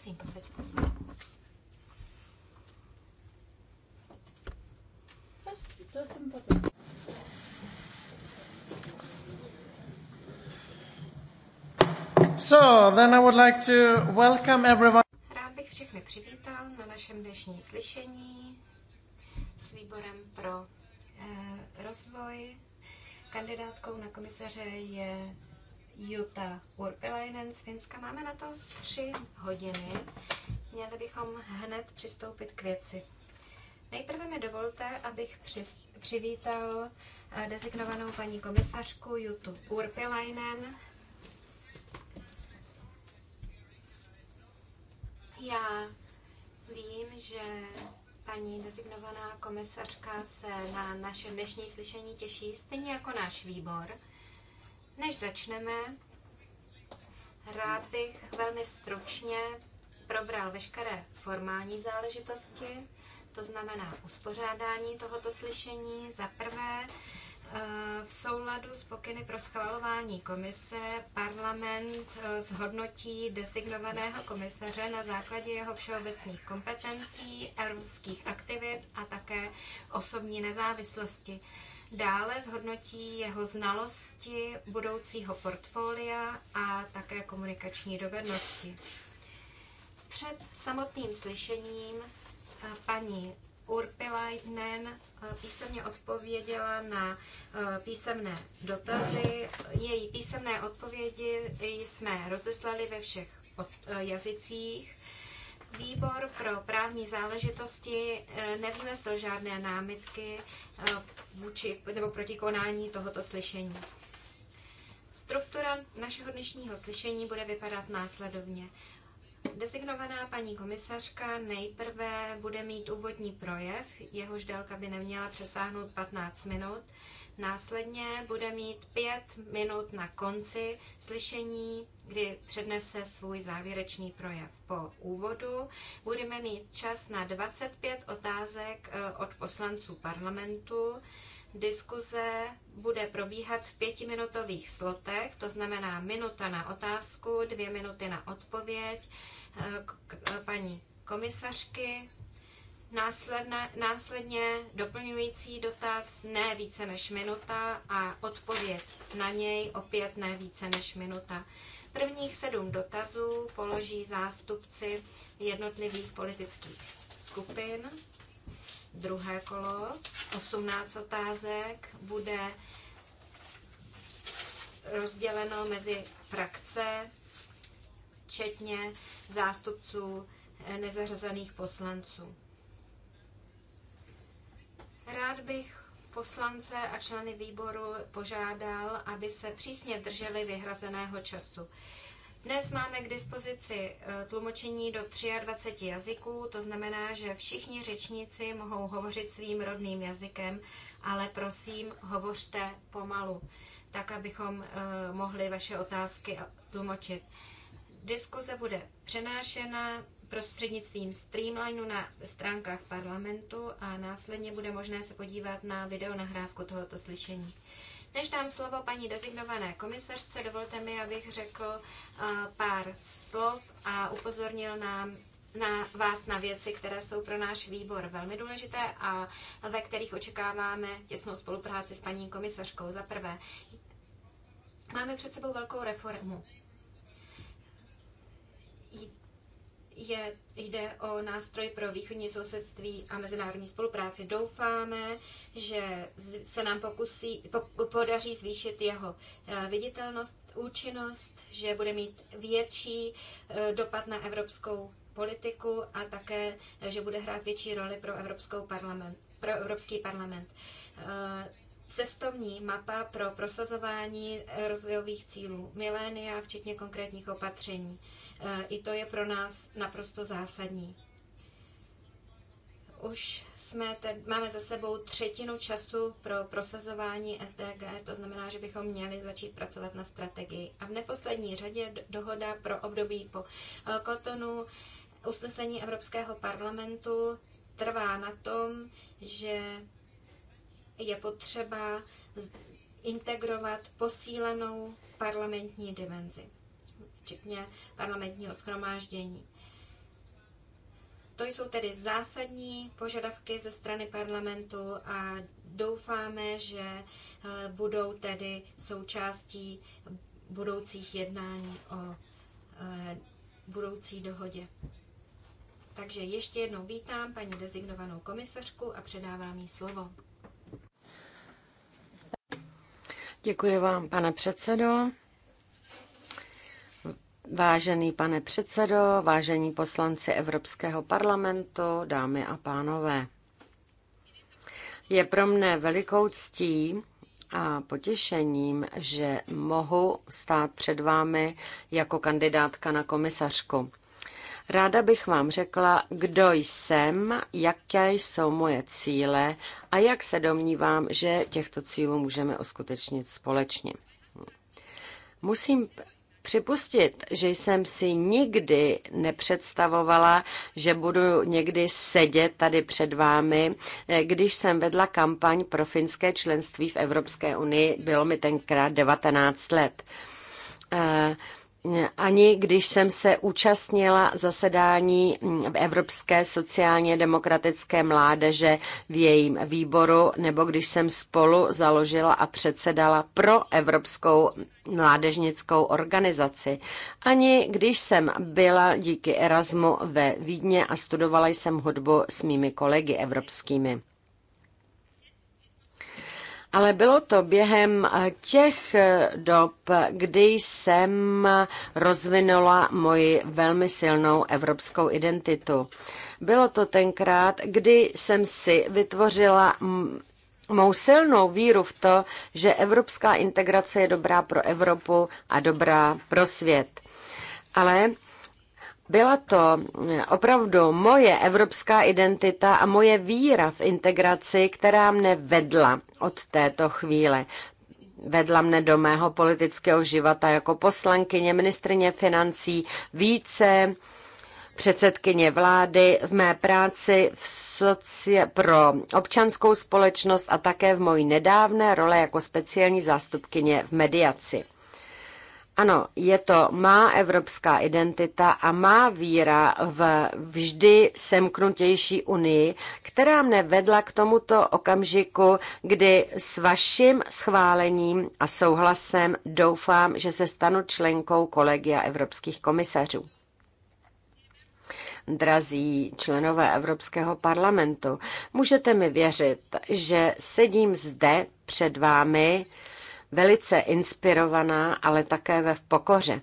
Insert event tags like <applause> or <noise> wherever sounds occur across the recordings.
Prosím, posaďte se. To jsem potom. So, then I would like to welcome everyone. Rád bych všechny přivítal na našem dnešní slyšení s výborem pro eh, rozvoj. Kandidátkou na komisaře je Jutta Urpilainen z Finska. Máme na to tři hodiny. Měli bychom hned přistoupit k věci. Nejprve mi dovolte, abych přivítal eh, designovanou paní komisařku Jutu Urpilainen. Já vím, že paní designovaná komisařka se na naše dnešní slyšení těší, stejně jako náš výbor. Než začneme, rád bych velmi stručně probral veškeré formální záležitosti, to znamená uspořádání tohoto slyšení. Za prvé, eh, v souladu s pokyny pro schvalování komise parlament eh, zhodnotí designovaného komisaře na základě jeho všeobecných kompetencí, evropských aktivit a také osobní nezávislosti. Dále zhodnotí jeho znalosti budoucího portfolia a také komunikační dovednosti. Před samotným slyšením eh, paní Urpilainen eh, písemně odpověděla na eh, písemné dotazy. Její písemné odpovědi jsme rozeslali ve všech jazycích. Výbor pro právní záležitosti eh, nevznesl žádné námitky eh, vůči, nebo proti konání tohoto slyšení. Struktura našeho dnešního slyšení bude vypadat následovně. Designovaná paní komisařka nejprve bude mít úvodní projev, jehož délka by neměla přesáhnout 15 minut. Následně bude mít pět minut na konci slyšení, kdy přednese svůj závěrečný projev. Po úvodu budeme mít čas na 25 otázek eh, od poslanců parlamentu. Diskuze bude probíhat v pětiminutových slotech, to znamená minuta na otázku, dvě minuty na odpověď eh, k eh, paní komisařky, Následne, následně doplňující dotaz ne více než minuta a odpověď na něj opět ne více než minuta. Prvních sedm dotazů položí zástupci jednotlivých politických skupin. Druhé kolo, 18 otázek, bude rozděleno mezi frakce, včetně zástupců nezařazených poslanců. Rád bych poslance a členy výboru požádal, aby se přísně drželi vyhrazeného času. Dnes máme k dispozici e, tlumočení do 23 jazyků, to znamená, že všichni řečníci mohou hovořit svým rodným jazykem, ale prosím, hovořte pomalu, tak abychom e, mohli vaše otázky tlumočit. Diskuze bude přenášena prostřednictvím streamlineu na stránkách parlamentu a následně bude možné se podívat na videonahrávku tohoto slyšení. Než dám slovo paní dezignované komisařce, dovolte mi, abych řekl eh, pár slov a upozornil nám na vás na věci, které jsou pro náš výbor velmi důležité a ve kterých očekáváme těsnou spolupráci s paní komisařkou. Za prvé, máme před sebou velkou reformu je, jde o nástroj pro východní sousedství a mezinárodní spolupráci. Doufáme, že se nám pokusí, po, podaří zvýšit jeho eh, viditelnost, účinnost, že bude mít větší eh, dopad na evropskou politiku a také, eh, že bude hrát větší roli pro, evropskou parlament, pro Evropský parlament cestovní mapa pro prosazování eh, rozvojových cílů milénia, včetně konkrétních opatření. Eh, I to je pro nás naprosto zásadní. Už jsme te, máme za sebou třetinu času pro prosazování SDG, to znamená, že bychom měli začít pracovat na strategii. A v neposlední řadě dohoda pro období po eh, Kotonu, usnesení Evropského parlamentu trvá na tom, že je potřeba integrovat posílenou parlamentní dimenzi, včetně parlamentního schromáždění. To jsou tedy zásadní požadavky ze strany parlamentu a doufáme, že eh, budou tedy součástí budoucích jednání o eh, budoucí dohodě. Takže ještě jednou vítám paní dezignovanou komisařku a předávám jí slovo. Děkuji vám, pane předsedo. Vážený pane předsedo, vážení poslanci Evropského parlamentu, dámy a pánové. Je pro mne velikou ctí a potěšením, že mohu stát před vámi jako kandidátka na komisařku. Ráda bych vám řekla, kdo jsem, jaké jsou moje cíle a jak se domnívám, že těchto cílů můžeme uskutečnit společně. Musím připustit, že jsem si nikdy nepředstavovala, že budu někdy sedět tady před vámi. Eh, když jsem vedla kampaň pro finské členství v Evropské unii, bylo mi tenkrát 19 let. Uh, ani když jsem se účastnila zasedání v Evropské sociálně demokratické mládeže v jejím výboru, nebo když jsem spolu založila a předsedala pro Evropskou mládežnickou organizaci. Ani když jsem byla díky Erasmu ve Vídně a studovala jsem hudbu s mými kolegy evropskými ale bylo to během eh, těch eh, dob, kdy jsem rozvinula moji velmi silnou evropskou identitu. Bylo to tenkrát, kdy jsem si vytvořila mou silnou víru v to, že evropská integrace je dobrá pro Evropu a dobrá pro svět. Ale byla to opravdu moje evropská identita a moje víra v integraci, která mne vedla od této chvíle vedla mne do mého politického života jako poslankyně, ministrině financí, více předsedkyně vlády, v mé práci v socie- pro občanskou společnost a také v mojí nedávné role jako speciální zástupkyně v mediaci. Ano, je to má evropská identita a má víra v vždy semknutější unii, která mne vedla k tomuto okamžiku, kdy s vaším schválením a souhlasem doufám, že se stanu členkou kolegia evropských komisařů drazí členové Evropského parlamentu. Můžete mi věřit, že sedím zde před vámi velice inspirovaná, ale také ve v pokoře.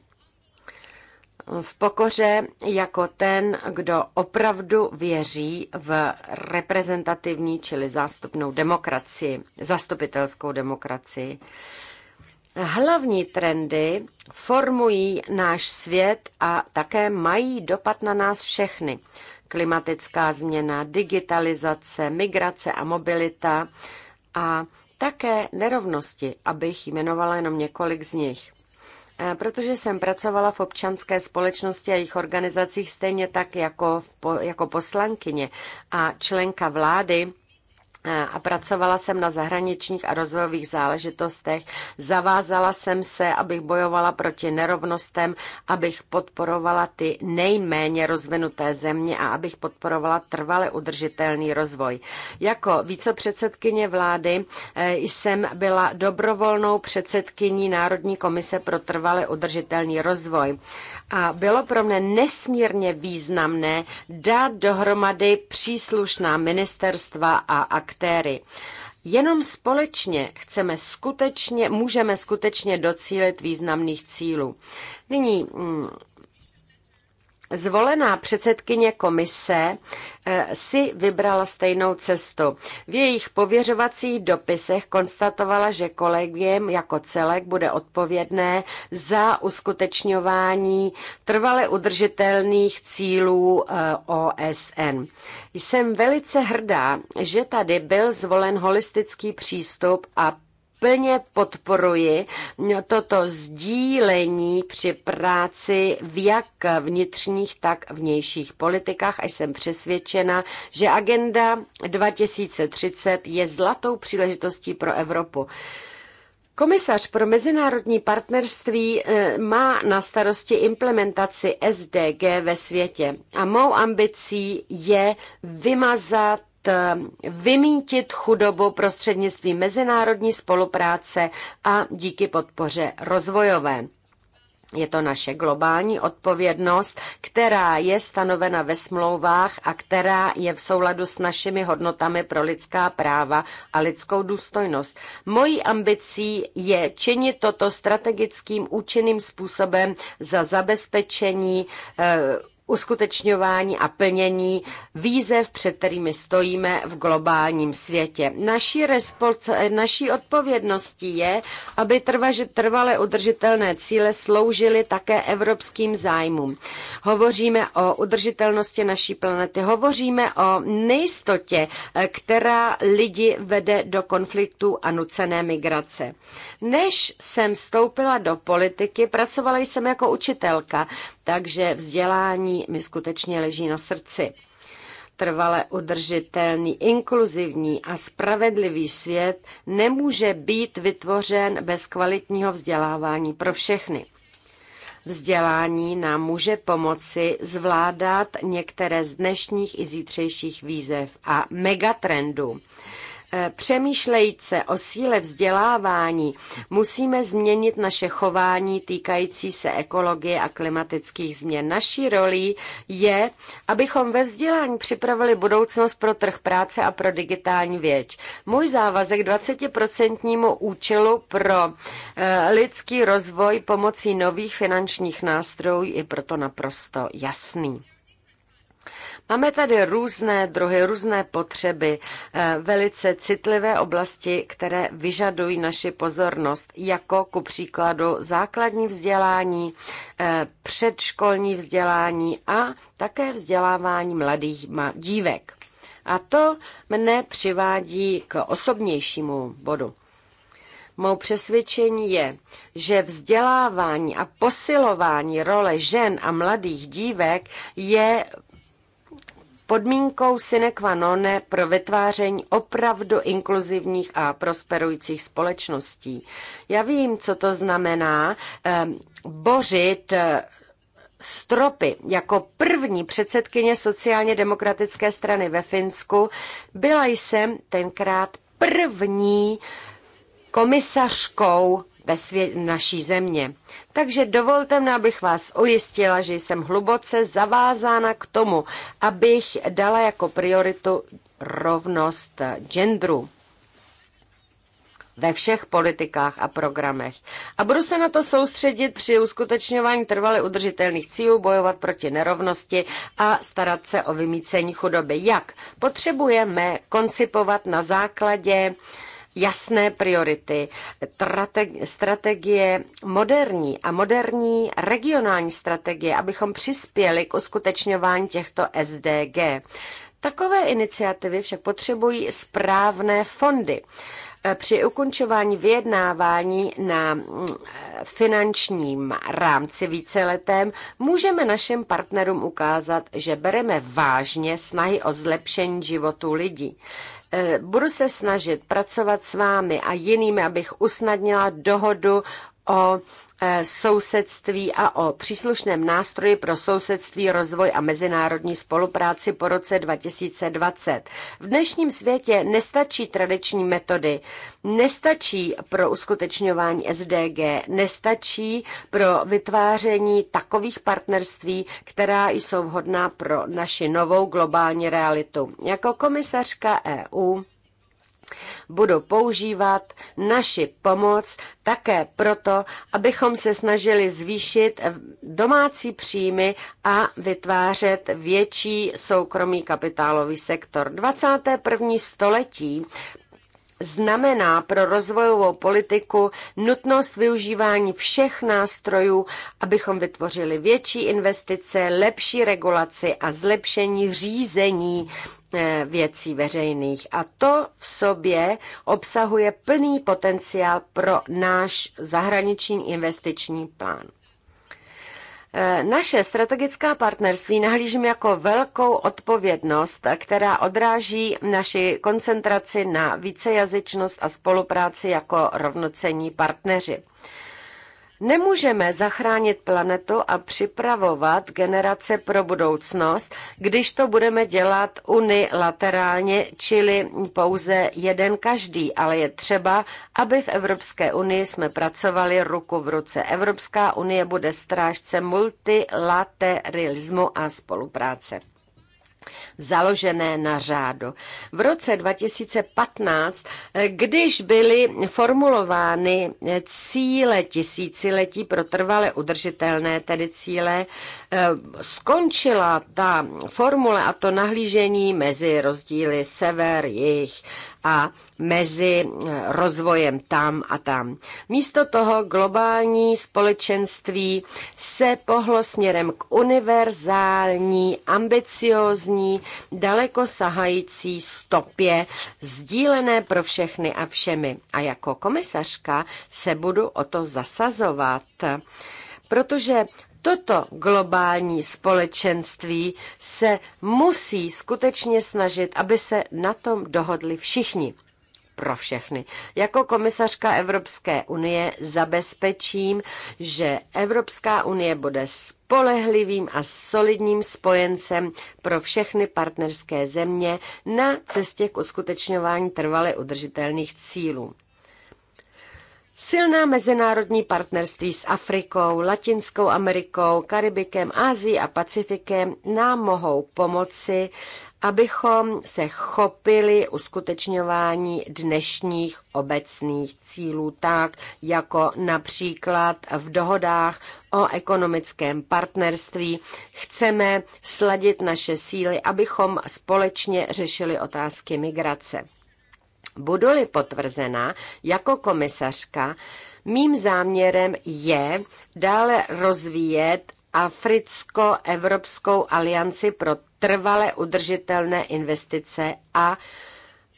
V pokoře jako ten, kdo opravdu věří v reprezentativní, čili zástupnou demokracii, zastupitelskou demokracii. Hlavní trendy formují náš svět a také mají dopad na nás všechny. Klimatická změna, digitalizace, migrace a mobilita a také nerovnosti, abych jmenovala jenom několik z nich. Eh, protože jsem pracovala v občanské společnosti a jejich organizacích stejně tak jako, jako poslankyně a členka vlády, a pracovala jsem na zahraničních a rozvojových záležitostech. Zavázala jsem se, abych bojovala proti nerovnostem, abych podporovala ty nejméně rozvinuté země a abych podporovala trvale udržitelný rozvoj. Jako vícepředsedkyně vlády e, jsem byla dobrovolnou předsedkyní Národní komise pro trvale udržitelný rozvoj. A bylo pro mne nesmírně významné dát dohromady příslušná ministerstva a aktivity aktéry. Jenom společně chceme skutečně, můžeme skutečně docílit významných cílů. Nyní mm, Zvolená předsedkyně komise eh, si vybrala stejnou cestu. V jejich pověřovacích dopisech konstatovala, že kolegiem jako celek bude odpovědné za uskutečňování trvale udržitelných cílů eh, OSN. Jsem velice hrdá, že tady byl zvolen holistický přístup a plně podporuji toto sdílení při práci v jak vnitřních, tak vnějších politikách a jsem přesvědčena, že agenda 2030 je zlatou příležitostí pro Evropu. Komisař pro mezinárodní partnerství eh, má na starosti implementaci SDG ve světě a mou ambicí je vymazat Eh, vymítit chudobu prostřednictvím mezinárodní spolupráce a díky podpoře rozvojové. Je to naše globální odpovědnost, která je stanovena ve smlouvách a která je v souladu s našimi hodnotami pro lidská práva a lidskou důstojnost. Mojí ambicí je činit toto strategickým účinným způsobem za zabezpečení eh, uskutečňování a plnění výzev, před kterými stojíme v globálním světě. Naší, naší odpovědností je, aby trvale udržitelné cíle sloužily také evropským zájmům. Hovoříme o udržitelnosti naší planety, hovoříme o nejistotě, která lidi vede do konfliktů a nucené migrace. Než jsem vstoupila do politiky, pracovala jsem jako učitelka, takže vzdělání mi skutečně leží na srdci. Trvale udržitelný, inkluzivní a spravedlivý svět nemůže být vytvořen bez kvalitního vzdělávání pro všechny. Vzdělání nám může pomoci zvládat některé z dnešních i zítřejších výzev a megatrendů. Eh, Přemýšlejce o síle vzdělávání musíme změnit naše chování týkající se ekologie a klimatických změn. Naší rolí je, abychom ve vzdělání připravili budoucnost pro trh práce a pro digitální věč. Můj závazek 20% účelu pro eh, lidský rozvoj pomocí nových finančních nástrojů je proto naprosto jasný. Máme tady různé druhy, různé potřeby, eh, velice citlivé oblasti, které vyžadují naši pozornost, jako ku příkladu základní vzdělání, eh, předškolní vzdělání a také vzdělávání mladých dívek. A to mne přivádí k osobnějšímu bodu. Mou přesvědčení je, že vzdělávání a posilování role žen a mladých dívek je Podmínkou sine qua non pro vytváření opravdu inkluzivních a prosperujících společností. Já vím, co to znamená ehm, bořit eh, stropy jako první předsedkyně sociálně demokratické strany ve Finsku. Byla jsem tenkrát první komisařkou ve svě- naší země. Takže dovolte mi, abych vás ujistila, že jsem hluboce zavázána k tomu, abych dala jako prioritu rovnost genderu ve všech politikách a programech. A budu se na to soustředit při uskutečňování trvale udržitelných cílů, bojovat proti nerovnosti a starat se o vymícení chudoby. Jak? Potřebujeme koncipovat na základě uh, jasné priority, strategie moderní a moderní regionální strategie, abychom přispěli k uskutečňování těchto SDG. Takové iniciativy však potřebují správné fondy. E, při ukončování vyjednávání na mm, finančním rámci víceletém můžeme našim partnerům ukázat, že bereme vážně snahy o zlepšení životu lidí. E, budu se snažit pracovat s vámi a jinými, abych usnadnila dohodu o E, sousedství a o příslušném nástroji pro sousedství, rozvoj a mezinárodní spolupráci po roce 2020. V dnešním světě nestačí tradiční metody, nestačí pro uskutečňování SDG, nestačí pro vytváření takových partnerství, která jsou vhodná pro naši novou globální realitu. Jako komisařka EU budu používat naši pomoc také proto, abychom se snažili zvýšit domácí příjmy a vytvářet větší soukromý kapitálový sektor. 21. století znamená pro rozvojovou politiku nutnost využívání všech nástrojů, abychom vytvořili větší investice, lepší regulaci a zlepšení řízení E, věcí veřejných. A to v sobě obsahuje plný potenciál pro náš zahraniční investiční plán. E, naše strategická partnerství nahlížím jako velkou odpovědnost, která odráží naši koncentraci na vícejazyčnost a spolupráci jako rovnocení partneři. Nemůžeme zachránit planetu a připravovat generace pro budoucnost, když to budeme dělat unilaterálně, čili pouze jeden každý, ale je třeba, aby v Evropské unii jsme pracovali ruku v ruce. Evropská unie bude strážce multilateralismu a spolupráce založené na řádu. V roce 2015, když byly formulovány cíle tisíciletí pro trvale udržitelné, tedy cíle, eh, skončila ta formule a to nahlížení mezi rozdíly sever, jich a mezi eh, rozvojem tam a tam. Místo toho globální společenství se pohlo směrem k univerzální, ambiciozní daleko sahající stopě, sdílené pro všechny a všemi. A jako komisařka se budu o to zasazovat, protože Toto globální společenství se musí skutečně snažit, aby se na tom dohodli všichni pro všechny. Jako komisařka Evropské unie zabezpečím, že Evropská unie bude spolehlivým a solidním spojencem pro všechny partnerské země na cestě k uskutečňování trvale udržitelných cílů. Silná mezinárodní partnerství s Afrikou, Latinskou Amerikou, Karibikem, Ázií a Pacifikem nám mohou pomoci abychom se chopili uskutečňování dnešních obecných cílů tak, jako například v dohodách o ekonomickém partnerství. Chceme sladit naše síly, abychom společně řešili otázky migrace. Budu-li potvrzena jako komisařka, mým záměrem je dále rozvíjet Africko-Evropskou alianci pro trvale udržitelné investice a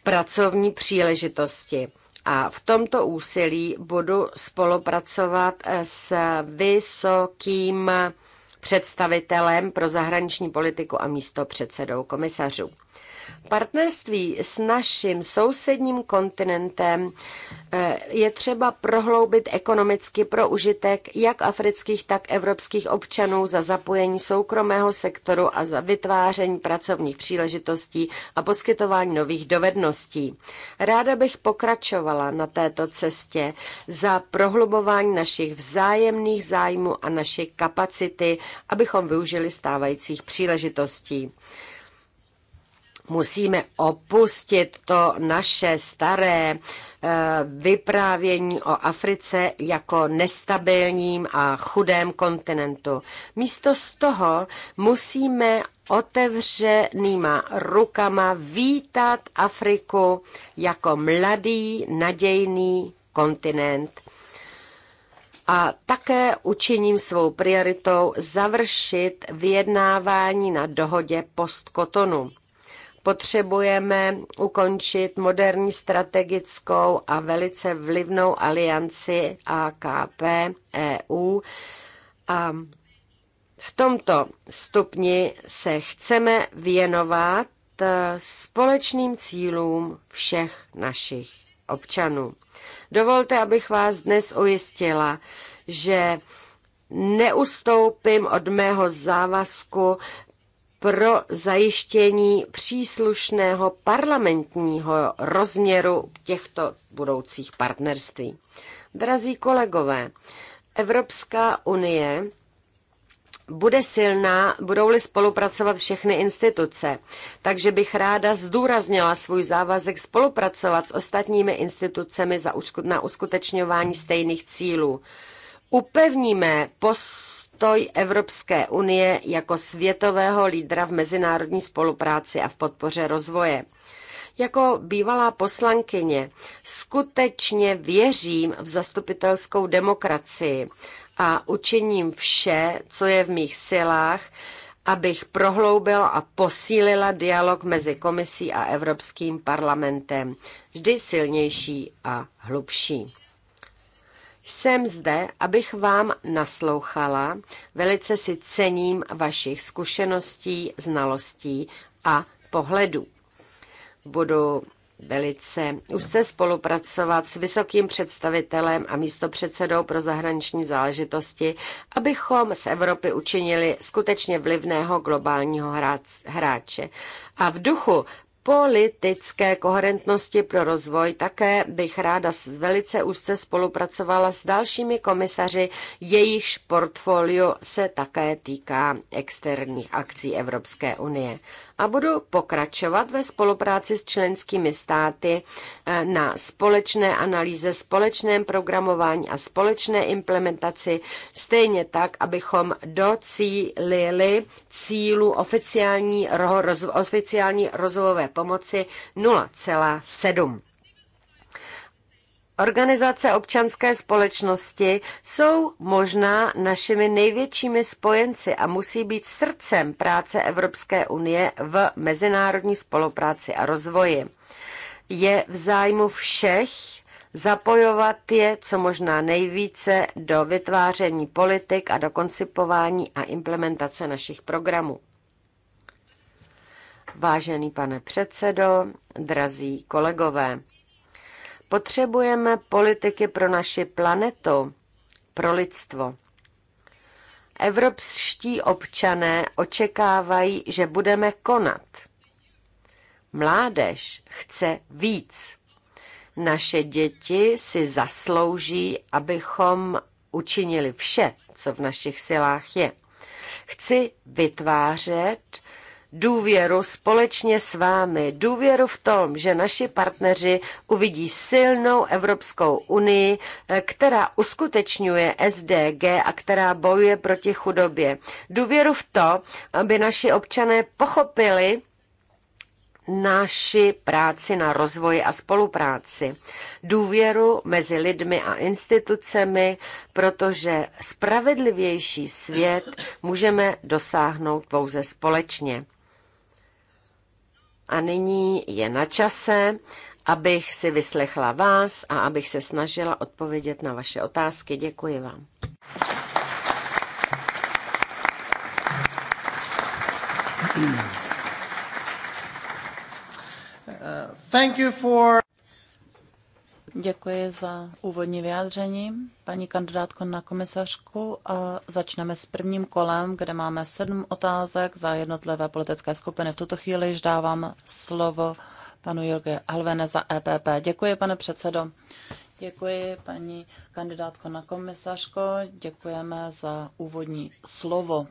pracovní příležitosti. A v tomto úsilí budu spolupracovat s vysokým představitelem pro zahraniční politiku a místo předsedou komisařů partnerství s naším sousedním kontinentem eh, je třeba prohloubit ekonomicky pro užitek jak afrických, tak evropských občanů za zapojení soukromého sektoru a za vytváření pracovních příležitostí a poskytování nových dovedností. Ráda bych pokračovala na této cestě za prohlubování našich vzájemných zájmů a naší kapacity, abychom využili stávajících příležitostí musíme opustit to naše staré eh, vyprávění o Africe jako nestabilním a chudém kontinentu. Místo z toho musíme otevřenýma rukama vítat Afriku jako mladý, nadějný kontinent. A také učiním svou prioritou završit vyjednávání na dohodě postkotonu. Potřebujeme ukončit moderní strategickou a velice vlivnou alianci AKP EU a v tomto stupni se chceme věnovat eh, společným cílům všech našich občanů. Dovolte, abych vás dnes ujistila, že neustoupím od mého závazku pro zajištění příslušného parlamentního rozměru těchto budoucích partnerství. Drazí kolegové, Evropská unie bude silná, budou-li spolupracovat všechny instituce. Takže bych ráda zdůraznila svůj závazek spolupracovat s ostatními institucemi za na uskutečňování stejných cílů. Upevníme pos postoj Evropské unie jako světového lídra v mezinárodní spolupráci a v podpoře rozvoje. Jako bývalá poslankyně skutečně věřím v zastupitelskou demokracii a učiním vše, co je v mých silách, abych prohloubila a posílila dialog mezi komisí a Evropským parlamentem, vždy silnější a hlubší. Jsem zde, abych vám naslouchala. Velice si cením vašich zkušeností, znalostí a pohledů. Budu velice už se spolupracovat s vysokým představitelem a místopředsedou pro zahraniční záležitosti, abychom z Evropy učinili skutečně vlivného globálního hráče. A v duchu politické koherentnosti pro rozvoj také bych ráda velice úzce spolupracovala s dalšími komisaři, jejichž portfolio se také týká externích akcí Evropské unie a budu pokračovat ve spolupráci s členskými státy eh, na společné analýze, společném programování a společné implementaci, stejně tak, abychom docílili cílu oficiální, roz, oficiální rozvojové pomoci 0,7. Organizace občanské společnosti jsou možná našimi největšími spojenci a musí být srdcem práce Evropské unie v mezinárodní spolupráci a rozvoji. Je v zájmu všech zapojovat je co možná nejvíce do vytváření politik a do koncipování a implementace našich programů. Vážený pane předsedo, drazí kolegové, Potřebujeme politiky pro naši planetu, pro lidstvo. Evropští občané očekávají, že budeme konat. Mládež chce víc. Naše děti si zaslouží, abychom učinili vše, co v našich silách je. Chci vytvářet důvěru společně s vámi, důvěru v tom, že naši partneři uvidí silnou Evropskou unii, která uskutečňuje SDG a která bojuje proti chudobě. Důvěru v to, aby naši občané pochopili, naši práci na rozvoji a spolupráci, důvěru mezi lidmi a institucemi, protože spravedlivější svět můžeme dosáhnout pouze společně. A nyní je na čase, abych si vyslechla vás a abych se snažila odpovědět na vaše otázky. Děkuji vám. Thank you for... Děkuji za úvodní vyjádření, paní kandidátko na komisařku. A začneme s prvním kolem, kde máme sedm otázek za jednotlivé politické skupiny. V tuto chvíli již dávám slovo panu Jorge Alvene za EPP. Děkuji, pane předsedo. Děkuji, paní kandidátko na komisařko. Děkujeme za úvodní slovo.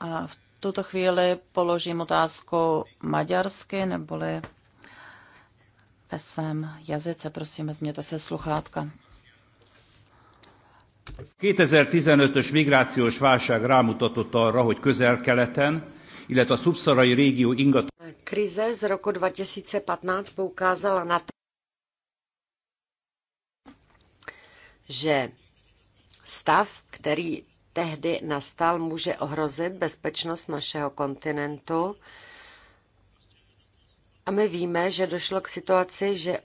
A v tuto chvíli položím otázku maďarsky, neboli ve svém jazyce. Prosím, vezměte se sluchátka. 2015-ös migrációs válság rámutatott arra, hogy közel-keleten, illetve a szubszarai régió ingatlan... Krize z roku 2015 poukázala na to, že stav, který tehdy nastal, může ohrozit bezpečnost našeho kontinentu a my víme, že došlo k situaci, že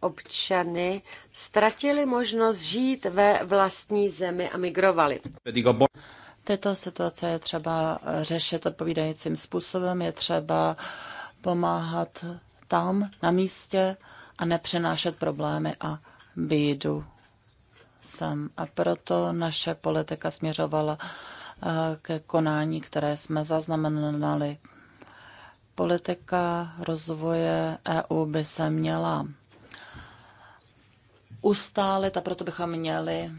občany ztratili možnost žít ve vlastní zemi a migrovali. Tyto situace je třeba řešit odpovídajícím způsobem, je třeba pomáhat tam, na místě a nepřenášet problémy a bídu sem. A proto naše politika směřovala eh, ke konání, které jsme zaznamenali politika rozvoje EU by se měla ustálit a proto bychom měli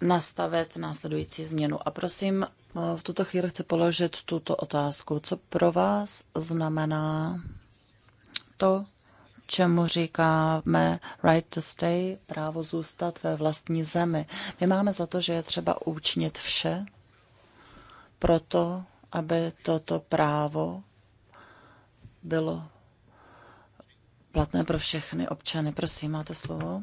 nastavit následující změnu. A prosím, eh, v tuto chvíli chci položit tuto otázku. Co pro vás znamená to, čemu říkáme right to stay, právo zůstat ve vlastní zemi? My máme za to, že je třeba učinit vše proto, aby toto právo bylo platné pro všechny občany. Prosím, máte slovo.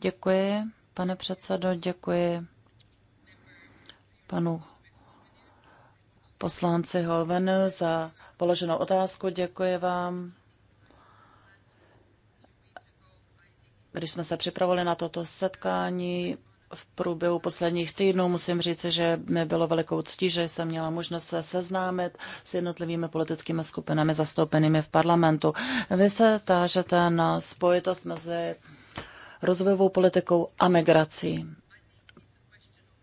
Děkuji, pane předsedo, děkuji panu poslanci Holvenu za položenou otázku. Děkuji vám. Když jsme se připravili na toto setkání, v průběhu posledních týdnů. Musím říct, že mi bylo velikou ctí, že jsem měla možnost se seznámit s jednotlivými politickými skupinami zastoupenými v parlamentu. Vy se tážete na spojitost mezi rozvojovou politikou a migrací.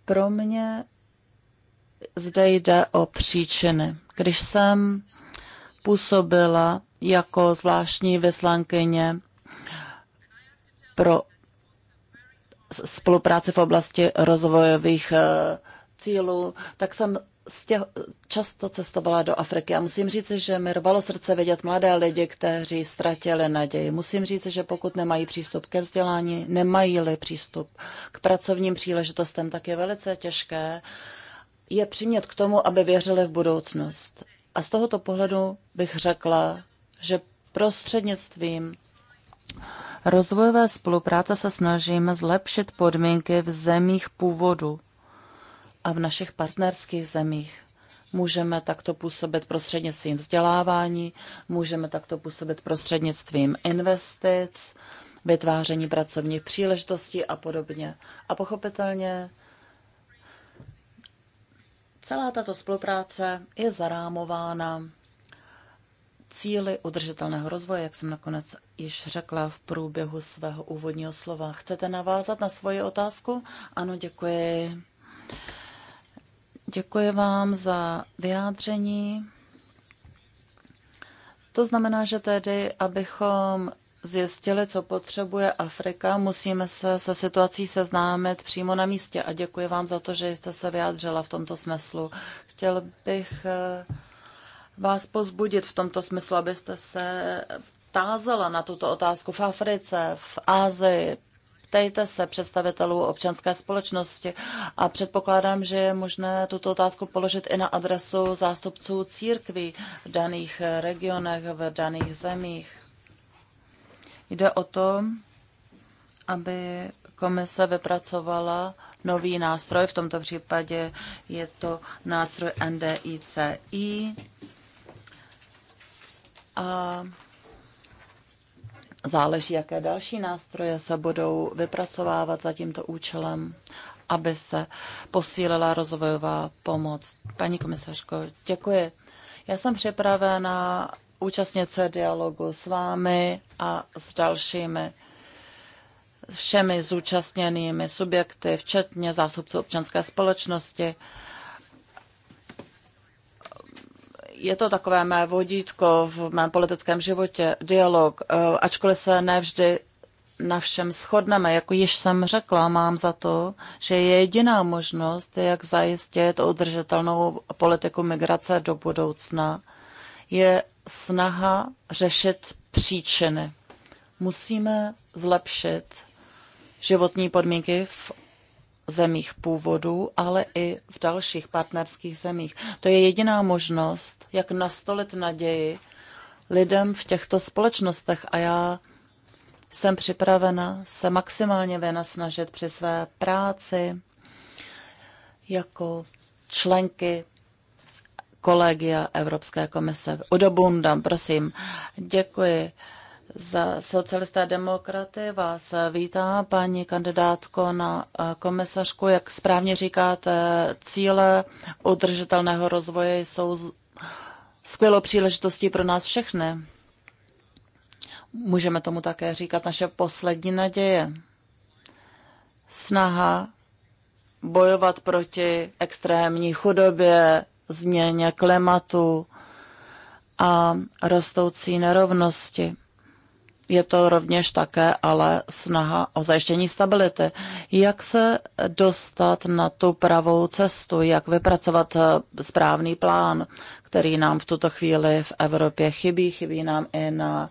Pro mě zde jde o příčiny. Když jsem působila jako zvláštní vyslankyně pro spolupráce v oblasti rozvojových eh, cílů, tak jsem často cestovala do Afriky a musím říct, že mi rvalo srdce vidět mladé lidi, kteří ztratili naději. Musím říct, že pokud nemají přístup ke vzdělání, nemají-li přístup k pracovním příležitostem, tak je velice těžké je přimět k tomu, aby věřili v budoucnost. A z tohoto pohledu bych řekla, že prostřednictvím rozvojové spolupráce se snažíme zlepšit podmínky v zemích původu a v našich partnerských zemích. Můžeme takto působit prostřednictvím vzdělávání, můžeme takto působit prostřednictvím investic, vytváření pracovních příležitostí a podobně. A pochopitelně celá tato spolupráce je zarámována cíly udržitelného rozvoje, jak jsem nakonec již řekla v průběhu svého úvodního slova. Chcete navázat na svoji otázku? Ano, děkuji. Děkuji vám za vyjádření. To znamená, že tedy, abychom zjistili, co potřebuje Afrika, musíme se se situací seznámit přímo na místě. A děkuji vám za to, že jste se vyjádřila v tomto smyslu. Chtěl bych eh, vás pozbudit v tomto smyslu, abyste se tázala na tuto otázku v Africe, v Ázii, ptejte se představitelů občanské společnosti a předpokládám, že je možné tuto otázku položit i na adresu zástupců církví v daných regionech, v daných zemích. Jde o to, aby komise vypracovala nový nástroj, v tomto případě je to nástroj NDICI, a záleží, jaké další nástroje se budou vypracovávat za tímto účelem, aby se posílila rozvojová pomoc. Paní komisařko, děkuji. Já jsem připravena účastnit se dialogu s vámi a s dalšími všemi zúčastněnými subjekty, včetně zástupců občanské společnosti je to takové mé vodítko v mém politickém životě, dialog, eh, ačkoliv se nevždy na všem shodneme. jako již jsem řekla, mám za to, že je jediná možnost, jak zajistit udržitelnou politiku migrace do budoucna, je snaha řešit příčiny. Musíme zlepšit životní podmínky v zemích původu, ale i v dalších partnerských zemích. To je jediná možnost, jak nastolit naději lidem v těchto společnostech a já jsem připravena se maximálně vynasnažit při své práci jako členky kolegia Evropské komise. Udobundam, prosím. Děkuji. Za socialisté demokraty vás vítá paní kandidátko na eh, komisařku. Jak správně říkáte, cíle udržitelného rozvoje jsou skvělou příležitostí pro nás všechny. Můžeme tomu také říkat naše poslední naděje. Snaha bojovat proti extrémní chudobě, změně klimatu a rostoucí nerovnosti je to rovněž také ale snaha o zajištění stability. Jak se dostat na tu pravou cestu, jak vypracovat eh, správný plán, který nám v tuto chvíli v Evropě chybí, chybí nám i na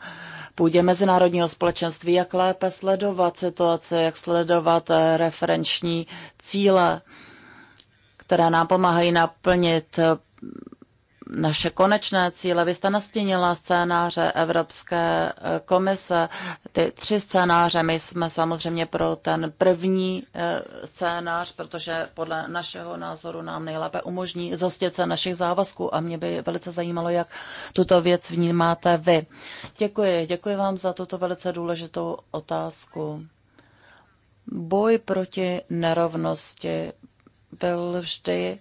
půdě mezinárodního společenství, jak lépe sledovat situace, jak sledovat eh, referenční cíle, které nám pomáhají naplnit eh, naše konečné cíle. Vy jste nastínila scénáře Evropské eh, komise, ty tři scénáře. My jsme samozřejmě pro ten první eh, scénář, protože podle našeho názoru nám nejlépe umožní zhostit se našich závazků a mě by velice zajímalo, jak tuto věc vnímáte vy. Děkuji, děkuji vám za tuto velice důležitou otázku. Boj proti nerovnosti byl vždy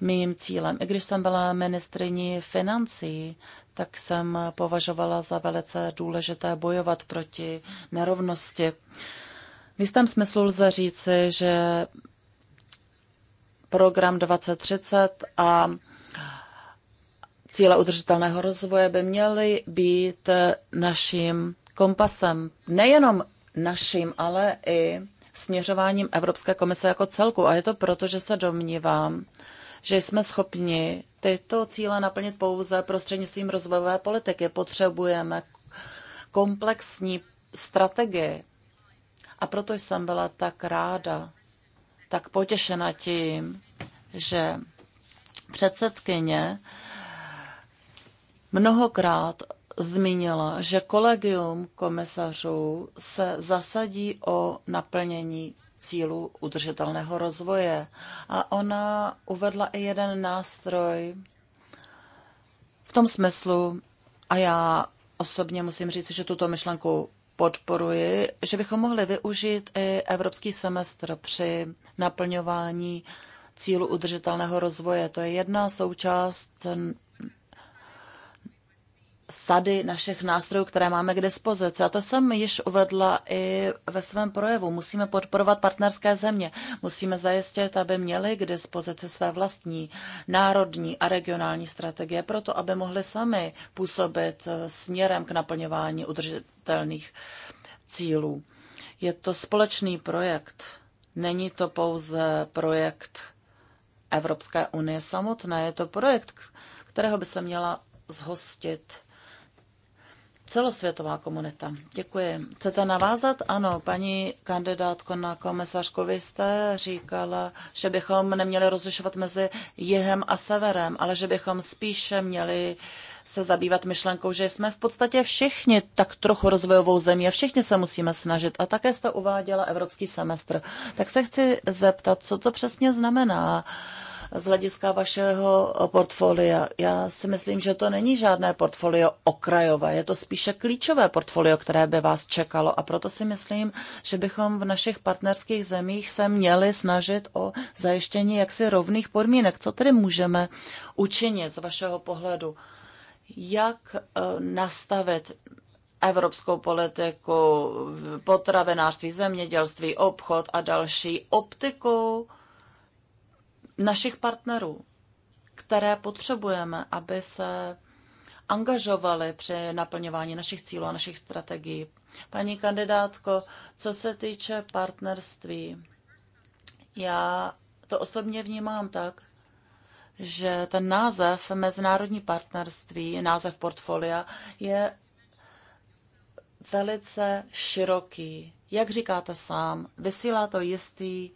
mým cílem. I když jsem byla ministriní financí, tak jsem považovala za velice důležité bojovat proti nerovnosti. V jistém smyslu lze říci, že program 2030 a cíle udržitelného rozvoje by měly být naším kompasem. Nejenom naším, ale i směřováním Evropské komise jako celku. A je to proto, že se domnívám, že jsme schopni tyto cíle naplnit pouze prostřednictvím rozvojové politiky. Potřebujeme komplexní strategii. A proto jsem byla tak ráda, tak potěšena tím, že předsedkyně mnohokrát zmínila, že kolegium komisařů se zasadí o naplnění cílů udržitelného rozvoje. A ona uvedla i jeden nástroj v tom smyslu, a já osobně musím říct, že tuto myšlenku podporuji, že bychom mohli využít i evropský semestr při naplňování cílu udržitelného rozvoje. To je jedna součást sady našich nástrojů, které máme k dispozici. A to jsem již uvedla i ve svém projevu. Musíme podporovat partnerské země. Musíme zajistit, aby měli k dispozici své vlastní národní a regionální strategie, proto aby mohli sami působit eh, směrem k naplňování udržitelných cílů. Je to společný projekt. Není to pouze projekt Evropské unie samotné. Je to projekt, kterého by se měla zhostit celosvětová komunita. Děkuji. Chcete navázat? Ano, paní kandidátko na komisařku, vy jste říkala, že bychom neměli rozlišovat mezi jihem a severem, ale že bychom spíše měli se zabývat myšlenkou, že jsme v podstatě všichni tak trochu rozvojovou zemí a všichni se musíme snažit. A také jste uváděla evropský semestr. Tak se chci zeptat, co to přesně znamená. Uh, z hlediska vašeho portfolia. Já si myslím, že to není žádné portfolio okrajové, je to spíše klíčové portfolio, které by vás čekalo a proto si myslím, že bychom v našich partnerských zemích se měli snažit o zajištění jaksi rovných podmínek. Co tedy můžeme učinit z vašeho pohledu? Jak eh, nastavit evropskou politiku, potravinářství, zemědělství, obchod a další optikou našich partnerů, které potřebujeme, aby se angažovali při naplňování našich cílů a našich strategií. Paní kandidátko, co se týče partnerství, já to osobně vnímám tak, že ten název mezinárodní partnerství, název portfolia, je velice široký. Jak říkáte sám, vysílá to jistý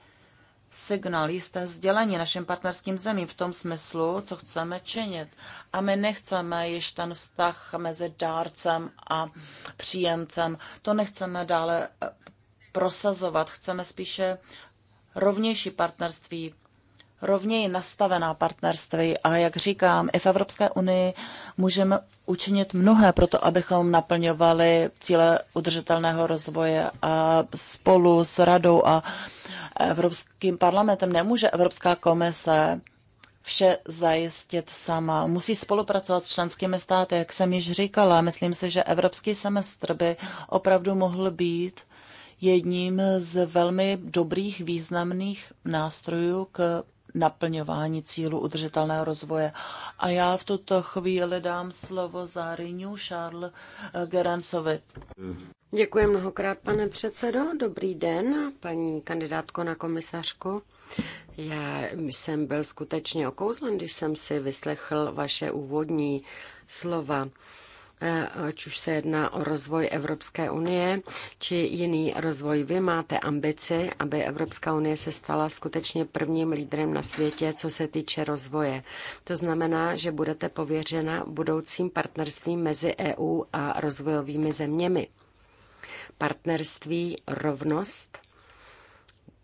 signál, jisté sdělení našim partnerským zemím v tom smyslu, co chceme činit. A my nechceme již ten vztah mezi dárcem a příjemcem. To nechceme dále eh, prosazovat. Chceme spíše rovnější partnerství rovněji nastavená partnerství a jak říkám, i v Evropské unii můžeme učinit mnohé pro to, abychom naplňovali cíle udržitelného rozvoje a spolu s radou a Evropským parlamentem nemůže Evropská komise vše zajistit sama. Musí spolupracovat s členskými státy, jak jsem již říkala. Myslím si, že evropský semestr by opravdu mohl být jedním z velmi dobrých, významných nástrojů k naplňování cílu udržitelného rozvoje. A já v tuto chvíli dám slovo za Renew Charles eh, Gerancovi. Děkuji mnohokrát, pane předsedo. Dobrý den, paní kandidátko na komisařku. Já jsem byl skutečně okouzlen, když jsem si vyslechl vaše úvodní slova. Eh, ať už se jedná o rozvoj Evropské unie či jiný rozvoj. Vy máte ambici, aby Evropská unie se stala skutečně prvním lídrem na světě, co se týče rozvoje. To znamená, že budete pověřena budoucím partnerstvím mezi EU a rozvojovými zeměmi. Partnerství, rovnost,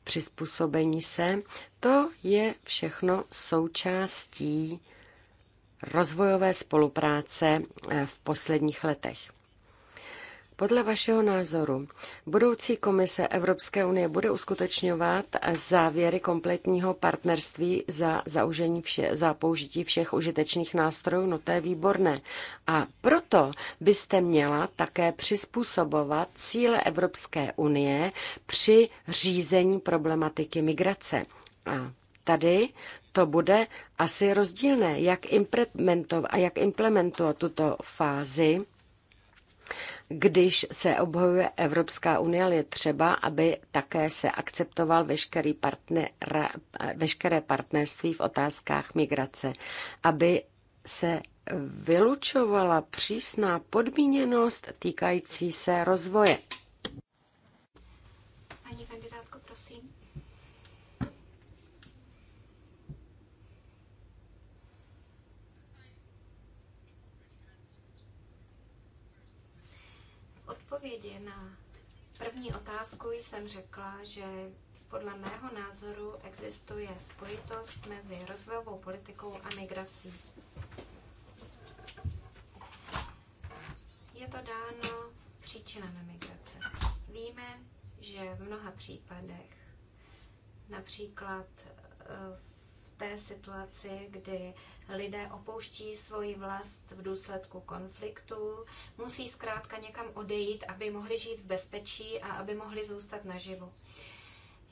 přizpůsobení se, to je všechno součástí rozvojové spolupráce eh, v posledních letech. Podle vašeho názoru budoucí komise Evropské unie bude uskutečňovat závěry kompletního partnerství za, zaužení vše, za použití všech užitečných nástrojů, no to je výborné. A proto byste měla také přizpůsobovat cíle Evropské unie při řízení problematiky migrace. A tady to bude asi rozdílné, jak implementovat a jak implementovat tuto fázi, když se obhojuje Evropská unie, ale je třeba, aby také se akceptoval veškerý partner, veškeré partnerství v otázkách migrace, aby se vylučovala přísná podmíněnost týkající se rozvoje. odpovědi na první otázku jsem řekla, že podle mého názoru existuje spojitost mezi rozvojovou politikou a migrací. Je to dáno příčinami migrace. Víme, že v mnoha případech, například v eh, té situaci, kdy lidé opouští svoji vlast v důsledku konfliktu, musí zkrátka někam odejít, aby mohli žít v bezpečí a aby mohli zůstat naživu.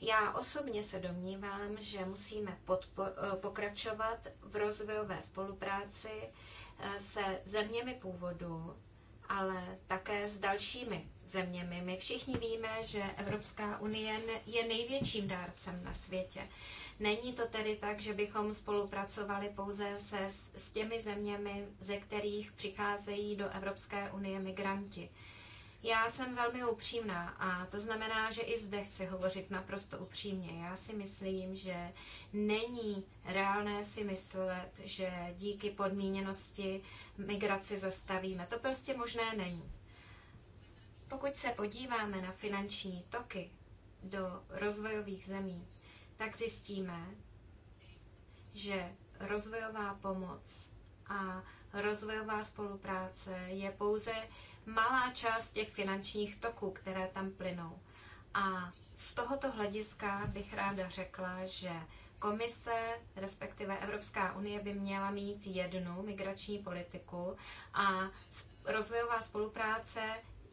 Já osobně se domnívám, že musíme podpo- eh, pokračovat v rozvojové spolupráci eh, se zeměmi původu, ale také s dalšími zeměmi. My všichni víme, že Evropská unie je největším dárcem na světě. Není to tedy tak, že bychom spolupracovali pouze se, s těmi zeměmi, ze kterých přicházejí do Evropské unie migranti. Já jsem velmi upřímná a to znamená, že i zde chci hovořit naprosto upřímně. Já si myslím, že není reálné si myslet, že díky podmíněnosti migraci zastavíme. To prostě možné není. Pokud se podíváme na finanční toky do rozvojových zemí, tak zjistíme, že rozvojová pomoc a rozvojová spolupráce je pouze malá část těch finančních toků, které tam plynou. A z tohoto hlediska bych ráda řekla, že komise, respektive Evropská unie, by měla mít jednu migrační politiku a rozvojová spolupráce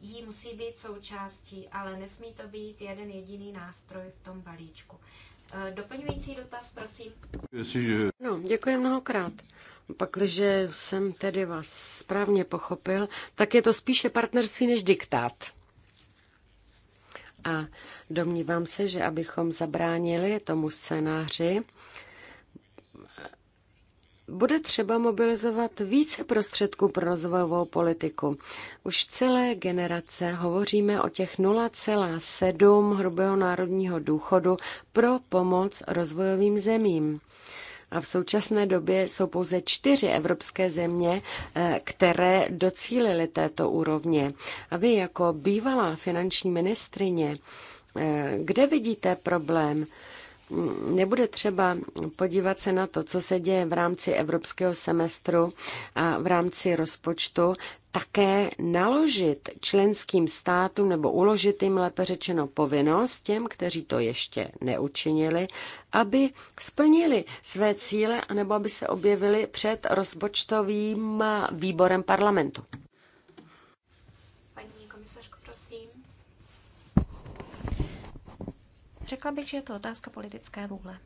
jí musí být součástí, ale nesmí to být jeden jediný nástroj v tom balíčku. E, doplňující dotaz, prosím. No, děkuji mnohokrát. Pakliže jsem tedy vás správně pochopil, tak je to spíše partnerství než diktát. A domnívám se, že abychom zabránili tomu scénáři, bude třeba mobilizovat více prostředků pro rozvojovou politiku. Už celé generace hovoříme o těch 0,7 hrubého národního důchodu pro pomoc rozvojovým zemím. A v současné době jsou pouze čtyři evropské země, eh, které docílily této úrovně. A vy jako bývalá finanční ministrině, eh, kde vidíte problém? nebude třeba podívat se na to, co se děje v rámci evropského semestru a v rámci rozpočtu, také naložit členským státům nebo uložit jim lépe řečeno povinnost těm, kteří to ještě neučinili, aby splnili své cíle anebo aby se objevili před rozpočtovým výborem parlamentu. Řekla bych, že je to otázka politické vůle.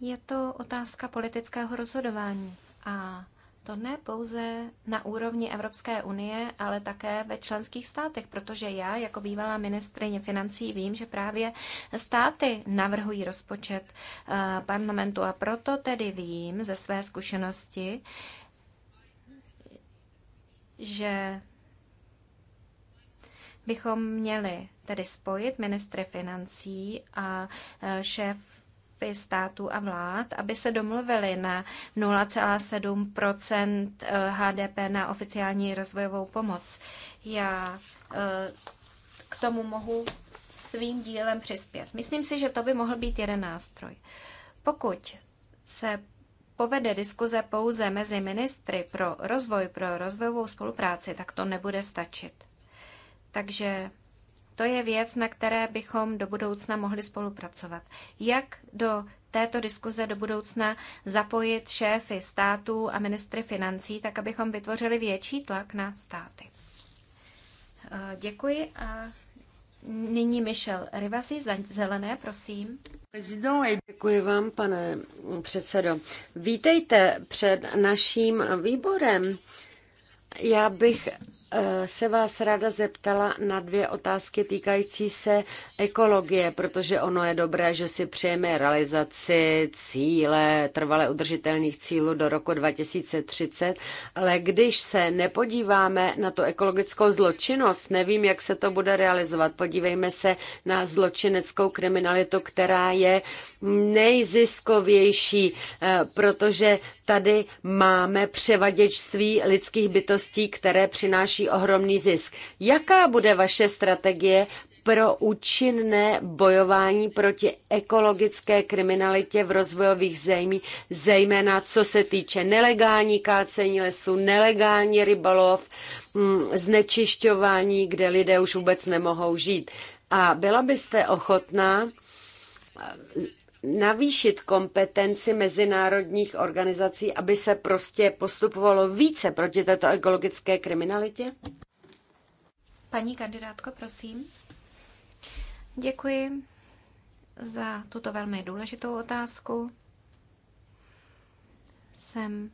Je to otázka politického rozhodování a to ne pouze na úrovni Evropské unie, ale také ve členských státech, protože já jako bývalá ministrině financí vím, že právě státy navrhují rozpočet eh, parlamentu a proto tedy vím ze své zkušenosti, že bychom měli tedy spojit ministry financí a šéf e, šéfy států a vlád, aby se domluvili na 0,7 e, HDP na oficiální rozvojovou pomoc. Já e, k tomu mohu svým dílem přispět. Myslím si, že to by mohl být jeden nástroj. Pokud se povede diskuze pouze mezi ministry pro rozvoj, pro rozvojovou spolupráci, tak to nebude stačit. Takže to je věc, na které bychom do budoucna mohli spolupracovat. Jak do této diskuze do budoucna zapojit šéfy států a ministry financí, tak abychom vytvořili větší tlak na státy. Eh, děkuji a nyní Michel Rivasi za zelené, prosím. Eh, děkuji vám, pane předsedo. Vítejte před naším výborem. Já bych eh, se vás ráda zeptala na dvě otázky týkající se ekologie, protože ono je dobré, že si přejeme realizaci cíle, trvale udržitelných cílů do roku 2030, ale když se nepodíváme na tu ekologickou zločinnost, nevím, jak se to bude realizovat. Podívejme se na zločineckou kriminalitu, která je nejziskovější, eh, protože tady máme převaděčství lidských bytostí příležitostí, které přináší ohromný zisk. Jaká bude vaše strategie pro účinné bojování proti ekologické kriminalitě v rozvojových zemí, zejména co se týče nelegální kácení lesů, nelegální rybolov, mm, znečišťování, kde lidé už vůbec nemohou žít. A byla byste ochotná navýšit kompetenci mezinárodních organizací, aby se prostě postupovalo více proti této ekologické kriminalitě? Paní kandidátko, prosím. Děkuji za tuto velmi důležitou otázku. Jsem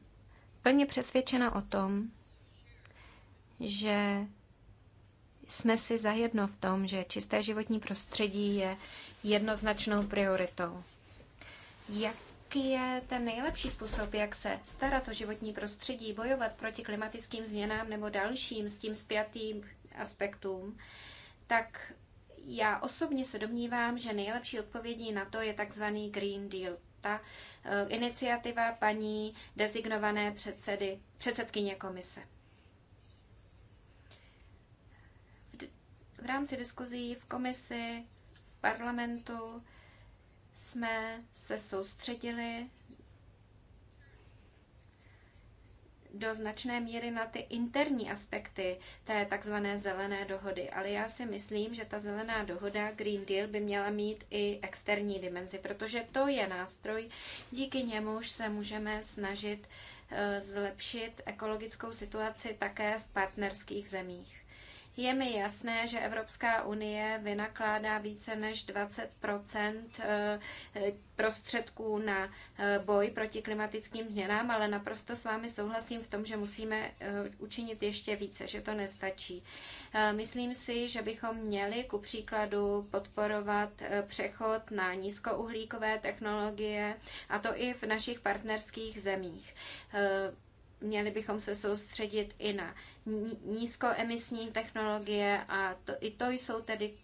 plně přesvědčena o tom, že jsme si zajedno v tom, že čisté životní prostředí je jednoznačnou prioritou jaký je ten nejlepší způsob, jak se starat o životní prostředí, bojovat proti klimatickým změnám nebo dalším s tím spjatým aspektům, tak já osobně se domnívám, že nejlepší odpovědí na to je takzvaný Green Deal. Ta eh, iniciativa paní designované předsedy, předsedkyně komise. V, v rámci diskuzí v komisi, v parlamentu jsme se soustředili do značné míry na ty interní aspekty té takzvané zelené dohody. Ale já si myslím, že ta zelená dohoda Green Deal by měla mít i externí dimenzi, protože to je nástroj, díky němuž se můžeme snažit eh, zlepšit ekologickou situaci také v partnerských zemích. Je mi jasné, že Evropská unie vynakládá více než 20 eh, prostředků na eh, boj proti klimatickým změnám, ale naprosto s vámi souhlasím v tom, že musíme eh, učinit ještě více, že to nestačí. Myslím si, že bychom měli ku příkladu podporovat přechod na nízkouhlíkové technologie, a to i v našich partnerských zemích měli bychom se soustředit i na nízkoemisní technologie a to, i to jsou tedy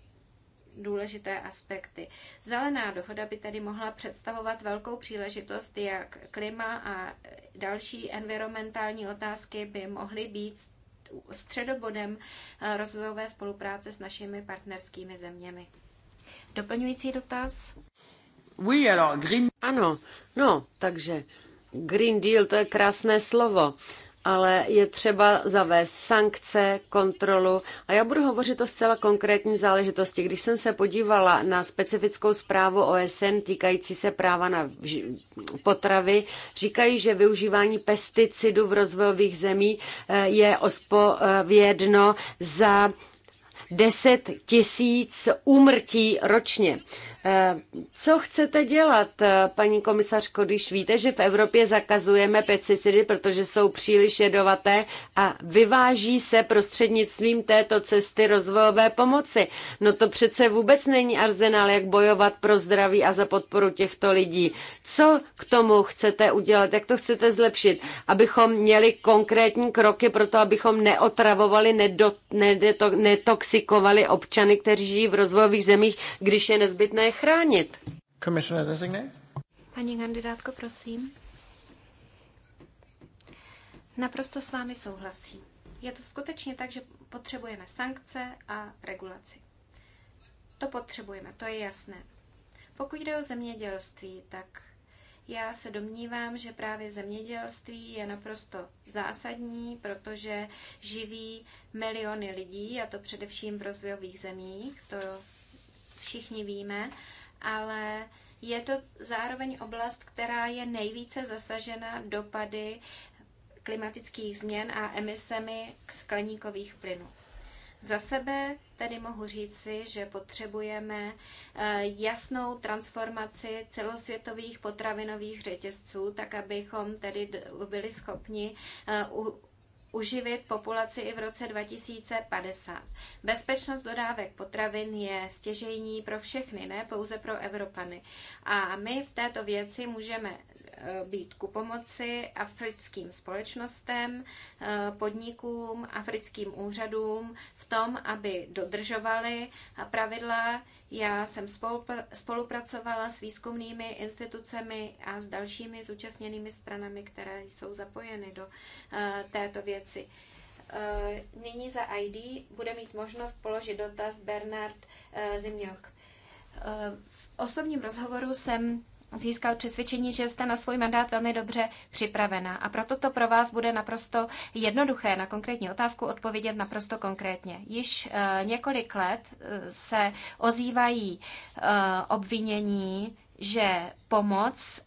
důležité aspekty. Zelená dohoda by tedy mohla představovat velkou příležitost, jak klima a další environmentální otázky by mohly být středobodem eh, rozvojové spolupráce s našimi partnerskými zeměmi. Doplňující dotaz? Oui, alors, green... Ano, no, takže Green Deal to je krásné slovo, ale je třeba zavést sankce, kontrolu. A já budu hovořit o zcela konkrétní záležitosti. Když jsem se podívala na specifickou zprávu OSN týkající se práva na potravy, říkají, že využívání pesticidů v rozvojových zemí eh, je ospovědno za 10 tisíc úmrtí ročně. Eh, co chcete dělat, eh, paní komisařko, když víte, že v Evropě zakazujeme pesticidy, protože jsou příliš jedovaté a vyváží se prostřednictvím této cesty rozvojové pomoci? No to přece vůbec není arzenál, jak bojovat pro zdraví a za podporu těchto lidí. Co k tomu chcete udělat? Jak to chcete zlepšit? Abychom měli konkrétní kroky pro to, abychom neotravovali, nedo, nedeto, netoxikovali kritikovali občany, kteří žijí v rozvojových zemích, když je nezbytné chránit. Paní kandidátko, prosím. Naprosto s vámi souhlasím. Je to skutečně tak, že potřebujeme sankce a regulaci. To potřebujeme, to je jasné. Pokud jde o zemědělství, tak já se domnívám, že právě zemědělství je naprosto zásadní, protože živí miliony lidí, a to především v rozvojových zemích, to všichni víme, ale je to zároveň oblast, která je nejvíce zasažena dopady klimatických změn a emisemi skleníkových plynů. Za sebe tedy mohu říci, že potřebujeme eh, jasnou transformaci celosvětových potravinových řetězců, tak abychom tedy byli schopni eh, uživit populaci i v roce 2050. Bezpečnost dodávek potravin je stěžejní pro všechny, ne pouze pro Evropany. A my v této věci můžeme být ku pomoci africkým společnostem, eh, podnikům, africkým úřadům v tom, aby dodržovali pravidla. Já jsem spolupracovala s výzkumnými institucemi a s dalšími zúčastněnými stranami, které jsou zapojeny do eh, této věci. Eh, nyní za ID bude mít možnost položit dotaz Bernard Zimňok. V osobním rozhovoru jsem získal přesvědčení, že jste na svůj mandát velmi dobře připravena a proto to pro vás bude naprosto jednoduché na konkrétní otázku odpovědět naprosto konkrétně. Již eh, několik let eh, se ozývají eh, obvinění, že pomoc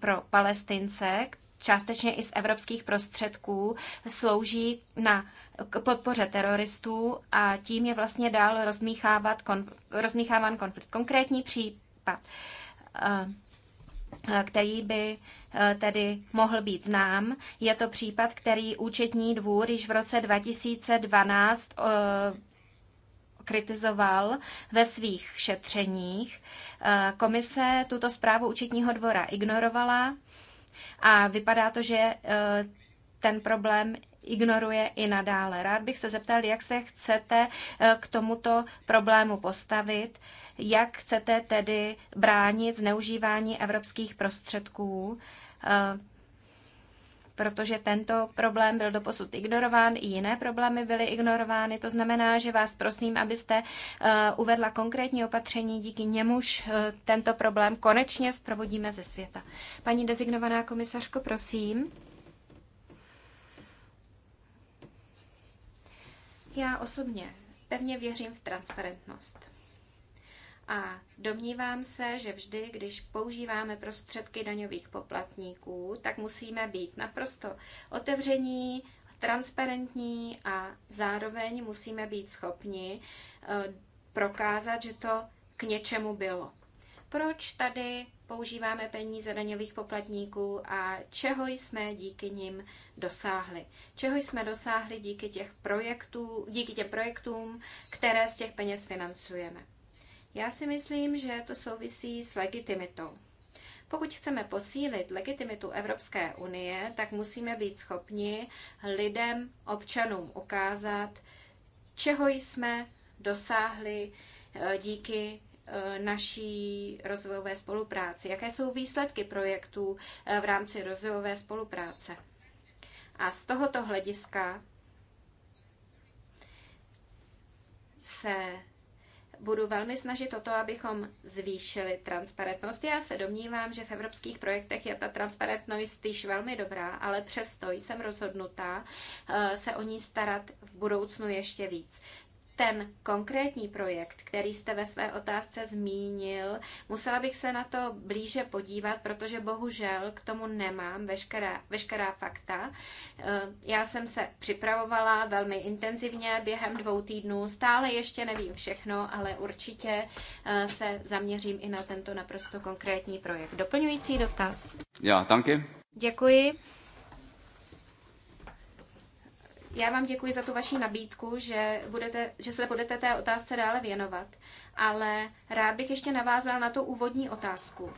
pro Palestince, částečně i z evropských prostředků, slouží na k podpoře teroristů a tím je vlastně dál rozmíchávat konf- rozmíchávan konflikt. Konkrétní případ. Eh, který by eh, tedy mohl být znám. Je to případ, který účetní dvůr již v roce 2012 eh, kritizoval ve svých šetřeních. Komise tuto zprávu účetního dvora ignorovala a vypadá to, že ten problém ignoruje i nadále. Rád bych se zeptal, jak se chcete eh, k tomuto problému postavit, jak chcete tedy bránit zneužívání evropských prostředků, eh, protože tento problém byl doposud ignorován, i jiné problémy byly ignorovány. To znamená, že vás prosím, abyste eh, uvedla konkrétní opatření, díky němuž tento problém konečně zprovodíme ze světa. Paní dezignovaná komisařko, prosím. Já osobně pevně věřím v transparentnost. A domnívám se, že vždy, když používáme prostředky daňových poplatníků, tak musíme být naprosto otevření, transparentní a zároveň musíme být schopni eh, prokázat, že to k něčemu bylo. Proč tady používáme peníze daňových poplatníků a čeho jsme díky nim dosáhli. Čeho jsme dosáhli díky, těch projektů, díky těm projektům, které z těch peněz financujeme. Já si myslím, že to souvisí s legitimitou. Pokud chceme posílit legitimitu Evropské unie, tak musíme být schopni lidem, občanům ukázat, čeho jsme dosáhli eh, díky Eh, naší rozvojové spolupráci? Jaké jsou výsledky projektů eh, v rámci rozvojové spolupráce? A z tohoto hlediska se budu velmi snažit o to, abychom zvýšili transparentnost. Já se domnívám, že v evropských projektech je ta transparentnost již velmi dobrá, ale přesto jsem rozhodnutá eh, se o ní starat v budoucnu ještě víc ten konkrétní projekt, který jste ve své otázce zmínil, musela bych se na to blíže podívat, protože bohužel k tomu nemám veškerá, veškerá fakta. Eh, já jsem se připravovala velmi intenzivně během dvou týdnů, stále ještě nevím všechno, ale určitě eh, se zaměřím i na tento naprosto konkrétní projekt. Doplňující dotaz. Já, tanky. Děkuji. Já vám děkuji za tu vaši nabídku, že, budete, že se budete té otázce dále věnovat, ale rád bych ještě navázal na tu úvodní otázku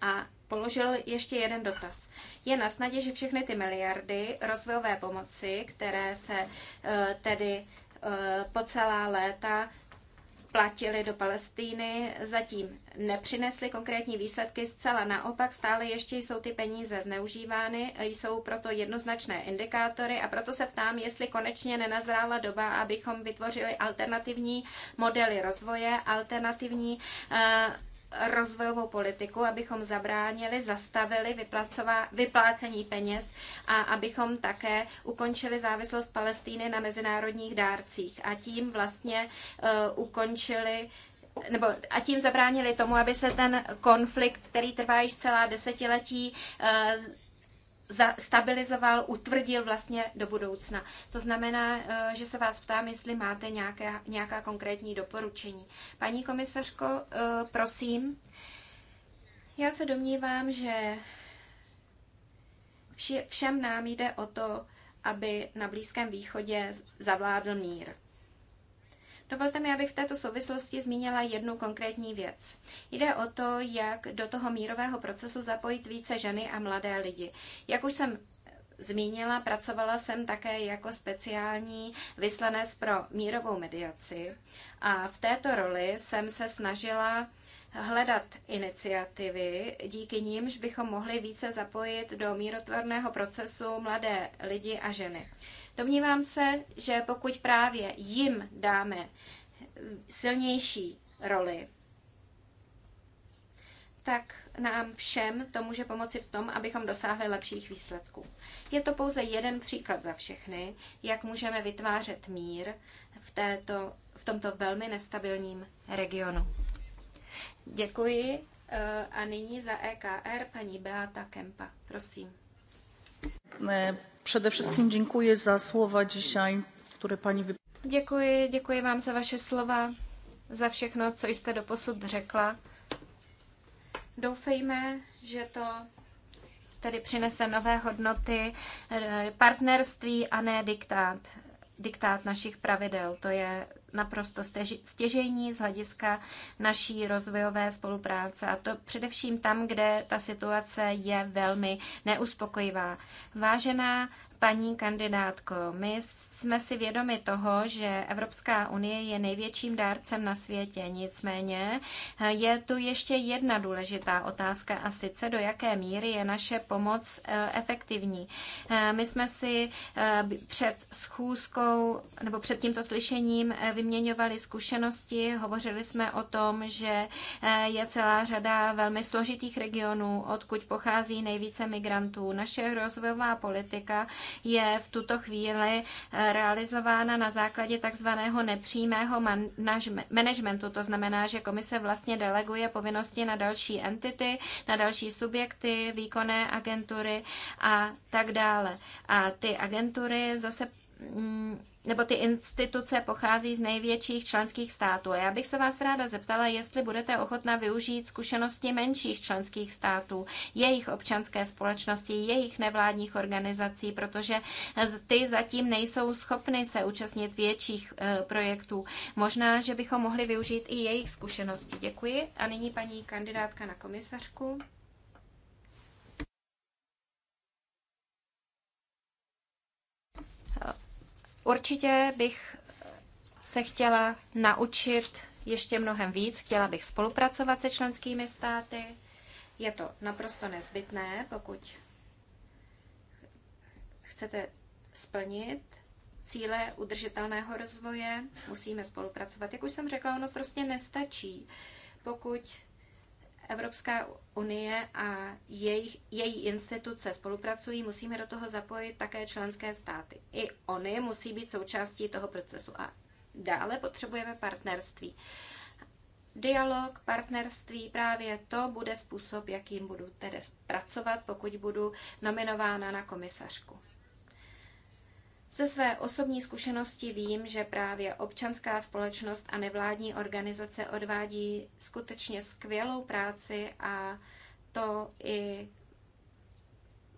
a položil ještě jeden dotaz. Je na snadě, že všechny ty miliardy rozvojové pomoci, které se eh, tedy eh, po celá léta platili do Palestíny, zatím nepřinesly konkrétní výsledky. Zcela naopak stále ještě jsou ty peníze zneužívány, jsou proto jednoznačné indikátory a proto se ptám, jestli konečně nenazrála doba, abychom vytvořili alternativní modely rozvoje, alternativní uh, rozvojovou politiku, abychom zabránili, zastavili vyplácení peněz a abychom také ukončili závislost Palestíny na mezinárodních dárcích a tím vlastně uh, ukončili nebo a tím zabránili tomu, aby se ten konflikt, který trvá již celá desetiletí, uh, stabilizoval, utvrdil vlastně do budoucna. To znamená, eh, že se vás ptám, jestli máte nějaké, nějaká konkrétní doporučení. Paní komisařko, eh, prosím. Já se domnívám, že všem nám jde o to, aby na Blízkém východě zavládl mír. Dovolte mi, abych v této souvislosti zmínila jednu konkrétní věc. Jde o to, jak do toho mírového procesu zapojit více ženy a mladé lidi. Jak už jsem zmínila, pracovala jsem také jako speciální vyslanec pro mírovou mediaci a v této roli jsem se snažila hledat iniciativy, díky nímž bychom mohli více zapojit do mírotvorného procesu mladé lidi a ženy. Domnívám se, že pokud právě jim dáme silnější roli, tak nám všem to může pomoci v tom, abychom dosáhli lepších výsledků. Je to pouze jeden příklad za všechny, jak můžeme vytvářet mír v, této, v tomto velmi nestabilním regionu. Děkuji eh, a nyní za EKR paní Beata Kempa. Prosím. Ne. Przede wszystkim dziękuję za słowa dzisiaj, które pani Děkuji, děkuji vám za vaše slova, za všechno, co jste do posud řekla. Doufejme, že to tedy přinese nové hodnoty, eh, partnerství a ne diktát, diktát našich pravidel. To je naprosto stěžejní z hlediska naší rozvojové spolupráce. A to především tam, kde ta situace je velmi neuspokojivá. Vážená paní kandidátko, my jsme si vědomi toho, že Evropská unie je největším dárcem na světě. Nicméně eh, je tu ještě jedna důležitá otázka a sice do jaké míry je naše pomoc eh, efektivní. Eh, my jsme si před schůzkou nebo před tímto slyšením vyměňovali zkušenosti, hovořili jsme o tom, že eh, je celá řada velmi složitých regionů, odkud pochází nejvíce migrantů. Naše rozvojová politika je v tuto chvíli eh, realizována na základě takzvaného nepřímého managementu. To znamená, že komise vlastně deleguje povinnosti na další entity, na další subjekty, výkonné agentury a tak dále. A ty agentury zase Mm, nebo ty instituce pochází z největších členských států. Já bych se vás ráda zeptala, jestli budete ochotna využít zkušenosti menších členských států, jejich občanské společnosti, jejich nevládních organizací, protože ty zatím nejsou schopny se účastnit větších e, projektů. Možná, že bychom mohli využít i jejich zkušenosti. Děkuji. A nyní paní kandidátka na komisařku. Určitě bych se chtěla naučit ještě mnohem víc, chtěla bych spolupracovat se členskými státy. Je to naprosto nezbytné, pokud chcete splnit cíle udržitelného rozvoje, musíme spolupracovat. Jak už jsem řekla, ono prostě nestačí, pokud Evropská unie a jejich, její instituce spolupracují, musíme do toho zapojit také členské státy. I oni musí být součástí toho procesu. A dále potřebujeme partnerství. Dialog, partnerství, právě to bude způsob, jakým budu tedy pracovat, pokud budu nominována na komisařku. Ze své osobní zkušenosti vím, že právě občanská společnost a nevládní organizace odvádí skutečně skvělou práci a to i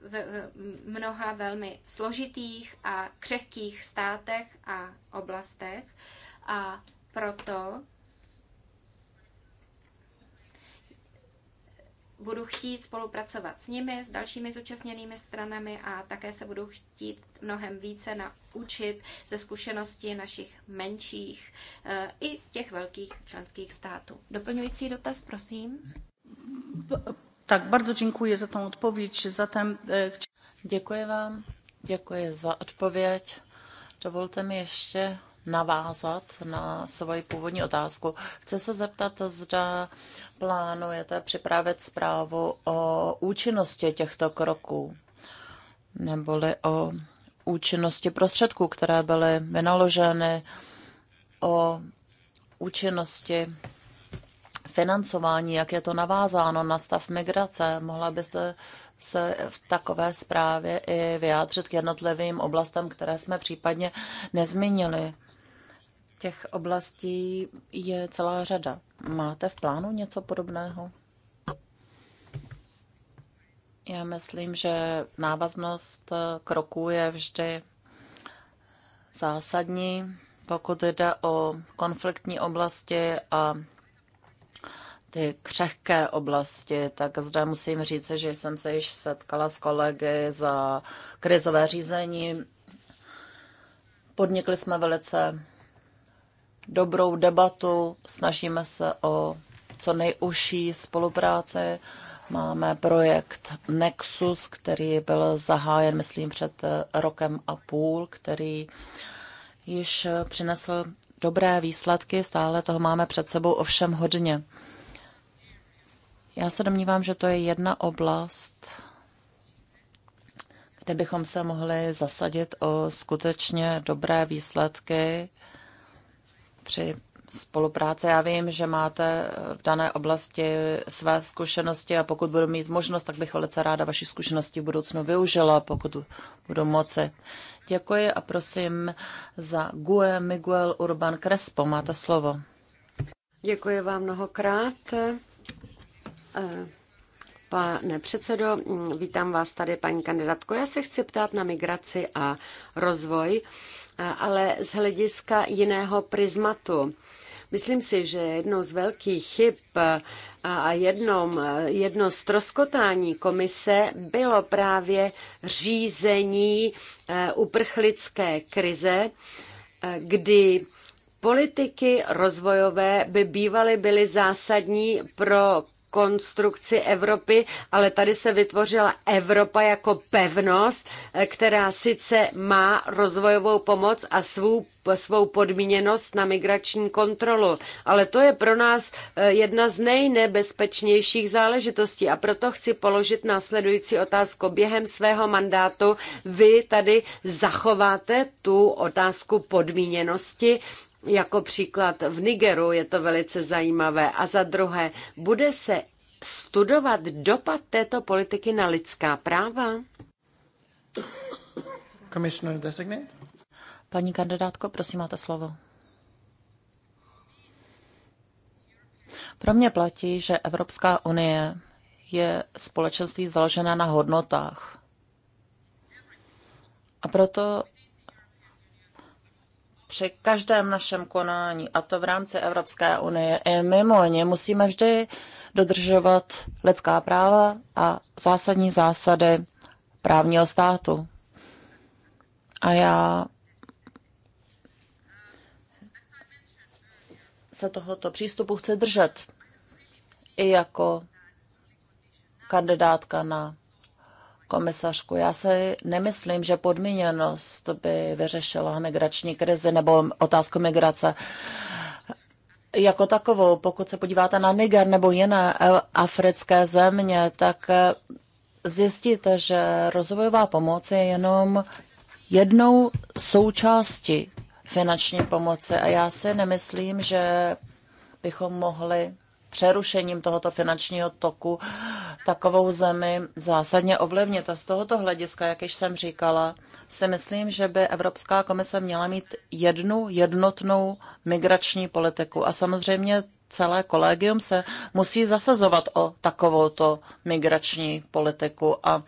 v mnoha velmi složitých a křehkých státech a oblastech. A proto budu chtít spolupracovat s nimi, s dalšími zúčastněnými stranami a také se budu chtít mnohem více naučit ze zkušenosti našich menších e, i těch velkých členských států. Doplňující dotaz, prosím. Tak, bardzo děkuji za tom odpověď. Zatem... Děkuji vám, děkuji za odpověď. Dovolte mi ještě navázat na svoji původní otázku. Chci se zeptat, zda plánujete připravit zprávu o účinnosti těchto kroků, neboli o účinnosti prostředků, které byly vynaloženy, o účinnosti financování, jak je to navázáno na stav migrace. Mohla byste se v takové zprávě i vyjádřit k jednotlivým oblastem, které jsme případně nezmínili. Těch oblastí je celá řada. Máte v plánu něco podobného? Já myslím, že návaznost kroků je vždy zásadní, pokud jde o konfliktní oblasti a ty křehké oblasti, tak zde musím říct, že jsem se již setkala s kolegy za krizové řízení. Podnikli jsme velice dobrou debatu, snažíme se o co nejužší spolupráci. Máme projekt Nexus, který byl zahájen, myslím, před rokem a půl, který již přinesl dobré výsledky, stále toho máme před sebou ovšem hodně. Já se domnívám, že to je jedna oblast, kde bychom se mohli zasadit o skutečně dobré výsledky při spolupráce. Já vím, že máte v dané oblasti své zkušenosti a pokud budu mít možnost, tak bych velice ráda vaši zkušenosti v budoucnu využila, pokud budu moci. Děkuji a prosím za GUE Miguel Urban Crespo. Máte slovo. Děkuji vám mnohokrát. Eh, pane předsedo, vítám vás tady, paní kandidatko. Já se chci ptát na migraci a rozvoj ale z hlediska jiného prismatu. Myslím si, že jednou z velkých chyb a jednom, jedno z troskotání komise bylo právě řízení e, uprchlické krize, e, kdy politiky rozvojové by bývaly byly zásadní pro konstrukci Evropy, ale tady se vytvořila Evropa jako pevnost, eh, která sice má rozvojovou pomoc a svou, svou podmíněnost na migrační kontrolu, ale to je pro nás eh, jedna z nejnebezpečnějších záležitostí a proto chci položit následující otázku. Během svého mandátu vy tady zachováte tu otázku podmíněnosti jako příklad v Nigeru je to velice zajímavé. A za druhé, bude se studovat dopad této politiky na lidská práva? Paní kandidátko, prosím, máte slovo. Pro mě platí, že Evropská unie je společenství založené na hodnotách. A proto při každém našem konání, a to v rámci Evropské unie i mimo ně, musíme vždy dodržovat lidská práva a zásadní zásady právního státu. A já se tohoto přístupu chci držet i jako kandidátka na komisařku. Já si nemyslím, že podmíněnost by vyřešila migrační krizi nebo otázku migrace jako takovou. Pokud se podíváte na Niger nebo jiné africké země, tak zjistíte, že rozvojová pomoc je jenom jednou součástí finanční pomoci a já si nemyslím, že bychom mohli přerušením tohoto finančního toku takovou zemi zásadně ovlivnit. A z tohoto hlediska, jak již jsem říkala, si myslím, že by Evropská komise měla mít jednu jednotnou migrační politiku. A samozřejmě celé kolegium se musí zasazovat o takovouto migrační politiku a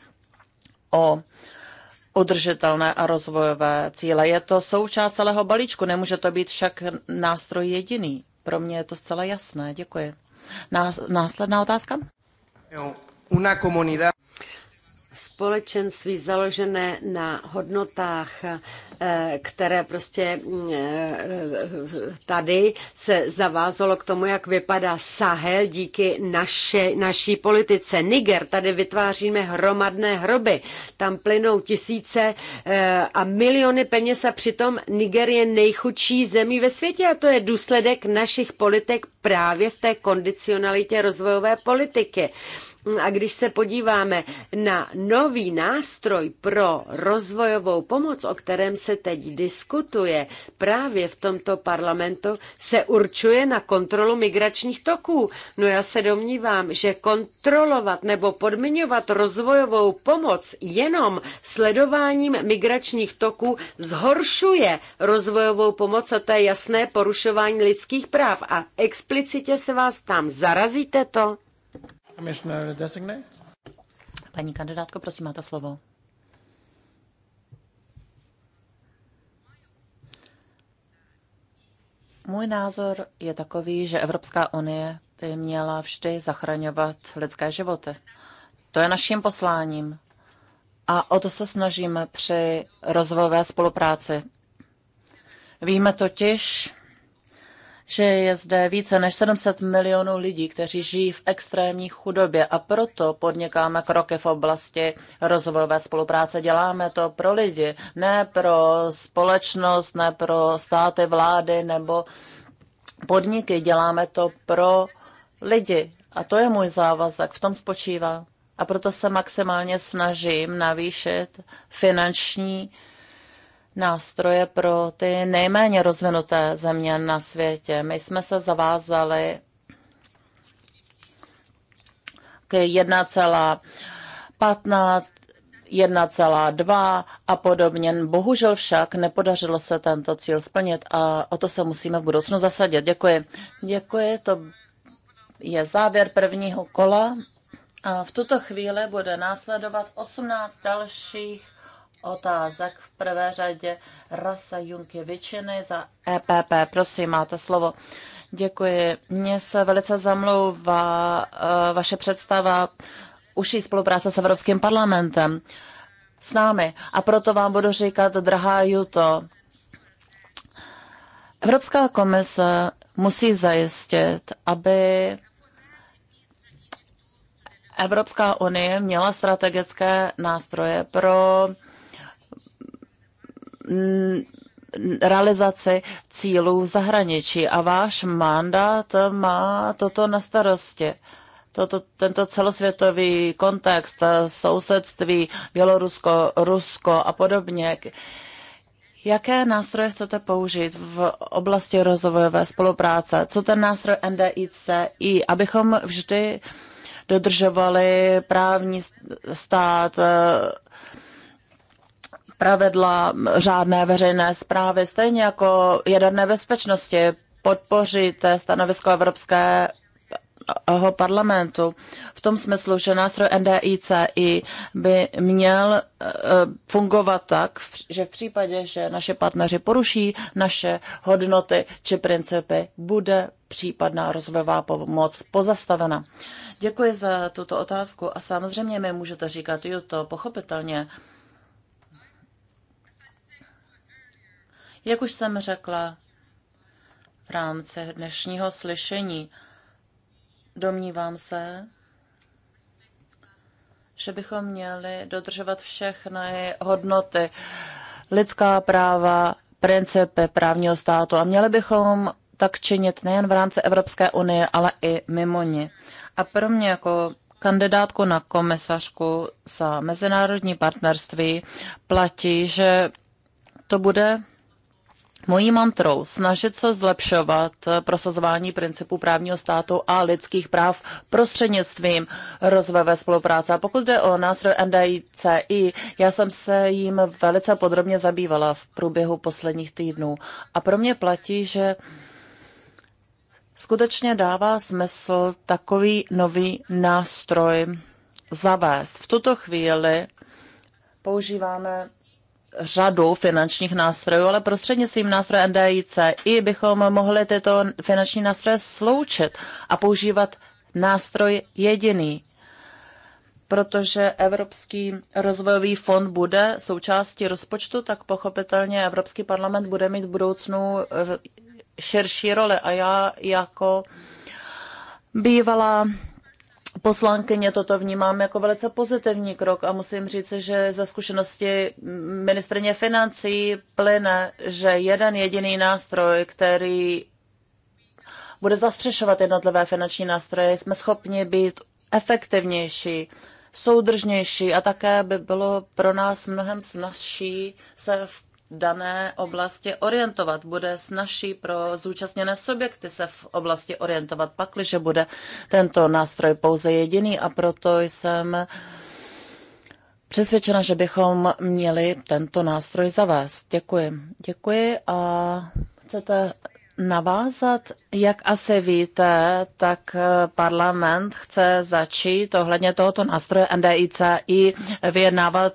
o udržitelné a rozvojové cíle. Je to součást celého balíčku, nemůže to být však nástroj jediný. Pro mě je to zcela jasné. Děkuji. Následná otázka? společenství založené na hodnotách, eh, které prostě eh, tady se zavázalo k tomu, jak vypadá Sahel díky naše, naší politice. Niger, tady vytváříme hromadné hroby, tam plynou tisíce eh, a miliony peněz a přitom Niger je nejchudší zemí ve světě a to je důsledek našich politik právě v té kondicionalitě rozvojové politiky. A když se podíváme na nový nástroj pro rozvojovou pomoc, o kterém se teď diskutuje právě v tomto parlamentu, se určuje na kontrolu migračních toků. No já se domnívám, že kontrolovat nebo podmiňovat rozvojovou pomoc jenom sledováním migračních toků zhoršuje rozvojovou pomoc a to je jasné porušování lidských práv a explicitně explicitně se vás tam. Zarazíte to? Paní kandidátko, prosím, máte slovo. Můj názor je takový, že Evropská unie by měla vždy zachraňovat lidské životy. To je naším posláním. A o to se snažíme při rozvojové spolupráci. Víme totiž, že je zde více než 700 milionů lidí, kteří žijí v extrémní chudobě a proto podnikáme kroky v oblasti rozvojové spolupráce. Děláme to pro lidi, ne pro společnost, ne pro státy, vlády nebo podniky. Děláme to pro lidi a to je můj závazek, v tom spočívá. A proto se maximálně snažím navýšit finanční nástroje pro ty nejméně rozvinuté země na světě. My jsme se zavázali k 1,15 1,2 a podobně. Bohužel však nepodařilo se tento cíl splnit a o to se musíme v budoucnu zasadit. Děkuji. Děkuji, to je závěr prvního kola. A v tuto chvíli bude následovat 18 dalších otázek. V prvé řadě Rasa Junkěvičiny za EPP. Prosím, máte slovo. Děkuji. Mně se velice zamlouvá eh, vaše představa užší spolupráce s Evropským parlamentem s námi. A proto vám budu říkat, drahá Juto, Evropská komise musí zajistit, aby Evropská unie měla strategické nástroje pro Mm, realizaci cílů v zahraničí a váš mandát má toto na starosti. Toto, tento celosvětový kontext, sousedství, Bělorusko, Rusko a podobně. Jaké nástroje chcete použít v oblasti rozvojové spolupráce? Co ten nástroj NDICI, abychom vždy dodržovali právní stát, pravidla řádné veřejné zprávy, stejně jako jaderné bezpečnosti, podpořit stanovisko Evropské parlamentu v tom smyslu, že nástroj NDICI by měl eh, fungovat tak, že v případě, že naše partneři poruší naše hodnoty či principy, bude případná rozvojová pomoc pozastavena. Děkuji za tuto otázku a samozřejmě mi můžete říkat, jo, to pochopitelně Jak už jsem řekla v rámci dnešního slyšení, domnívám se, že bychom měli dodržovat všechny hodnoty, lidská práva, principy právního státu a měli bychom tak činit nejen v rámci Evropské unie, ale i mimo ní. A pro mě jako kandidátku na komisařku za mezinárodní partnerství platí, že to bude Mojí mantrou snažit se zlepšovat eh, prosazování principů právního státu a lidských práv prostřednictvím rozvojové spolupráce. A pokud jde o nástroj NDICI, já jsem se jim velice podrobně zabývala v průběhu posledních týdnů. A pro mě platí, že skutečně dává smysl takový nový nástroj zavést. V tuto chvíli používáme řadu finančních nástrojů, ale prostřednictvím nástroje NDIC i bychom mohli tyto finanční nástroje sloučit a používat nástroj jediný, protože Evropský rozvojový fond bude součástí rozpočtu, tak pochopitelně Evropský parlament bude mít v budoucnu eh, širší roli. A já jako bývalá poslankyně toto vnímám jako velice pozitivní krok a musím říct, že ze zkušenosti ministrně financí plyne, že jeden jediný nástroj, který bude zastřešovat jednotlivé finanční nástroje, jsme schopni být efektivnější, soudržnější a také by bylo pro nás mnohem snažší se v dané oblasti orientovat. Bude snažší pro zúčastněné subjekty se v oblasti orientovat, pakliže bude tento nástroj pouze jediný a proto jsem přesvědčena, že bychom měli tento nástroj zavést. Děkuji. Děkuji a chcete navázat? Jak asi víte, tak parlament chce začít ohledně tohoto nástroje NDIC i vyjednávat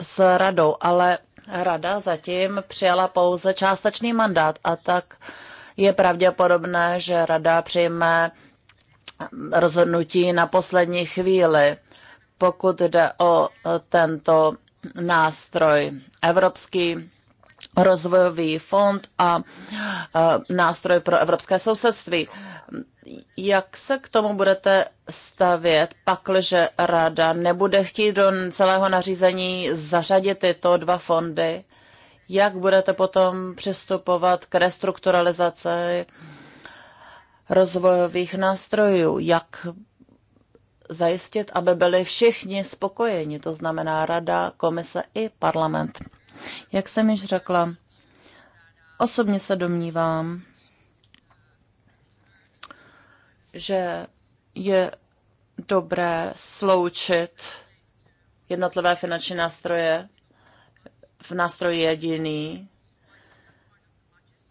s radou, ale rada zatím přijala pouze částečný mandát a tak je pravděpodobné, že rada přijme rozhodnutí na poslední chvíli, pokud jde o tento nástroj. Evropský rozvojový fond a nástroj pro evropské sousedství jak se k tomu budete stavět, pakliže rada nebude chtít do celého nařízení zařadit tyto dva fondy? Jak budete potom přistupovat k restrukturalizaci rozvojových nástrojů? Jak zajistit, aby byli všichni spokojeni, to znamená rada, komise i parlament? Jak jsem již řekla, osobně se domnívám, že je dobré sloučit jednotlivé finanční nástroje v nástroji jediný.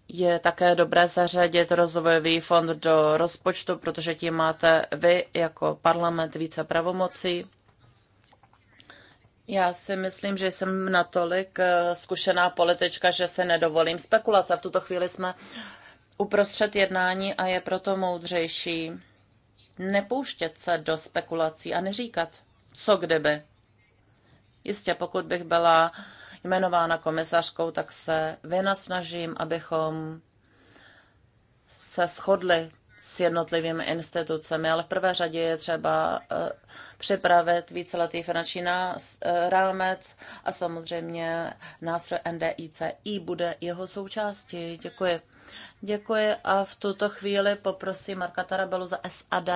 Je také dobré zařadit rozvojový fond do rozpočtu, protože tím máte vy jako parlament více pravomocí. Já si myslím, že jsem natolik eh, zkušená politička, že se nedovolím spekulace. V tuto chvíli jsme uprostřed jednání a je proto moudřejší nepouštět se do spekulací a neříkat, co kdyby. Jistě, pokud bych byla jmenována komisařkou, tak se vynasnažím, abychom se shodli s jednotlivými institucemi, ale v prvé řadě je třeba eh, připravit víceletý finanční eh, rámec a samozřejmě nástroj NDICI bude jeho součástí. Děkuji. Děkuji a v tuto chvíli poprosím Marka Tarabelu za SAD.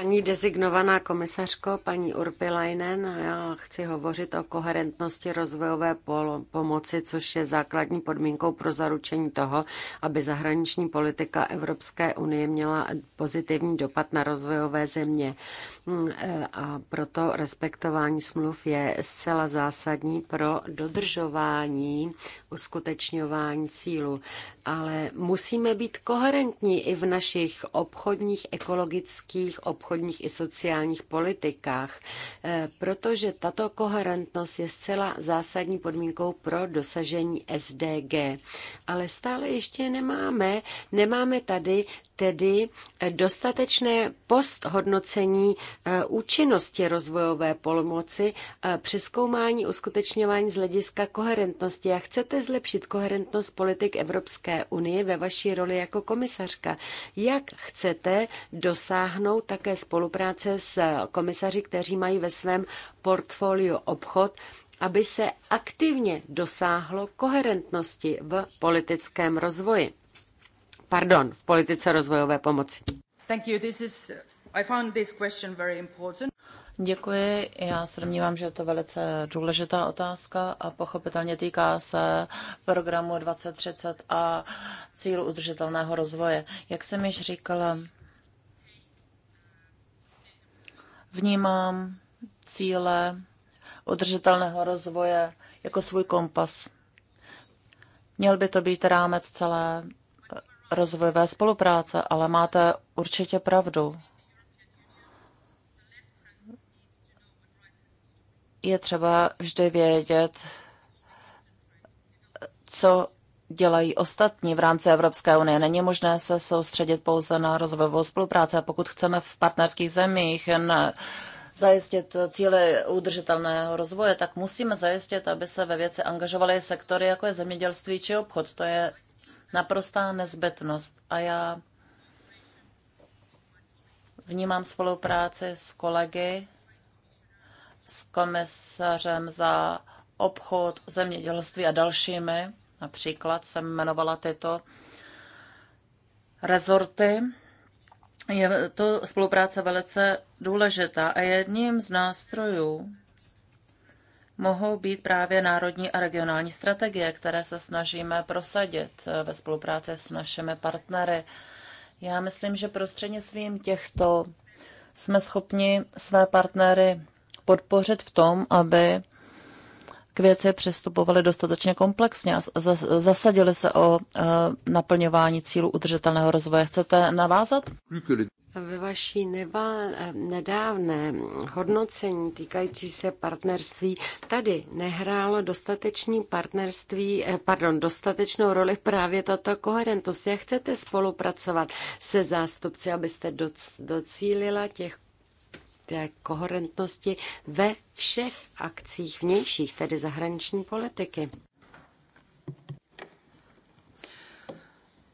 Paní designovaná komisařko, paní Urpilainen, já chci hovořit o koherentnosti rozvojové pomoci, což je základní podmínkou pro zaručení toho, aby zahraniční politika Evropské unie měla pozitivní dopad na rozvojové země. Mm, e, a proto respektování smluv je zcela zásadní pro dodržování uskutečňování cílu. Ale musíme být koherentní i v našich obchodních, ekologických, obchodních obchodních i sociálních politikách, eh, protože tato koherentnost je zcela zásadní podmínkou pro dosažení SDG. Ale stále ještě nemáme, nemáme tady tedy dostatečné posthodnocení eh, účinnosti rozvojové pomoci, eh, přeskoumání uskutečňování z hlediska koherentnosti. A chcete zlepšit koherentnost politik Evropské unie ve vaší roli jako komisařka. Jak chcete dosáhnout také spolupráce s komisaři, kteří mají ve svém portfoliu obchod, aby se aktivně dosáhlo koherentnosti v politickém rozvoji pardon, v politice rozvojové pomoci. Thank you. This is, I found this question very important. Děkuji. Já se domnívám, že je to velice důležitá otázka a pochopitelně týká se programu 2030 a cílu udržitelného rozvoje. Jak jsem již říkala, vnímám cíle udržitelného rozvoje jako svůj kompas. Měl by to být rámec celé rozvojové spolupráce, ale máte určitě pravdu. Je třeba vždy vědět, co dělají ostatní v rámci Evropské unie. Není možné se soustředit pouze na rozvojovou spolupráci. A pokud chceme v partnerských zemích jen zajistit cíle udržitelného rozvoje, tak musíme zajistit, aby se ve věci angažovaly sektory, jako je zemědělství či obchod. To je naprostá nezbytnost a já vnímám spolupráci s kolegy, s komisařem za obchod, zemědělství a dalšími. Například jsem jmenovala tyto rezorty. Je to spolupráce velice důležitá a jedním z nástrojů, mohou být právě národní a regionální strategie, které se snažíme prosadit eh, ve spolupráci s našimi partnery. Já myslím, že prostřednictvím těchto jsme schopni své partnery podpořit v tom, aby k věci přistupovali dostatečně komplexně a zasadili se o eh, naplňování cílu udržitelného rozvoje. Chcete navázat? Ve vaší nevá, nedávné hodnocení týkající se partnerství tady nehrálo dostatečný partnerství, eh, pardon, dostatečnou roli právě tato koherentnost. Jak chcete spolupracovat se zástupci, abyste docílila těch té koherentnosti ve všech akcích vnějších, tedy zahraniční politiky?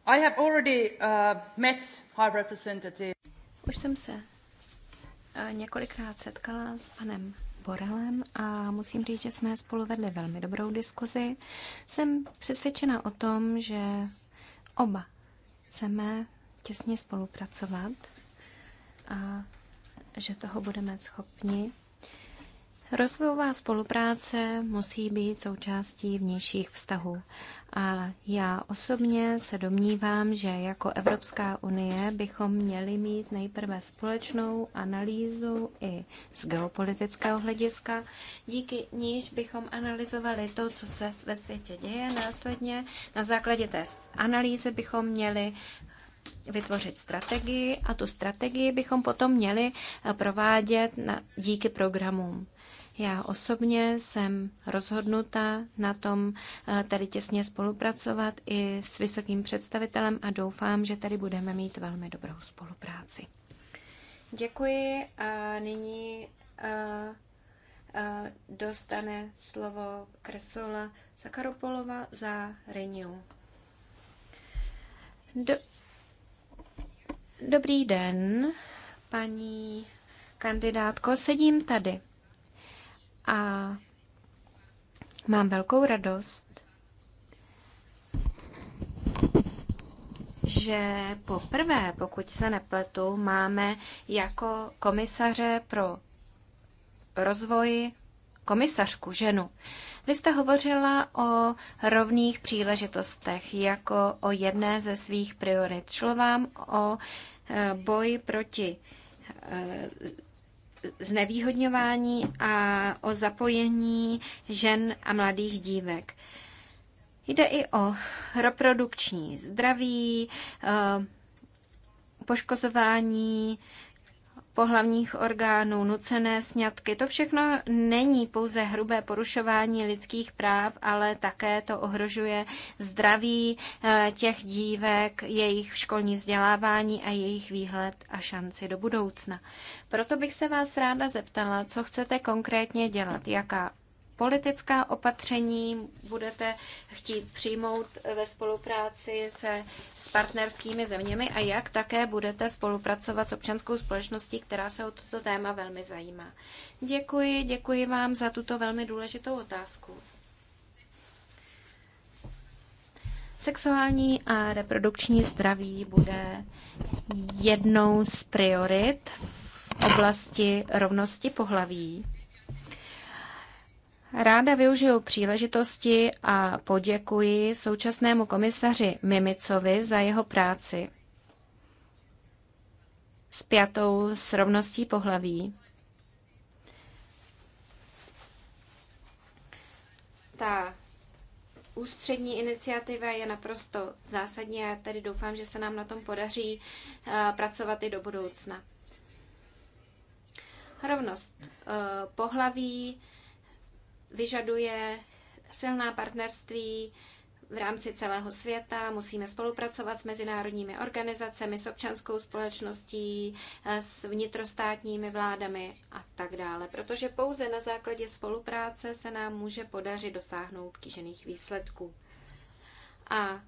I have already uh, met High Representative. Už jsem se uh, několikrát setkala s panem Borelem a musím říct, že jsme spolu vedli velmi dobrou diskuzi. Jsem přesvědčena o tom, že oba chceme těsně spolupracovat a že toho budeme schopni. Rozvojová spolupráce musí být součástí vnějších vztahů a já osobně se domnívám, že jako Evropská unie bychom měli mít nejprve společnou analýzu i z geopolitického hlediska, díky níž bychom analyzovali to, co se ve světě děje. Následně na základě té analýzy bychom měli vytvořit strategii a tu strategii bychom potom měli provádět na, díky programům. Já osobně jsem rozhodnuta na tom eh, tady těsně spolupracovat i s vysokým představitelem a doufám, že tady budeme mít velmi dobrou spolupráci. Děkuji a nyní eh, eh, dostane slovo Kresola Sakaropolova za Renew. Do... Dobrý den, paní kandidátko, sedím tady. A mám velkou radost, že poprvé, pokud se nepletu, máme jako komisaře pro rozvoj komisařku, ženu. Vy jste hovořila o rovných příležitostech jako o jedné ze svých priorit. Šlo vám o eh, boj proti eh, znevýhodňování a o zapojení žen a mladých dívek. Jde i o reprodukční zdraví, eh, poškozování pohlavních orgánů, nucené sňatky. To všechno není pouze hrubé porušování lidských práv, ale také to ohrožuje zdraví eh, těch dívek, jejich školní vzdělávání a jejich výhled a šanci do budoucna. Proto bych se vás ráda zeptala, co chcete konkrétně dělat, jaká politická opatření budete chtít přijmout ve spolupráci se, s partnerskými zeměmi a jak také budete spolupracovat s občanskou společností, která se o toto téma velmi zajímá. Děkuji, děkuji vám za tuto velmi důležitou otázku. Sexuální a reprodukční zdraví bude jednou z priorit oblasti rovnosti pohlaví. Ráda využiju příležitosti a poděkuji současnému komisaři Mimicovi za jeho práci spjatou s rovností pohlaví. Ta ústřední iniciativa je naprosto zásadní a já tady doufám, že se nám na tom podaří eh, pracovat i do budoucna. Rovnost eh, pohlaví vyžaduje silná partnerství v rámci celého světa, musíme spolupracovat s mezinárodními organizacemi, s občanskou společností, eh, s vnitrostátními vládami a tak dále, protože pouze na základě spolupráce se nám může podařit dosáhnout kýžených výsledků. A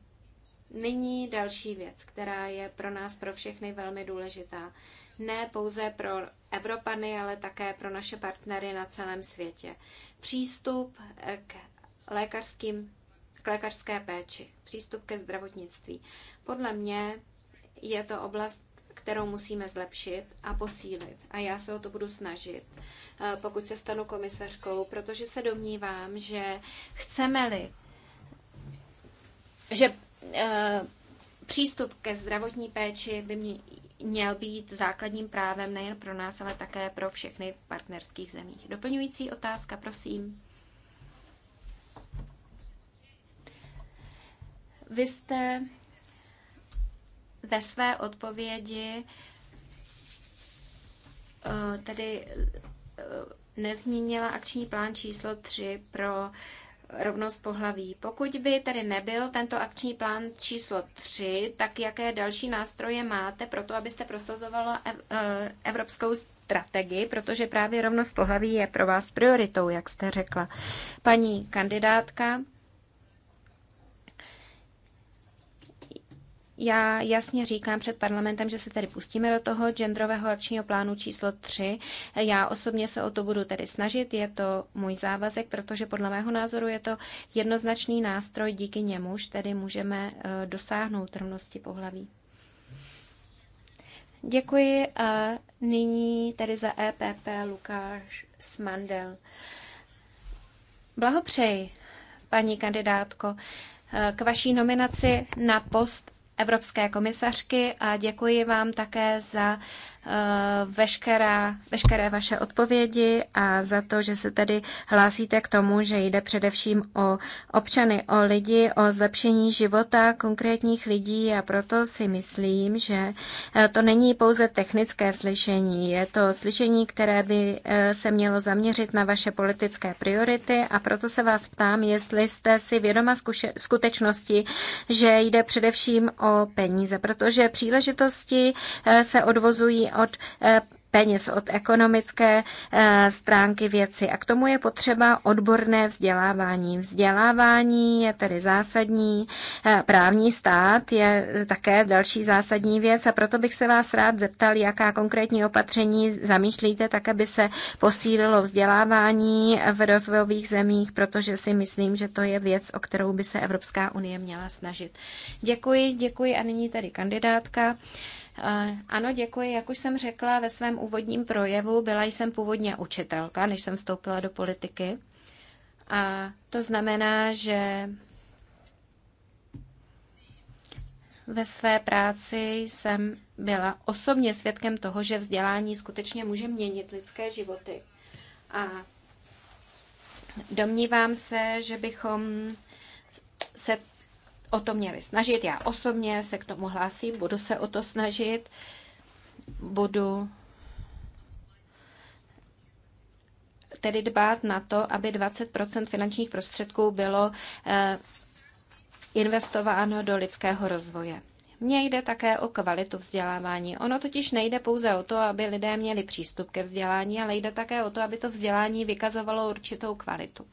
nyní další věc, která je pro nás pro všechny velmi důležitá. Ne pouze pro Evropany, ale také pro naše partnery na celém světě. Přístup k lékařským k lékařské péči, přístup ke zdravotnictví. Podle mě je to oblast, kterou musíme zlepšit a posílit. A já se o to budu snažit, eh, pokud se stanu komisařkou, protože se domnívám, že chceme-li, že eh, přístup ke zdravotní péči by mě, měl být základním právem nejen pro nás, ale také pro všechny v partnerských zemích. Doplňující otázka, prosím. Vy jste ve své odpovědi eh, tedy eh, nezmínila akční plán číslo 3 pro rovnost pohlaví. Pokud by tedy nebyl tento akční plán číslo 3, tak jaké další nástroje máte pro to, abyste prosazovala eh, evropskou strategii, protože právě rovnost pohlaví je pro vás prioritou, jak jste řekla. Paní kandidátka, Já jasně říkám před parlamentem, že se tedy pustíme do toho genderového akčního plánu číslo 3. Já osobně se o to budu tedy snažit, je to můj závazek, protože podle mého názoru je to jednoznačný nástroj, díky němuž tedy můžeme eh, dosáhnout rovnosti pohlaví. Děkuji a nyní tedy za EPP Lukáš Smandel. Blahopřeji, paní kandidátko, eh, k vaší nominaci na post evropské komisařky a děkuji vám také za Eh, veškerá, veškeré vaše odpovědi a za to, že se tady hlásíte k tomu, že jde především o občany, o lidi, o zlepšení života konkrétních lidí a proto si myslím, že eh, to není pouze technické slyšení, je to slyšení, které by eh, se mělo zaměřit na vaše politické priority a proto se vás ptám, jestli jste si vědoma zkuše, skutečnosti, že jde především o peníze, protože příležitosti se odvozují od eh, peněz, od ekonomické eh, stránky věci. A k tomu je potřeba odborné vzdělávání. Vzdělávání je tedy zásadní, eh, právní stát je také další zásadní věc a proto bych se vás rád zeptal, jaká konkrétní opatření zamýšlíte, tak aby se posílilo vzdělávání v rozvojových zemích, protože si myslím, že to je věc, o kterou by se Evropská unie měla snažit. Děkuji, děkuji a nyní tady kandidátka. Eh, ano, děkuji. Jak už jsem řekla ve svém úvodním projevu, byla jsem původně učitelka, než jsem vstoupila do politiky. A to znamená, že ve své práci jsem byla osobně svědkem toho, že vzdělání skutečně může měnit lidské životy. A domnívám se, že bychom se o to měli snažit. Já osobně se k tomu hlásím, budu se o to snažit, budu tedy dbát na to, aby 20 finančních prostředků bylo eh, investováno do lidského rozvoje. Mně jde také o kvalitu vzdělávání. Ono totiž nejde pouze o to, aby lidé měli přístup ke vzdělání, ale jde také o to, aby to vzdělání vykazovalo určitou kvalitu.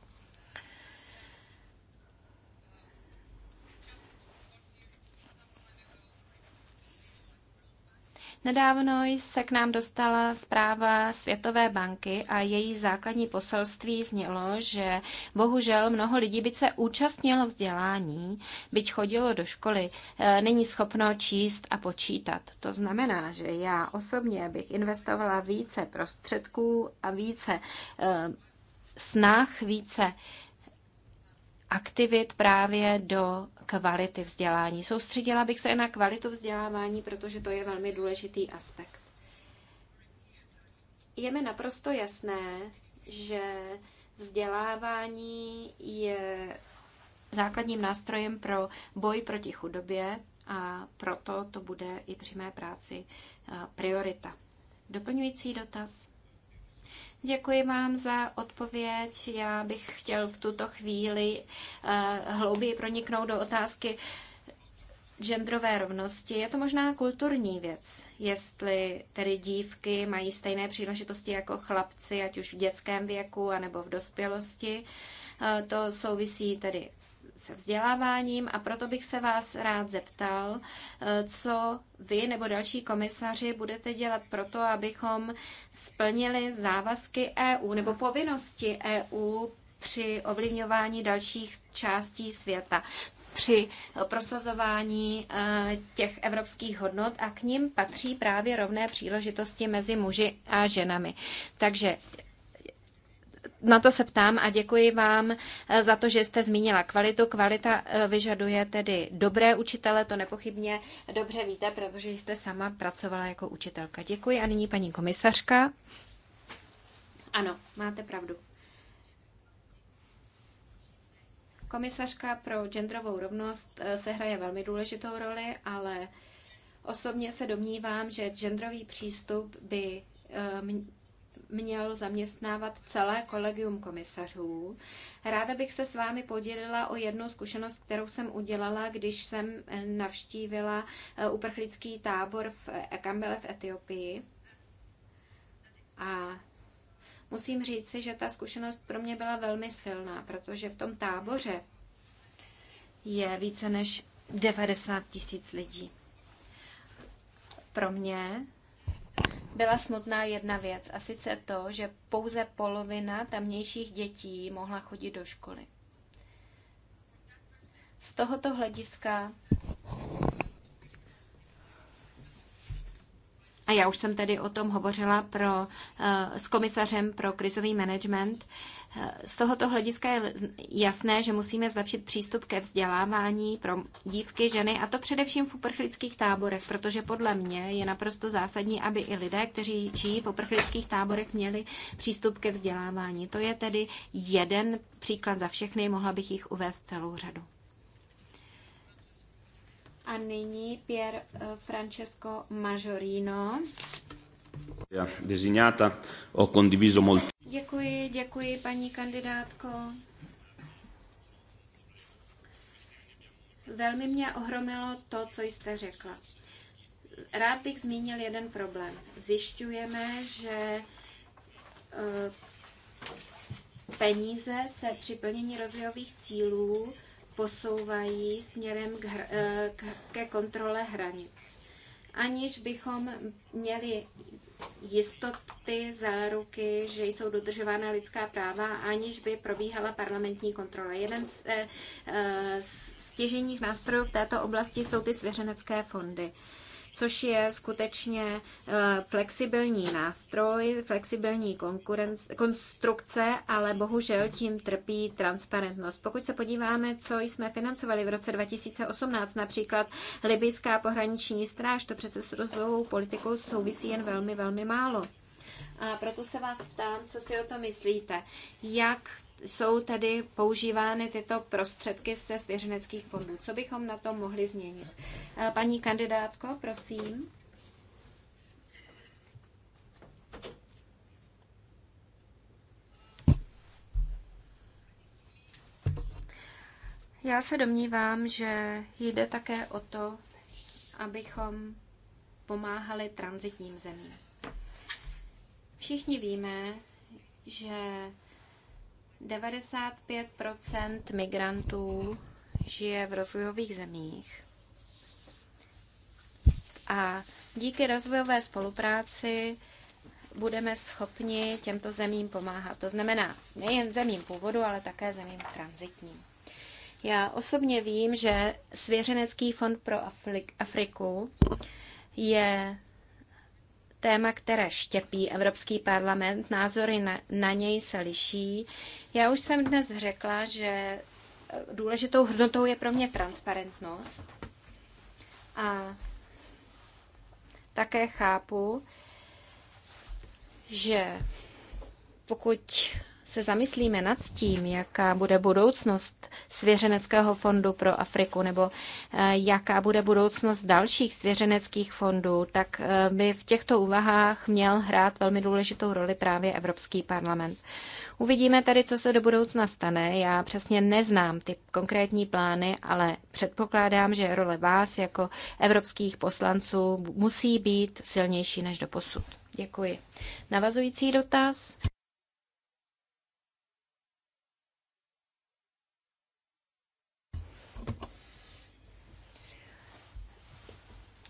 Nedávno se k nám dostala zpráva Světové banky a její základní poselství znělo, že bohužel mnoho lidí, by se účastnilo vzdělání, byť chodilo do školy, e, není schopno číst a počítat. To znamená, že já osobně bych investovala více prostředků a více e, snah, více aktivit právě do kvality vzdělání. Soustředila bych se na kvalitu vzdělávání, protože to je velmi důležitý aspekt. Je mi naprosto jasné, že vzdělávání je základním nástrojem pro boj proti chudobě a proto to bude i při mé práci eh, priorita. Doplňující dotaz? Děkuji vám za odpověď. Já bych chtěl v tuto chvíli eh, hlouběji proniknout do otázky genderové rovnosti. Je to možná kulturní věc, jestli tedy dívky mají stejné příležitosti jako chlapci, ať už v dětském věku anebo v dospělosti. Eh, to souvisí tedy s se vzděláváním a proto bych se vás rád zeptal, eh, co vy nebo další komisaři budete dělat pro to, abychom splnili závazky EU nebo povinnosti EU při ovlivňování dalších částí světa při prosazování eh, těch evropských hodnot a k ním patří právě rovné příležitosti mezi muži a ženami. Takže na to se ptám a děkuji vám eh, za to, že jste zmínila kvalitu. Kvalita eh, vyžaduje tedy dobré učitele, to nepochybně dobře víte, protože jste sama pracovala jako učitelka. Děkuji a nyní paní komisařka. Ano, máte pravdu. Komisařka pro genderovou rovnost eh, se hraje velmi důležitou roli, ale osobně se domnívám, že genderový přístup by měl zaměstnávat celé kolegium komisařů. Ráda bych se s vámi podělila o jednu zkušenost, kterou jsem udělala, když jsem eh, navštívila eh, uprchlický tábor v eh, Ekambele v Etiopii. A musím říci, že ta zkušenost pro mě byla velmi silná, protože v tom táboře je více než 90 tisíc lidí. Pro mě byla smutná jedna věc, a sice to, že pouze polovina tamnějších dětí mohla chodit do školy. Z tohoto hlediska a já už jsem tedy o tom hovořila pro, eh, s komisařem pro krizový management, z tohoto hlediska je jasné, že musíme zlepšit přístup ke vzdělávání pro dívky, ženy, a to především v uprchlických táborech, protože podle mě je naprosto zásadní, aby i lidé, kteří žijí v uprchlických táborech, měli přístup ke vzdělávání. To je tedy jeden příklad za všechny, mohla bych jich uvést celou řadu. A nyní Pier eh, Francesco Majorino. Děkuji, děkuji paní kandidátko. Velmi mě ohromilo to, co jste řekla. Rád bych zmínil jeden problém. Zjišťujeme, že eh, peníze se při plnění rozvojových cílů posouvají směrem k hr- eh, ke kontrole hranic, aniž bychom měli jistoty, záruky, že jsou dodržována lidská práva, aniž by probíhala parlamentní kontrola. Jeden z, eh, eh, z nástrojů v této oblasti jsou ty svěřenecké fondy což je skutečně eh, flexibilní nástroj, flexibilní konstrukce, ale bohužel tím trpí transparentnost. Pokud se podíváme, co jsme financovali v roce 2018, například libyská pohraniční stráž, to přece s rozvojovou politikou souvisí jen velmi, velmi málo. A proto se vás ptám, co si o to myslíte. Jak jsou tedy používány tyto prostředky ze svěřeneckých fondů. Co bychom na to mohli změnit? Paní kandidátko, prosím. Já se domnívám, že jde také o to, abychom pomáhali transitním zemím. Všichni víme, že 95 migrantů žije v rozvojových zemích. A díky rozvojové spolupráci budeme schopni těmto zemím pomáhat. To znamená nejen zemím původu, ale také zemím transitním. Já osobně vím, že Svěřenecký fond pro Afriku je téma, které štěpí Evropský parlament, názory na, na něj se liší. Já už jsem dnes řekla, že důležitou hodnotou je pro mě transparentnost a také chápu, že pokud se zamyslíme nad tím, jaká bude budoucnost Svěřeneckého fondu pro Afriku nebo eh, jaká bude budoucnost dalších svěřeneckých fondů, tak eh, by v těchto úvahách měl hrát velmi důležitou roli právě Evropský parlament. Uvidíme tady, co se do budoucna stane. Já přesně neznám ty konkrétní plány, ale předpokládám, že role vás jako evropských poslanců musí být silnější než do posud. Děkuji. Navazující dotaz.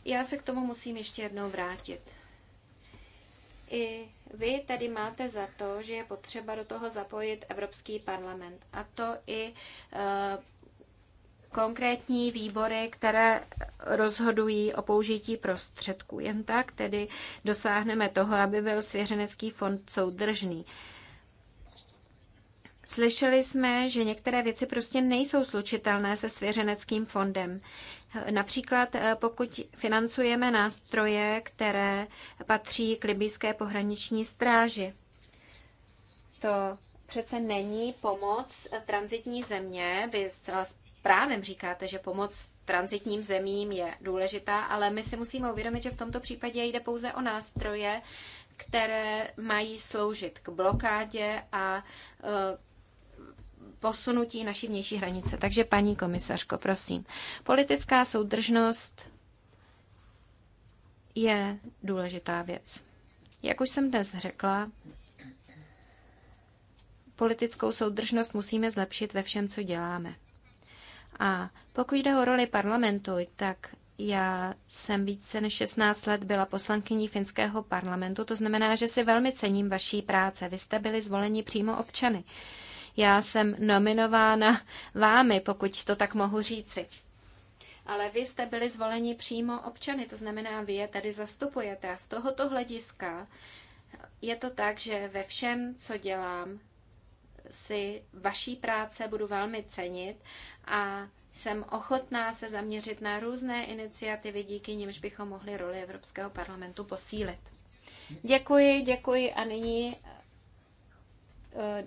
Já se k tomu musím ještě jednou vrátit. I vy tady máte za to, že je potřeba do toho zapojit Evropský parlament. A to i eh, konkrétní výbory, které rozhodují o použití prostředků. Jen tak tedy dosáhneme toho, aby byl svěřenecký fond soudržný. Slyšeli jsme, že některé věci prostě nejsou slučitelné se svěřeneckým fondem. Například eh, pokud financujeme nástroje, které patří k libijské pohraniční stráži. To přece není pomoc transitní země. Vy s právem říkáte, že pomoc transitním zemím je důležitá, ale my si musíme uvědomit, že v tomto případě jde pouze o nástroje, které mají sloužit k blokádě a eh, posunutí naší vnější hranice. Takže paní komisařko, prosím. Politická soudržnost je důležitá věc. Jak už jsem dnes řekla, politickou soudržnost musíme zlepšit ve všem, co děláme. A pokud jde o roli parlamentu, tak já jsem více než 16 let byla poslankyní finského parlamentu, to znamená, že si velmi cením vaší práce. Vy jste byli zvoleni přímo občany. Já jsem nominována vámi, pokud to tak mohu říci. Ale vy jste byli zvoleni přímo občany, to znamená, vy je tady zastupujete. A z tohoto hlediska je to tak, že ve všem, co dělám, si vaší práce budu velmi cenit a jsem ochotná se zaměřit na různé iniciativy, díky nimž bychom mohli roli Evropského parlamentu posílit. Děkuji, děkuji a nyní eh,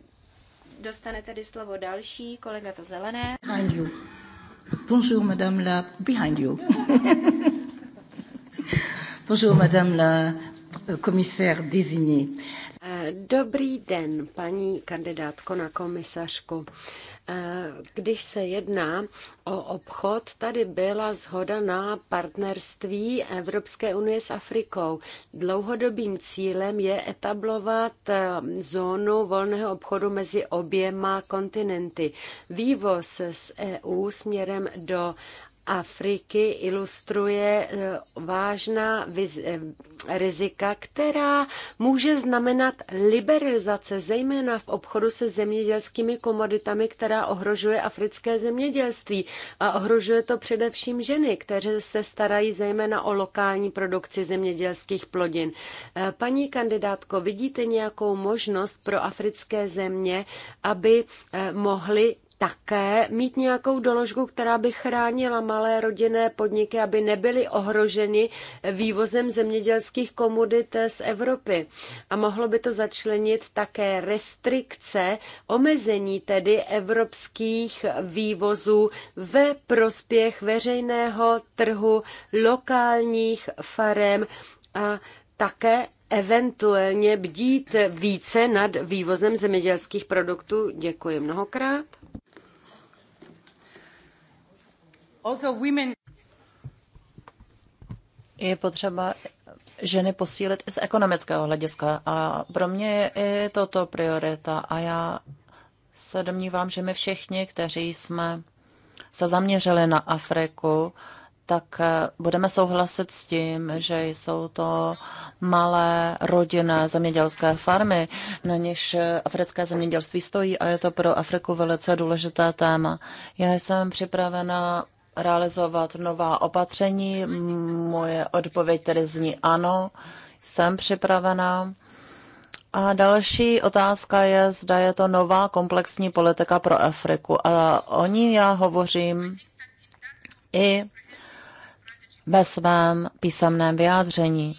Dostane tedy slovo další kolega za zelené. Behind you. Bonjour, madame la... Behind you. <laughs> Bonjour, madame la euh, commissaire désignée. Eh, dobrý den, paní kandidátko na komisařku. Když se jedná o obchod, tady byla zhoda na partnerství Evropské unie s Afrikou. Dlouhodobým cílem je etablovat eh, zónu volného obchodu mezi oběma kontinenty. Vývoz z EU směrem do Afriky ilustruje e, vážná viz, e, rizika, která může znamenat liberalizace, zejména v obchodu se zemědělskými komoditami, která ohrožuje africké zemědělství. A ohrožuje to především ženy, které se starají zejména o lokální produkci zemědělských plodin. E, paní kandidátko, vidíte nějakou možnost pro africké země, aby mohly také mít nějakou doložku, která by chránila malé rodinné podniky, aby nebyly ohroženy vývozem zemědělských komodit z Evropy. A mohlo by to začlenit také restrikce, omezení tedy evropských vývozů ve prospěch veřejného trhu, lokálních farem a také eventuálně bdít více nad vývozem zemědělských produktů. Děkuji mnohokrát. Je potřeba ženy posílit i z ekonomického hlediska a pro mě je i toto priorita a já se domnívám, že my všichni, kteří jsme se zaměřili na Afriku, tak eh, budeme souhlasit s tím, že jsou to malé rodinné zemědělské farmy, na něž eh, africké zemědělství stojí a je to pro Afriku velice důležité téma. Já jsem připravena realizovat nová opatření? Moje odpověď tedy zní ano, jsem připravená. A další otázka je, zda je to nová komplexní politika pro Afriku. A o ní já hovořím i ve svém písemném vyjádření.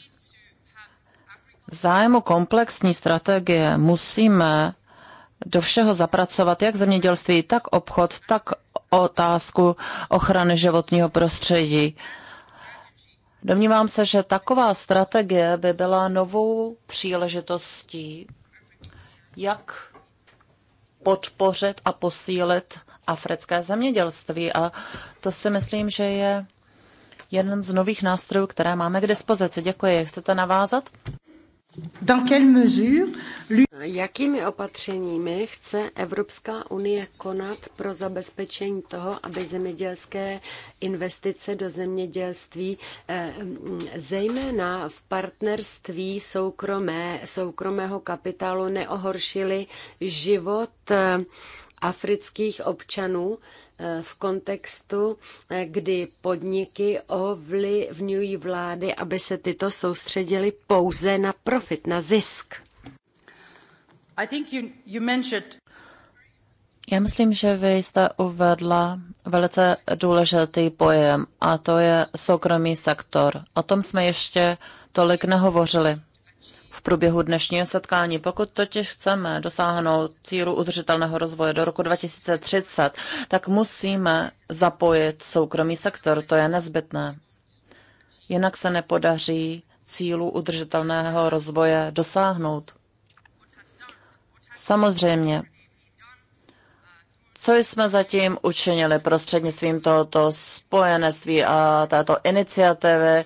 V zájmu komplexní strategie musíme do všeho zapracovat jak zemědělství, tak obchod, tak otázku ochrany životního prostředí. Domnívám se, že taková strategie by byla novou příležitostí, jak podpořit a posílit africké zemědělství. A to si myslím, že je jeden z nových nástrojů, které máme k dispozici. Děkuji. Chcete navázat? Jakými opatřeními chce Evropská unie konat pro zabezpečení toho, aby zemědělské investice do zemědělství, eh, mm, zejména v partnerství soukromé, soukromého kapitálu, neohoršily život eh, afrických občanů eh, v kontextu, eh, kdy podniky ovlivňují vlády, aby se tyto soustředily pouze na profit, na zisk. I think you, you mentioned... Já myslím, že vy jste uvedla velice důležitý pojem a to je soukromý sektor. O tom jsme ještě tolik nehovořili v průběhu dnešního setkání. Pokud totiž chceme dosáhnout cílu udržitelného rozvoje do roku 2030, tak musíme zapojit soukromý sektor. To je nezbytné. Jinak se nepodaří cílu udržitelného rozvoje dosáhnout. Samozřejmě, co jsme zatím učinili prostřednictvím tohoto spojenectví a této iniciativy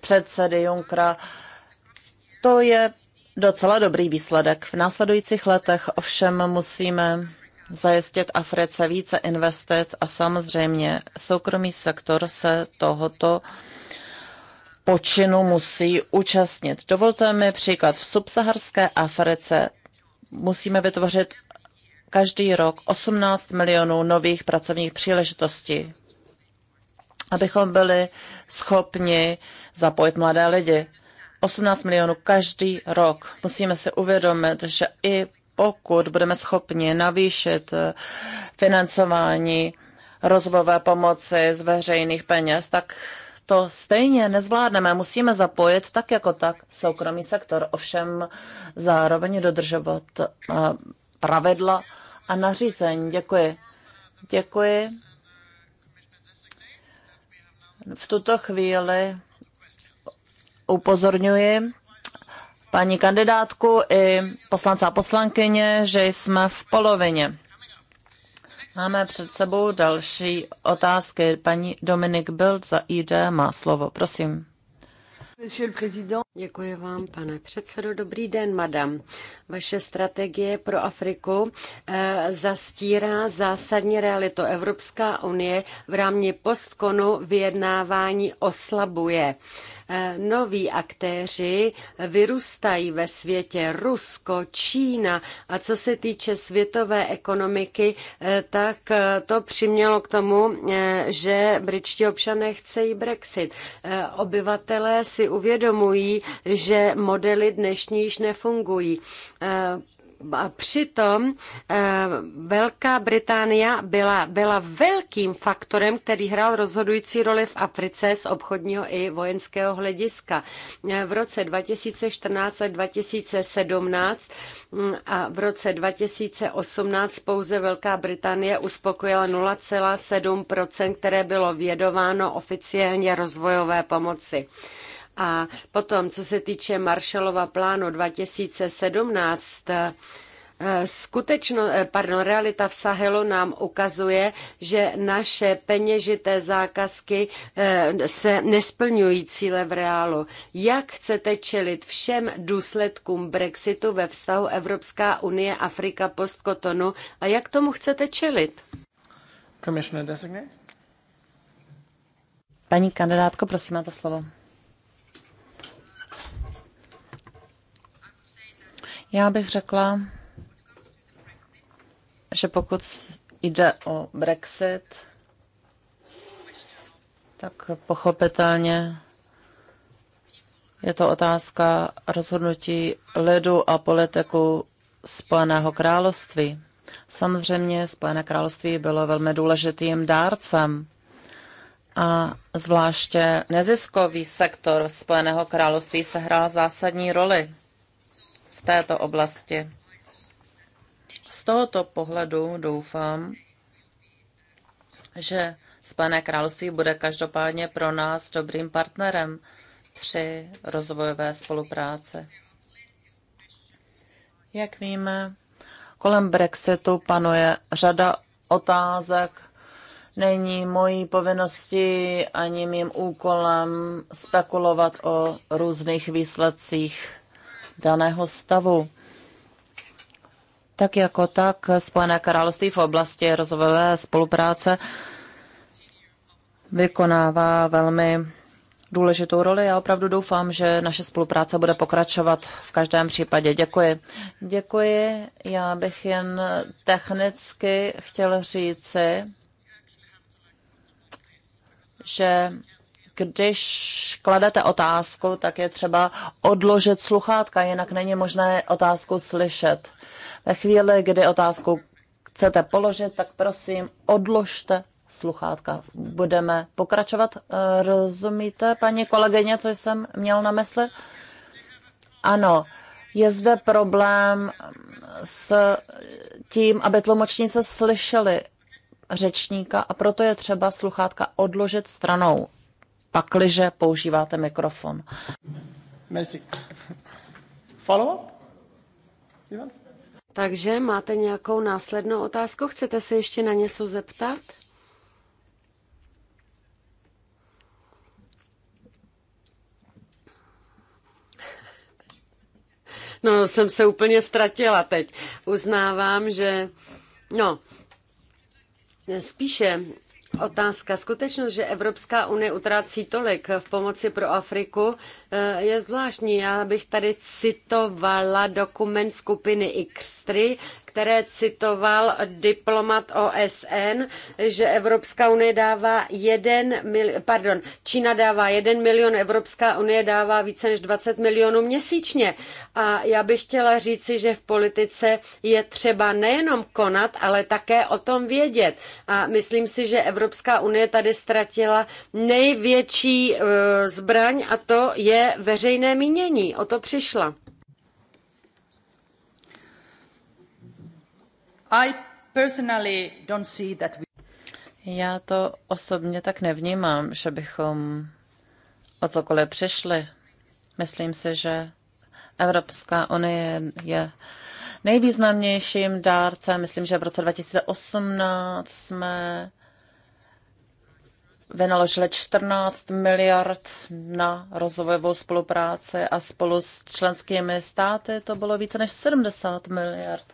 předsedy Junkra to je docela dobrý výsledek. V následujících letech ovšem musíme zajistit Africe více investic a samozřejmě soukromý sektor se tohoto počinu musí účastnit. Dovolte mi příklad. V subsaharské Africe musíme vytvořit každý rok 18 milionů nových pracovních příležitostí, abychom byli schopni zapojit mladé lidi. 18 milionů každý rok. Musíme si uvědomit, že i pokud budeme schopni navýšit eh, financování rozvojové pomoci z veřejných peněz, tak to stejně nezvládneme. Musíme zapojit tak jako tak soukromý sektor, ovšem zároveň dodržovat eh, pravidla a nařízení. Děkuji. Děkuji. V tuto chvíli upozorňuji paní kandidátku i poslance a poslankyně, že jsme v polovině. Máme před sebou další otázky. Paní Dominik Bild za ID má slovo. Prosím. Děkuji vám, pane předsedo. Dobrý den, madam. Vaše strategie pro Afriku eh, zastírá zásadně realitu. Evropská unie v rámci postkonu vyjednávání oslabuje. Eh, Eh, noví aktéři vyrůstají ve světě Rusko, Čína a co se týče světové ekonomiky, eh, tak eh, to přimělo k tomu, že britští občané chcejí Brexit. Obyvatelé si uvědomují, že modely dnešní již nefungují. Přitom eh, Velká Británie byla, byla velkým faktorem, který hrál rozhodující roli v Africe z obchodního i vojenského hlediska. Eh, v roce 2014 a 2017 hm, a v roce 2018 pouze Velká Británie uspokojila 0,7%, které bylo vědováno oficiálně rozvojové pomoci. A potom, co se týče Marshallova plánu 2017, eh, Skutečno, eh, pardon, realita v Sahelu nám ukazuje, že naše peněžité zákazky eh, se nesplňují cíle v reálu. Jak chcete čelit všem důsledkům Brexitu ve vztahu Evropská unie Afrika postkotonu a jak tomu chcete čelit? Paní kandidátko, prosím, máte slovo. Já bych řekla, že pokud jde o Brexit, tak pochopitelně je to otázka rozhodnutí lidu a politiku Spojeného království. Samozřejmě Spojené království bylo velmi důležitým dárcem a zvláště neziskový sektor Spojeného království sehrál zásadní roli této oblasti. Z tohoto pohledu doufám, že Spojené království bude každopádně pro nás dobrým partnerem při rozvojové spolupráci. Jak víme, kolem Brexitu panuje řada otázek. Není mojí povinností ani mým úkolem spekulovat o různých výsledcích daného stavu. Tak jako tak Spojené království v oblasti rozvojové spolupráce vykonává velmi důležitou roli. Já opravdu doufám, že naše spolupráce bude pokračovat v každém případě. Děkuji. Děkuji. Já bych jen technicky chtěl říci, že když kladete otázku, tak je třeba odložit sluchátka, jinak není možné otázku slyšet. Ve chvíli, kdy otázku chcete položit, tak prosím odložte sluchátka. Budeme pokračovat. Eh, rozumíte, paní kolegyně, co jsem měl na mysli? Ano, je zde problém s tím, aby tlumočníci slyšeli řečníka a proto je třeba sluchátka odložit stranou pakliže používáte mikrofon. Merci. Follow up? Ivan? Takže máte nějakou následnou otázku? Chcete se ještě na něco zeptat? No, jsem se úplně ztratila teď. Uznávám, že... No, spíše Otázka. Skutečnost, že Evropská unie utrácí tolik v pomoci pro Afriku, eh, je zvláštní. Já bych tady citovala dokument skupiny X3 které citoval diplomat OSN, že Evropská unie dává jeden mil, pardon, Čína dává jeden milion, Evropská unie dává více než 20 milionů měsíčně. A já bych chtěla říci, že v politice je třeba nejenom konat, ale také o tom vědět. A myslím si, že Evropská unie tady ztratila největší eh, zbraň a to je veřejné mínění. O to přišla. Já to osobně tak nevnímám, že bychom o cokoliv přišli. Myslím si, že Evropská unie je nejvýznamnějším dárcem. Myslím, že v roce 2018 jsme vynaložili 14 miliard na rozvojovou spolupráci a spolu s členskými státy to bylo více než 70 miliard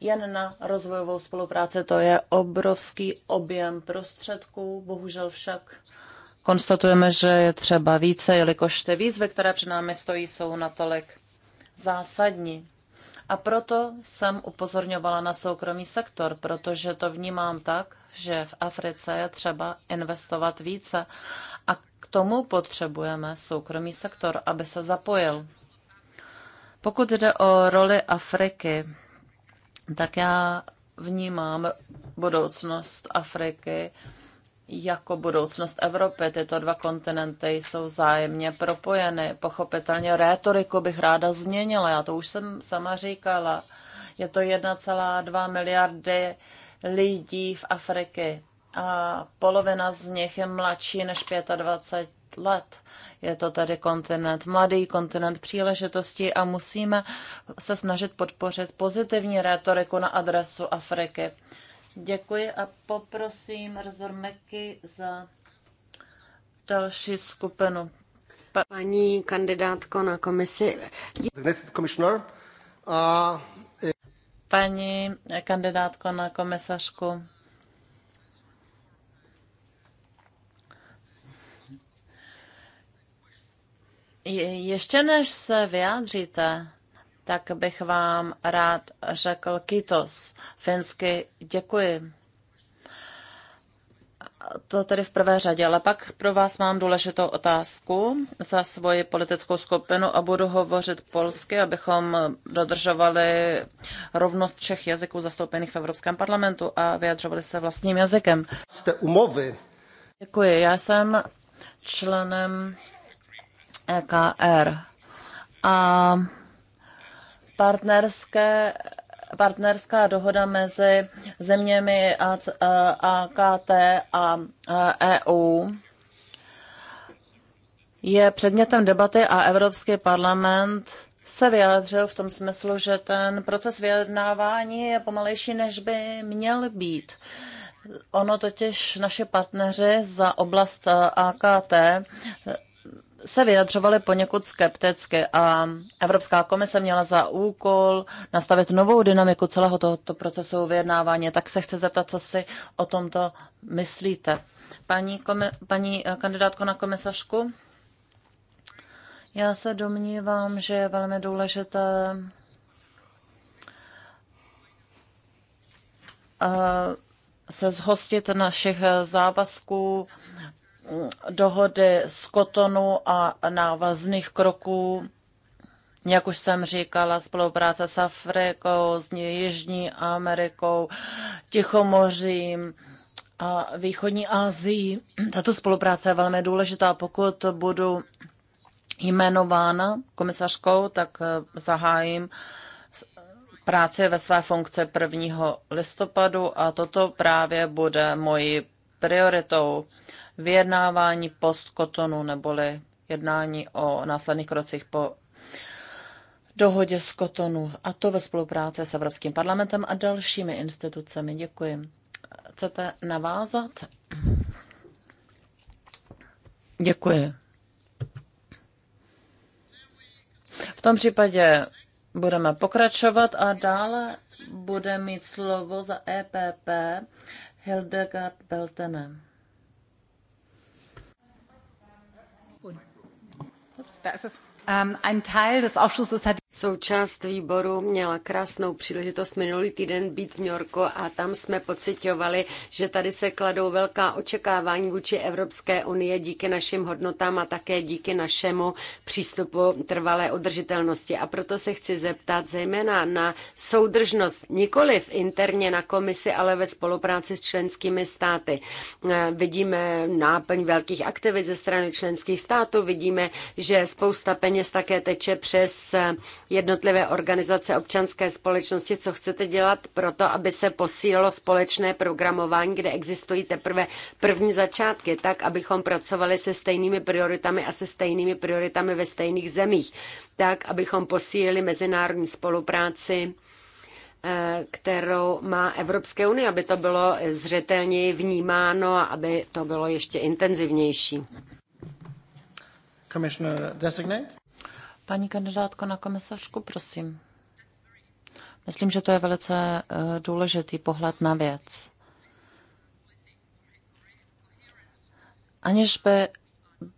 jen na rozvojovou spolupráci. To je obrovský objem prostředků, bohužel však konstatujeme, že je třeba více, jelikož ty výzvy, které před námi stojí, jsou natolik zásadní. A proto jsem upozorňovala na soukromý sektor, protože to vnímám tak, že v Africe je třeba investovat více a k tomu potřebujeme soukromý sektor, aby se zapojil. Pokud jde o roli Afriky tak já vnímám budoucnost Afriky jako budoucnost Evropy. Tyto dva kontinenty jsou vzájemně propojeny. Pochopitelně rétoriku bych ráda změnila, já to už jsem sama říkala. Je to 1,2 miliardy lidí v Afriky a polovina z nich je mladší než 25 let. Je to tady kontinent mladý, kontinent příležitosti a musíme se snažit podpořit pozitivní rétoriku na adresu Afriky. Děkuji a poprosím Rezor Meky za další skupinu. Pa- Paní kandidátko na komisi. Dě- Paní kandidátko na komisařku. Ještě než se vyjádříte, tak bych vám rád řekl kitos. Finsky děkuji. To tedy v prvé řadě, ale pak pro vás mám důležitou otázku za svoji politickou skupinu a budu hovořit polsky, abychom dodržovali rovnost všech jazyků zastoupených v Evropském parlamentu a vyjadřovali se vlastním jazykem. Jste umovy. Děkuji, já jsem členem EKR. A partnerské partnerská dohoda mezi zeměmi AKT a EU je předmětem debaty a Evropský parlament se vyjádřil v tom smyslu, že ten proces vyjednávání je pomalejší, než by měl být. Ono totiž naše partneři za oblast AKT se vyjadřovali poněkud skepticky a Evropská komise měla za úkol nastavit novou dynamiku celého tohoto procesu vyjednávání, tak se chci zeptat, co si o tomto myslíte. Paní, komi- paní eh, kandidátko na komisařku, já se domnívám, že je velmi důležité eh, se zhostit našich závazků dohody z Kotonu a návazných kroků, jak už jsem říkala, spolupráce s Afrikou, s Jižní Amerikou, Tichomořím, a východní Asii. Tato spolupráce je velmi důležitá. Pokud budu jmenována komisařkou, tak eh, zahájím práci ve své funkci 1. listopadu a toto právě bude mojí prioritou vyjednávání postkotonu neboli jednání o následných krocích po dohodě z Kotonu, a to ve spolupráci s Evropským parlamentem a dalšími institucemi. Děkuji. Chcete navázat? Děkuji. V tom případě budeme pokračovat a dále bude mít slovo za EPP Hildegard Beltenem. ups, da ist es. Ähm, ein Teil des Ausschusses hat Součást výboru měla krásnou příležitost minulý týden být v New Yorku a tam jsme pocitovali, že tady se kladou velká očekávání vůči Evropské unie díky našim hodnotám a také díky našemu přístupu trvalé udržitelnosti. A proto se chci zeptat zejména na soudržnost Nikoli v interně na komisi, ale ve spolupráci s členskými státy. Vidíme náplň velkých aktivit ze strany členských států, vidíme, že spousta peněz také teče přes jednotlivé organizace občanské společnosti, co chcete dělat pro to, aby se posílilo společné programování, kde existují teprve první začátky, tak, abychom pracovali se stejnými prioritami a se stejnými prioritami ve stejných zemích, tak, abychom posílili mezinárodní spolupráci eh, kterou má Evropské unie, aby to bylo zřetelněji vnímáno a aby to bylo ještě intenzivnější. Commissioner designate? Paní kandidátko na komisařku, prosím. Myslím, že to je velice eh, důležitý pohled na věc. Aniž by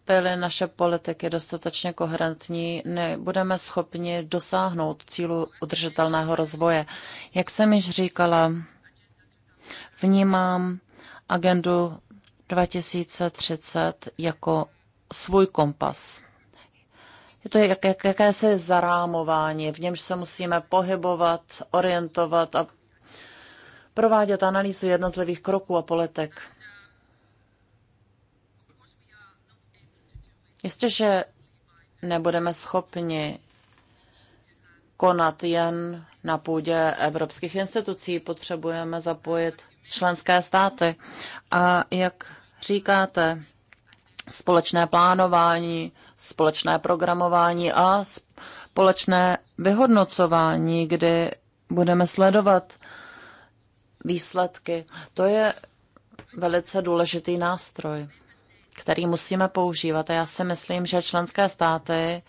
byly naše politiky dostatečně koherentní, nebudeme schopni dosáhnout cílu udržitelného rozvoje. Jak jsem již říkala, vnímám agendu 2030 jako svůj kompas. Je to jak, jak, jakési zarámování, v němž se musíme pohybovat, orientovat a provádět analýzu jednotlivých kroků a poletek. Jistě, že nebudeme schopni konat jen na půdě evropských institucí. Potřebujeme zapojit členské státy. A jak říkáte, společné plánování, společné programování a společné vyhodnocování, kdy budeme sledovat výsledky. To je velice důležitý nástroj, který musíme používat. A já si myslím, že členské státy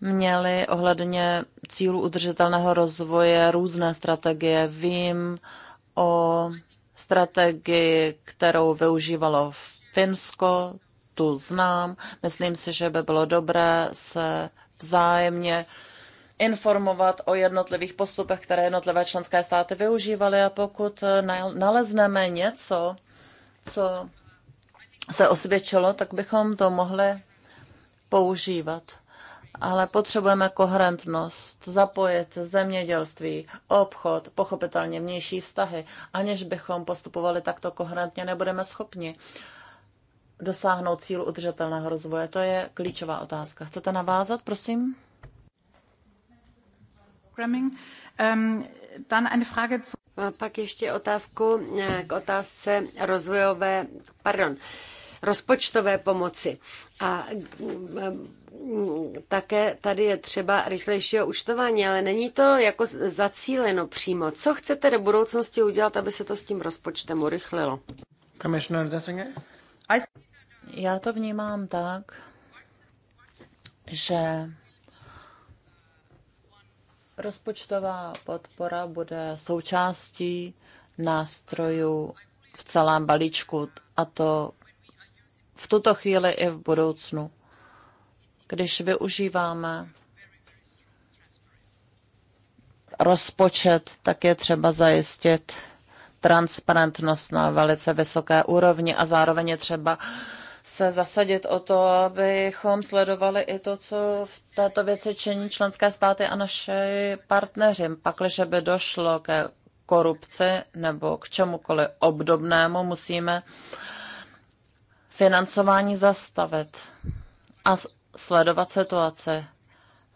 měly ohledně cílu udržitelného rozvoje různé strategie. Vím o strategii, kterou využívalo Finsko tu znám. Myslím si, že by bylo dobré se vzájemně informovat o jednotlivých postupech, které jednotlivé členské státy využívaly a pokud nalezneme něco, co se osvědčilo, tak bychom to mohli používat. Ale potřebujeme koherentnost, zapojit zemědělství, obchod, pochopitelně vnější vztahy. Aniž bychom postupovali takto koherentně, nebudeme schopni. Uh, dosáhnout cílu udržitelného rozvoje? To je klíčová otázka. Chcete navázat, prosím? Ehm, pak ještě otázku eh, k otázce rozvojové, pardon, rozpočtové pomoci. A mm, také tady je třeba rychlejšího účtování, ale není to jako zacíleno přímo. Co chcete do budoucnosti udělat, aby se to s tím rozpočtem urychlilo? Commissioner Dessinger? Já to vnímám tak, že rozpočtová podpora bude součástí nástrojů v celém balíčku, a to v tuto chvíli i v budoucnu. Když využíváme rozpočet, tak je třeba zajistit transparentnost na velice vysoké úrovni a zároveň je třeba se zasadit o to, abychom sledovali i to, co v této věci činí členské státy a naši partneři. Pakliže by došlo ke korupci nebo k čemukoliv obdobnému, musíme financování zastavit a sledovat situaci.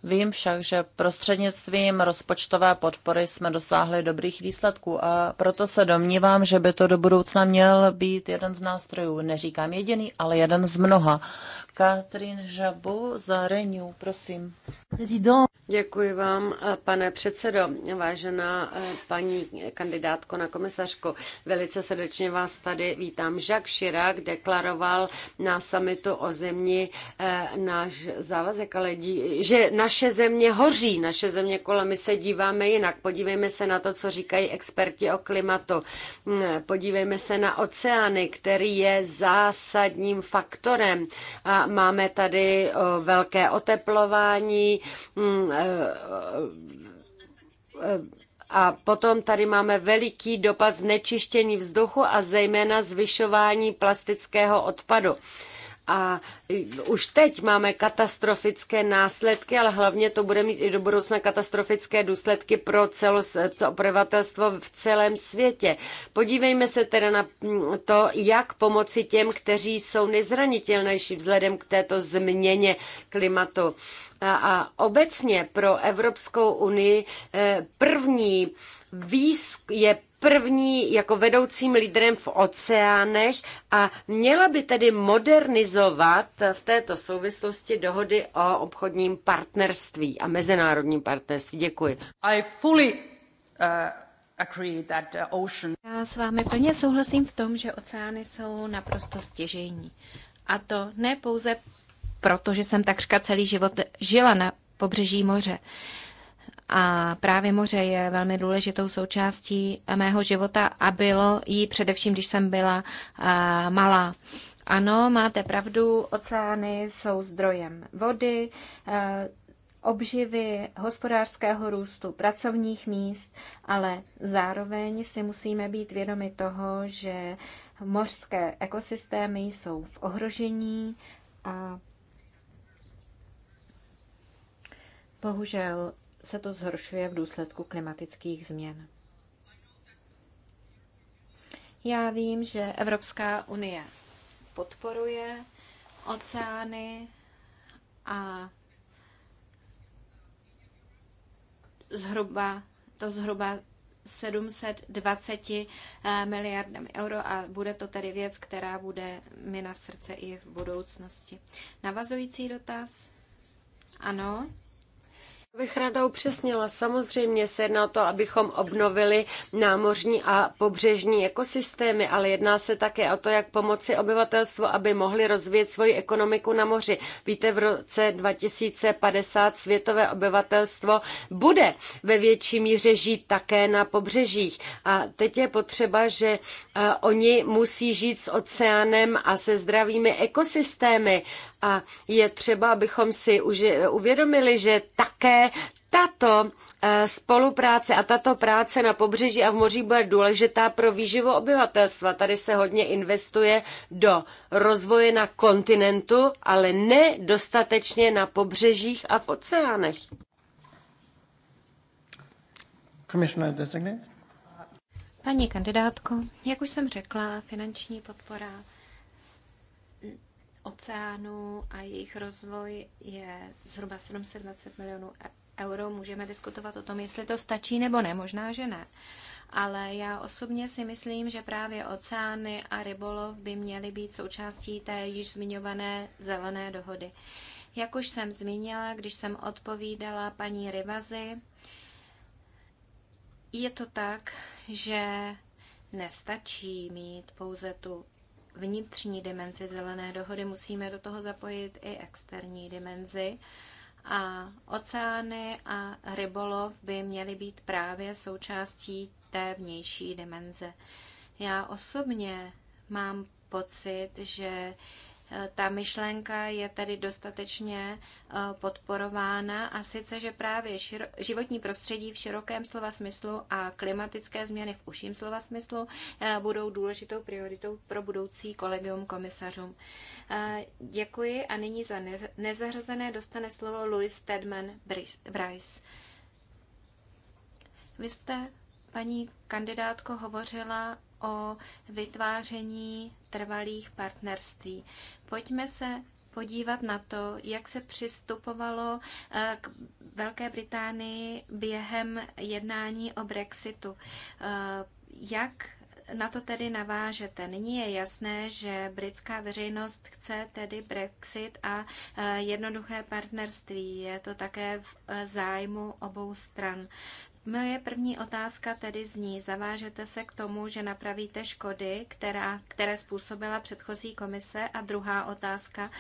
Vím však, že prostřednictvím rozpočtové podpory jsme dosáhli dobrých výsledků a proto se domnívám, že by to do budoucna měl být jeden z nástrojů. Neříkám jediný, ale jeden z mnoha, Katrin Žabo za Renew, prosím. Děkuji vám, pane předsedo. Vážená eh, paní kandidátko na komisařku, velice srdečně vás tady vítám. Jacques Chirac deklaroval na samitu o zemi eh, náš závazek, ale dí, že naše země hoří, naše země kolem, my se díváme jinak. Podívejme se na to, co říkají experti o klimatu. Mm, eh, podívejme se na oceány, který je zásadním faktorem a máme tady eh, velké oteplování mm, eh, eh, a potom tady máme veliký dopad znečištění vzduchu a zejména zvyšování plastického odpadu. A už teď máme katastrofické následky, ale hlavně to bude mít i do budoucna katastrofické důsledky pro celos, obyvatelstvo v celém světě. Podívejme se teda na to, jak pomoci těm, kteří jsou nejzranitelnější vzhledem k této změně klimatu. A, a obecně pro Evropskou unii eh, první výzkum je první jako vedoucím lídrem v oceánech a měla by tedy modernizovat v této souvislosti dohody o obchodním partnerství a mezinárodním partnerství. Děkuji. I fully, uh... Já s vámi plně souhlasím v tom, že oceány jsou naprosto stěžejní. A to ne pouze proto, že jsem takřka celý život žila na pobřeží moře. A právě moře je velmi důležitou součástí mého života a bylo jí především, když jsem byla malá. Ano, máte pravdu, oceány jsou zdrojem vody, obživy, hospodářského růstu, pracovních míst, ale zároveň si musíme být vědomi toho, že mořské ekosystémy jsou v ohrožení a bohužel se to zhoršuje v důsledku klimatických změn. Já vím, že Evropská unie podporuje oceány a zhruba, to zhruba 720 eh, miliardami euro a bude to tedy věc, která bude mi na srdce i v budoucnosti. Navazující dotaz? Ano. Bych ráda upřesnila. Samozřejmě se jedná o to, abychom obnovili námořní a pobřežní ekosystémy, ale jedná se také o to, jak pomoci obyvatelstvu, aby mohli rozvíjet svoji ekonomiku na moři. Víte, v roce 2050 světové obyvatelstvo bude ve větší míře žít také na pobřežích. A teď je potřeba, že eh, oni musí žít s oceánem a se zdravými ekosystémy a je třeba, abychom si uvědomili, že také tato eh, spolupráce a tato práce na pobřeží a v moři bude důležitá pro výživu obyvatelstva. Tady se hodně investuje do rozvoje na kontinentu, ale ne dostatečně na pobřežích a v oceánech. Paní kandidátko, jak už jsem řekla, finanční podpora oceánů a jejich rozvoj je zhruba 720 milionů e- euro. Můžeme diskutovat o tom, jestli to stačí nebo ne, možná, že ne. Ale já osobně si myslím, že právě oceány a rybolov by měly být součástí té již zmiňované zelené dohody. Jak už jsem zmínila, když jsem odpovídala paní Rivazy, je to tak, že nestačí mít pouze tu vnitřní dimenzi zelené dohody, musíme do toho zapojit i externí dimenzi. A oceány a rybolov by měly být právě součástí té vnější dimenze. Já osobně mám pocit, že ta myšlenka je tady dostatečně eh, podporována a sice, že právě životní prostředí v širokém slova smyslu a klimatické změny v uším slova smyslu eh, budou důležitou prioritou pro budoucí kolegium komisařům. Eh, děkuji a nyní za nezařazené dostane slovo Louis Tedman Bryce. Vy jste, paní kandidátko, hovořila o vytváření trvalých partnerství. Pojďme se podívat na to, jak se přistupovalo eh, k Velké Británii během jednání o Brexitu. Eh, jak na to tedy navážete. Nyní je jasné, že britská veřejnost chce tedy Brexit a eh, jednoduché partnerství. Je to také v zájmu obou stran. Moje první otázka tedy zní, zavážete se k tomu, že napravíte škody, která, které způsobila předchozí komise? A druhá otázka,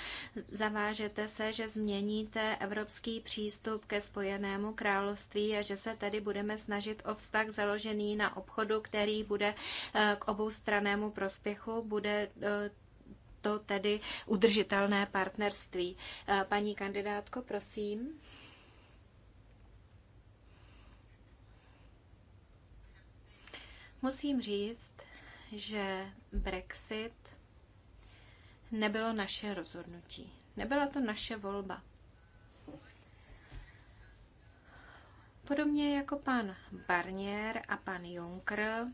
zavážete se, že změníte evropský přístup ke spojenému království a že se tedy budeme snažit o vztah založený na obchodu, který bude eh, k obou stranému prospěchu, bude eh, to tedy udržitelné partnerství. Eh, paní kandidátko, prosím. Musím říct, že Brexit nebylo naše rozhodnutí. Nebyla to naše volba. Podobně jako pan Barnier a pan Juncker,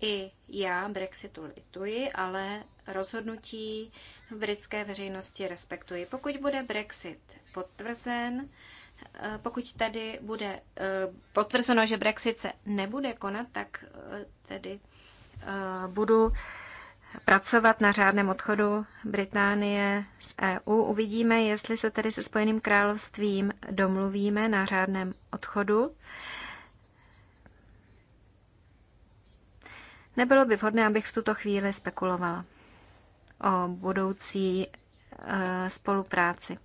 i já Brexitu lituji, ale rozhodnutí britské veřejnosti respektuji. Pokud bude Brexit potvrzen, Eh, pokud tady bude eh, potvrzeno, že Brexit se nebude konat, tak eh, tedy budu pracovat na řádném odchodu Británie z EU. Uvidíme, jestli se tedy se Spojeným královstvím domluvíme na řádném odchodu. Nebylo by vhodné, abych v tuto chvíli spekulovala o budoucí spolupráci.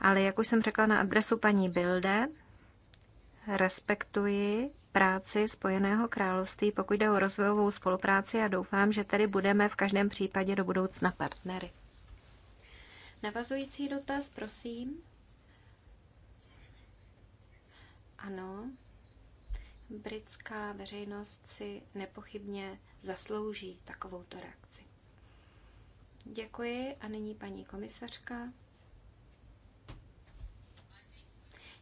Ale jak už jsem řekla na adresu paní Bilde, respektuji práci Spojeného království, pokud jde o rozvojovou spolupráci a doufám, že tedy budeme v každém případě do budoucna partnery. Navazující dotaz, prosím. Ano, britská veřejnost si nepochybně zaslouží takovouto reakci. Děkuji a nyní paní komisařka.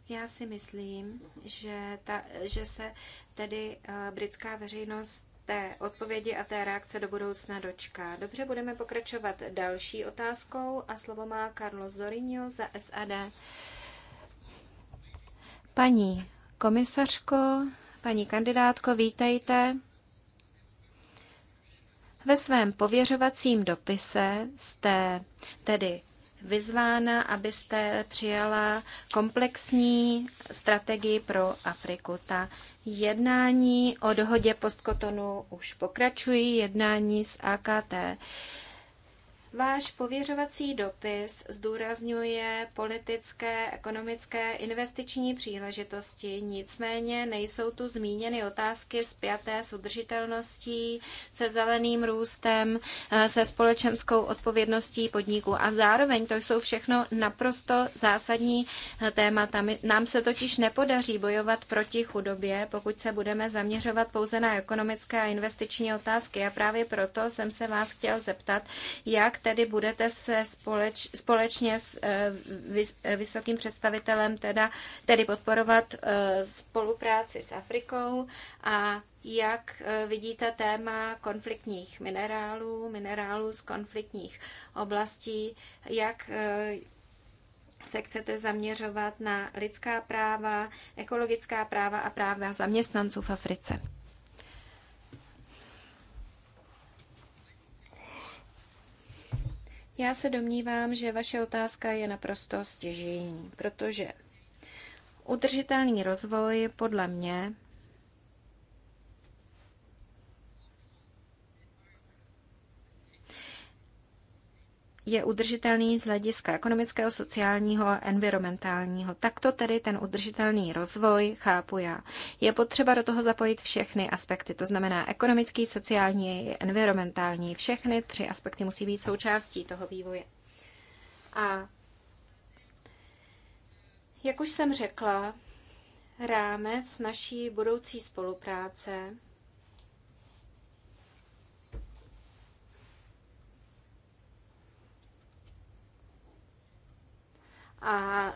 Já si myslím, že, ta, že se tedy eh, britská veřejnost té odpovědi a té reakce do budoucna dočká. Dobře, budeme pokračovat další otázkou a slovo má Carlos Zorinho za SAD. Paní komisařko, paní kandidátko, vítejte. Ve svém pověřovacím dopise jste tedy vyzvána, abyste přijala komplexní strategii pro Afriku. Ta jednání o dohodě postkotonu už pokračují, jednání s AKT Váš pověřovací dopis zdůrazňuje politické, ekonomické, investiční příležitosti, nicméně nejsou tu zmíněny otázky spjaté s udržitelností, se zeleným růstem, eh, se společenskou odpovědností podniků. A zároveň to jsou všechno naprosto zásadní eh, témata. Nám se totiž nepodaří bojovat proti chudobě, pokud se budeme zaměřovat pouze na ekonomické a investiční otázky. A právě proto jsem se vás chtěl zeptat, jak tedy budete se společ, společně s eh, eh, vysokým představitelem teda, tedy podporovat eh, spolupráci s Afrikou a jak vidíte téma konfliktních minerálů, minerálů z konfliktních oblastí, jak se chcete zaměřovat na lidská práva, ekologická práva a práva zaměstnanců v Africe. Já se domnívám, že vaše otázka je naprosto stěžejní, protože udržitelný rozvoj podle mě je udržitelný z hlediska ekonomického, sociálního a environmentálního. Takto tedy ten udržitelný rozvoj chápu já. Je potřeba do toho zapojit všechny aspekty, to znamená ekonomický, sociální environmentální. Všechny tři aspekty musí být součástí toho vývoje. A jak už jsem řekla, rámec naší budoucí spolupráce a e,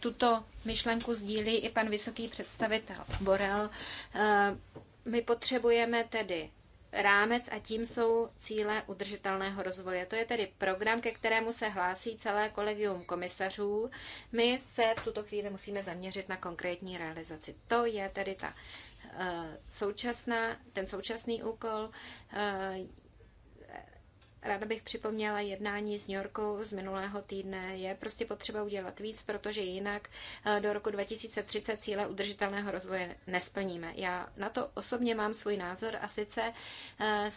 tuto myšlenku sdílí i pan vysoký představitel Borel. E, my potřebujeme tedy rámec a tím jsou cíle udržitelného rozvoje. To je tedy program, ke kterému se hlásí celé kolegium komisařů. My se v tuto chvíli musíme zaměřit na konkrétní realizaci. To je tedy ta e, současná, ten současný úkol. Ráda bych připomněla jednání s New Yorku z minulého týdne. Je prostě potřeba udělat víc, protože jinak eh, do roku 2030 cíle udržitelného rozvoje nesplníme. Já na to osobně mám svůj názor a sice eh,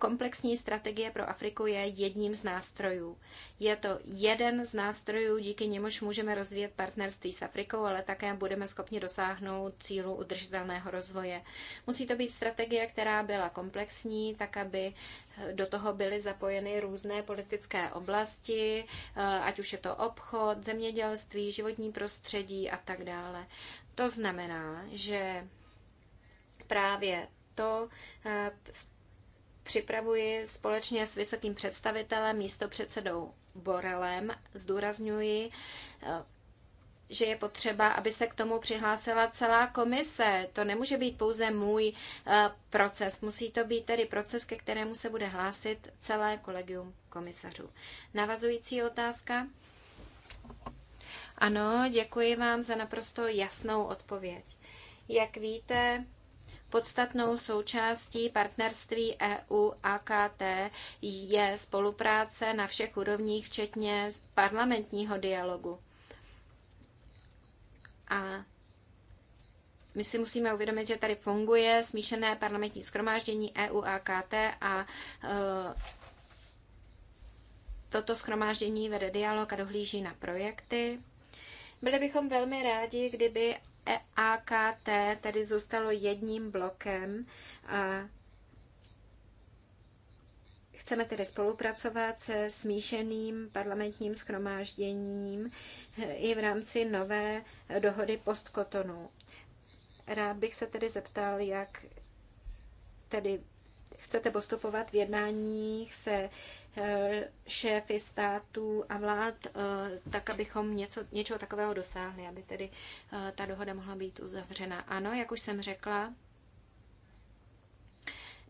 Komplexní strategie pro Afriku je jedním z nástrojů. Je to jeden z nástrojů, díky němuž můžeme rozvíjet partnerství s Afrikou, ale také budeme schopni dosáhnout cílu udržitelného rozvoje. Musí to být strategie, která byla komplexní, tak aby eh, do toho byly zapojeny různé politické oblasti, eh, ať už je to obchod, zemědělství, životní prostředí a tak dále. To znamená, že právě to eh, připravuji společně s vysokým představitelem, místopředsedou Borelem. Zdůrazňuji, eh, že je potřeba, aby se k tomu přihlásila celá komise. To nemůže být pouze můj eh, proces. Musí to být tedy proces, ke kterému se bude hlásit celé kolegium komisařů. Navazující otázka? Ano, děkuji vám za naprosto jasnou odpověď. Jak víte, Podstatnou součástí partnerství EU-AKT je spolupráce na všech úrovních, včetně parlamentního dialogu. A my si musíme uvědomit, že tady funguje smíšené parlamentní schromáždění EU a a e, toto schromáždění vede dialog a dohlíží na projekty. Byli bychom velmi rádi, kdyby e AKT tedy zůstalo jedním blokem a Chceme tedy spolupracovat se smíšeným parlamentním schromážděním i v rámci nové dohody postkotonu. Rád bych se tedy zeptal, jak tedy chcete postupovat v jednáních se Eh, šéfy států a vlád, eh, tak abychom něco, něčeho takového dosáhli, aby tedy eh, ta dohoda mohla být uzavřena. Ano, jak už jsem řekla,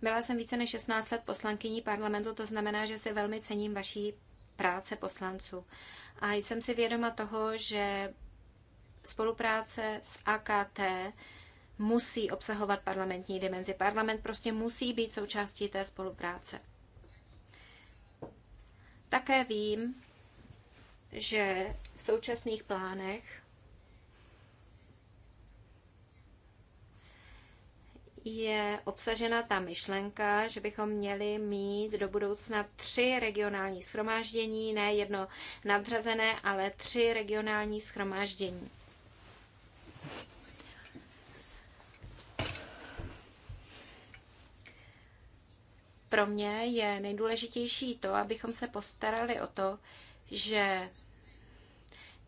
byla jsem více než 16 let poslankyní parlamentu, to znamená, že si velmi cením vaší práce poslanců. A jsem si vědoma toho, že spolupráce s AKT musí obsahovat parlamentní dimenzi. Parlament prostě musí být součástí té spolupráce. Také vím, že v současných plánech je obsažena ta myšlenka, že bychom měli mít do budoucna tři regionální schromáždění, ne jedno nadřazené, ale tři regionální schromáždění. Pro mě je nejdůležitější to, abychom se postarali o to, že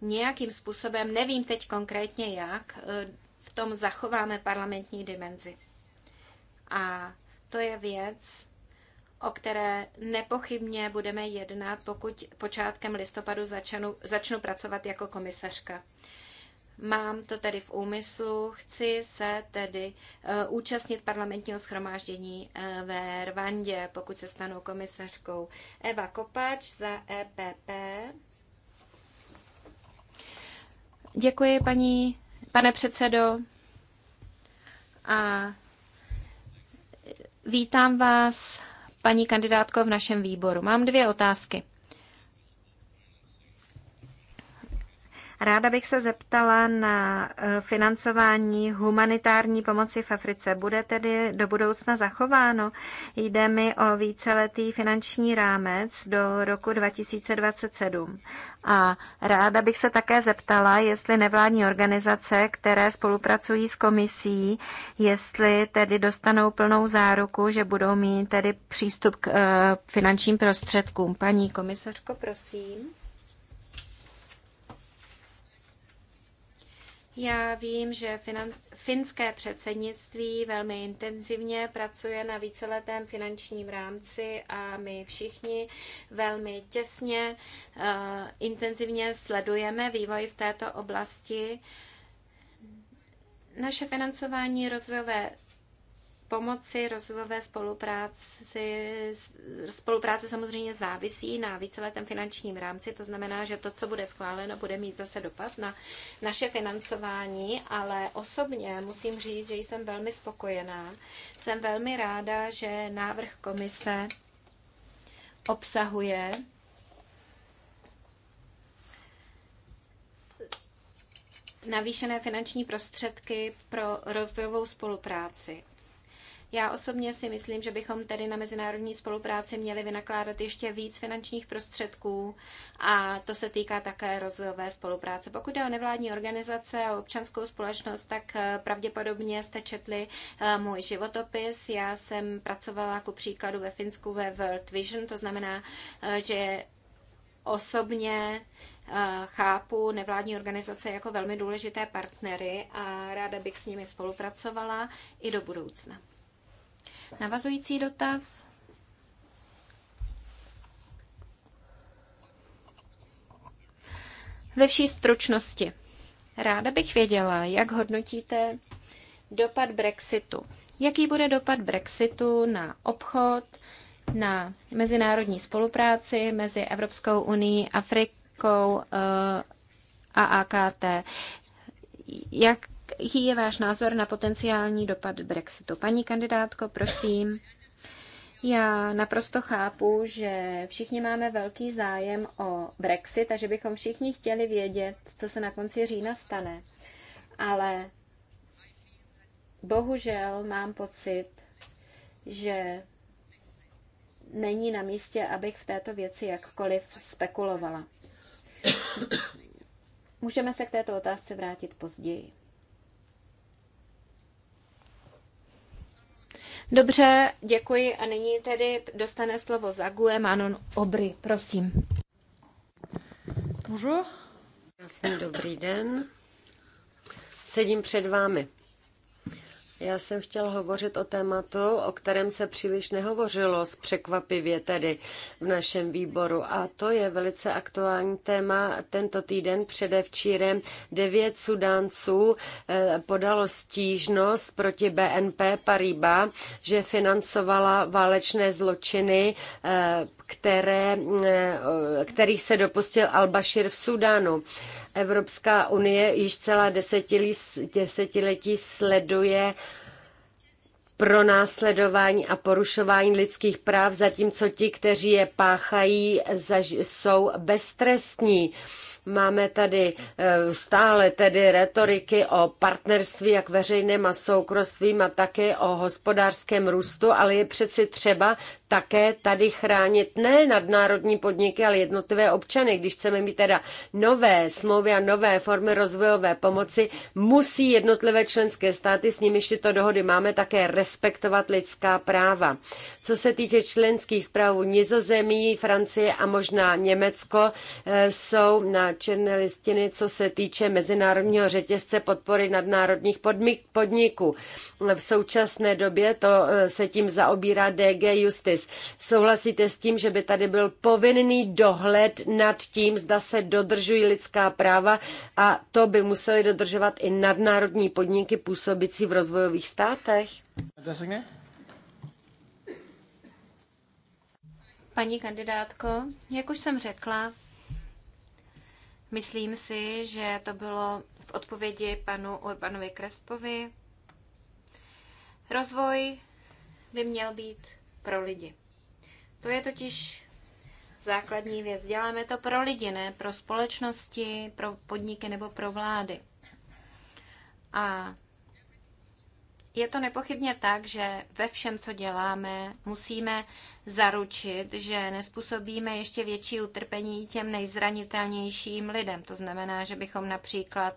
nějakým způsobem, nevím teď konkrétně jak, eh, v tom zachováme parlamentní dimenzi. A to je věc, o které nepochybně budeme jednat, pokud počátkem listopadu začnu, začnu pracovat jako komisařka. Mám to tedy v úmyslu, chci se tedy uh, účastnit parlamentního schromáždění uh, eh, ve Rwandě, pokud se stanu komisařkou. Eva Kopač za EPP. Děkuji, paní, pane předsedo. A vítám vás, paní kandidátko, v našem výboru. Mám dvě otázky. Ráda bych se zeptala na e, financování humanitární pomoci v Africe. Bude tedy do budoucna zachováno? Jde mi o víceletý finanční rámec do roku 2027. A ráda bych se také zeptala, jestli nevládní organizace, které spolupracují s komisí, jestli tedy dostanou plnou záruku, že budou mít tedy přístup k e, finančním prostředkům. Paní komisařko, prosím. Já vím, že finan- finské předsednictví velmi intenzivně pracuje na víceletém finančním rámci a my všichni velmi těsně, uh, intenzivně sledujeme vývoj v této oblasti. Naše financování rozvojové pomoci rozvojové spolupráci, spolupráce samozřejmě závisí na víceletém finančním rámci, to znamená, že to, co bude schváleno, bude mít zase dopad na naše financování, ale osobně musím říct, že jsem velmi spokojená. Jsem velmi ráda, že návrh komise obsahuje navýšené finanční prostředky pro rozvojovou spolupráci. Já osobně si myslím, že bychom tedy na mezinárodní spolupráci měli vynakládat ještě víc finančních prostředků a to se týká také rozvojové spolupráce. Pokud jde o nevládní organizace a občanskou společnost, tak eh, pravděpodobně jste četli eh, můj životopis. Já jsem pracovala ku příkladu ve Finsku ve World Vision, to znamená, eh, že osobně chápu nevládní organizace jako velmi důležité partnery a ráda bych s nimi spolupracovala i do budoucna. Navazující dotaz. Ve vší stručnosti. Ráda bych věděla, jak hodnotíte dopad Brexitu. Jaký bude dopad Brexitu na obchod, na mezinárodní spolupráci mezi Evropskou unii, Afrikou eh, a AKT? Jak, jaký je váš názor na potenciální dopad Brexitu? Paní kandidátko, prosím. Já naprosto chápu, že všichni máme velký zájem o Brexit a že bychom všichni chtěli vědět, co se na konci října stane. Ale bohužel mám pocit, že není na místě, abych v této věci jakkoliv spekulovala. Můžeme se k této otázce vrátit později. Dobře, děkuji a nyní tedy dostane slovo Zague Manon Obry, prosím. Bonjour. Krásný dobrý den. Sedím před vámi. Já jsem chtěla hovořit o tématu, o kterém se příliš nehovořilo, z překvapivě tedy v našem výboru. A to je velice aktuální téma. Tento týden předevčírem devět sudánců eh, podalo stížnost proti BNP Paribas, že financovala válečné zločiny eh, které, eh, kterých se dopustil Al-Bashir v Sudánu. Evropská unie již celá desetiletí, sleduje pro následování a porušování lidských práv, zatímco ti, kteří je páchají, jsou beztrestní. Máme tady eh, stále tedy retoriky o partnerství, jak veřejném a soukrostvím a také o hospodářském růstu, ale je přeci třeba také tady chránit ne nadnárodní podniky, ale jednotlivé občany. Když chceme mít teda nové smlouvy a nové formy rozvojové pomoci, musí jednotlivé členské státy, s nimiž tyto dohody máme, také respektovat lidská práva. Co se týče členských zpráv Nizozemí, Francie a možná Německo, eh, jsou na černé listiny, co se týče mezinárodního řetězce podpory nadnárodních podniků. V současné době to eh, se tím zaobírá DG Justice. Davis. Souhlasíte s tím, že by tady byl povinný dohled nad tím, zda se dodržují lidská práva a to by museli dodržovat i nadnárodní podniky působící v rozvojových státech? Paní kandidátko, jak už jsem řekla, myslím si, že to bylo v odpovědi panu Urbanovi Krespovi. Rozvoj by měl být pro lidi. To je totiž základní věc. Děláme to pro lidi, ne pro společnosti, pro podniky nebo pro vlády. A je to nepochybně tak, že ve všem, co děláme, musíme zaručit, že nespůsobíme ještě větší utrpení těm nejzranitelnějším lidem. To znamená, že bychom například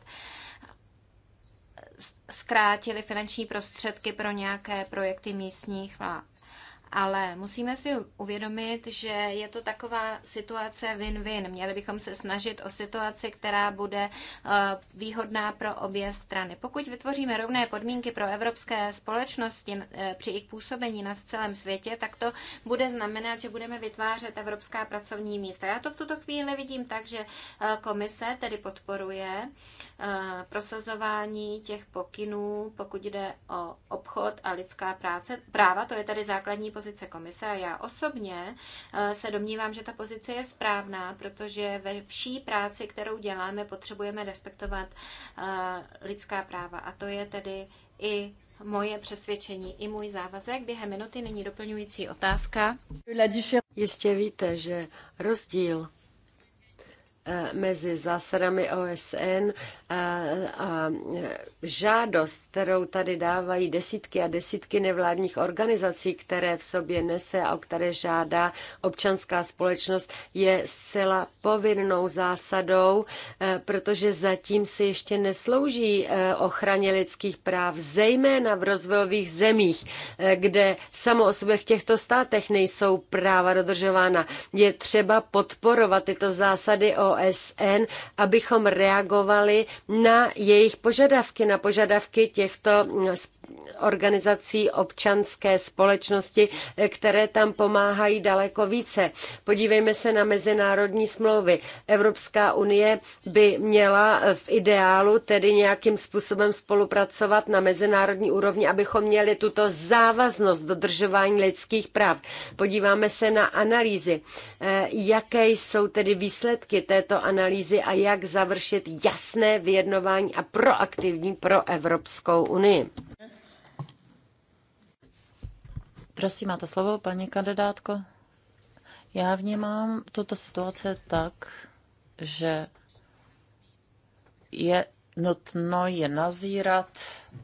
zkrátili finanční prostředky pro nějaké projekty místních vlád. Ale musíme si uvědomit, že je to taková situace win-win. Měli bychom se snažit o situaci, která bude eh, výhodná pro obě strany. Pokud vytvoříme rovné podmínky pro evropské společnosti eh, při jejich působení na celém světě, tak to bude znamenat, že budeme vytvářet evropská pracovní místa. Já to v tuto chvíli vidím tak, že eh, komise tedy podporuje prosazování těch pokynů, pokud jde o obchod a lidská práce, práva, to je tady základní pozice pozice komise a já osobně eh, se domnívám, že ta pozice je správná, protože ve vší práci, kterou děláme, potřebujeme respektovat eh, lidská práva. A to je tedy i moje přesvědčení, i můj závazek. Během minuty není doplňující otázka. Jistě víte, že rozdíl Eh, mezi zásadami OSN eh, a eh, žádost, kterou tady dávají desítky a desítky nevládních organizací, které v sobě nese a o které žádá občanská společnost, je zcela povinnou zásadou, protože zatím se ještě neslouží ochraně lidských práv, zejména v rozvojových zemích, kde samo o sobě v těchto státech nejsou práva dodržována. Je třeba podporovat tyto zásady o OSN, abychom reagovali na jejich požadavky, na požadavky těchto společností organizací občanské společnosti, které tam pomáhají daleko více. Podívejme se na mezinárodní smlouvy. Evropská unie by měla v ideálu tedy nějakým způsobem spolupracovat na mezinárodní úrovni, abychom měli tuto závaznost dodržování lidských práv. Podíváme se na analýzy. Eh, jaké jsou tedy výsledky této analýzy a jak završit jasné vyjednování a proaktivní pro Evropskou unii? Prosím, máte slovo, paní kandidátko. Já vnímám tuto situaci tak, že je nutno je nazírat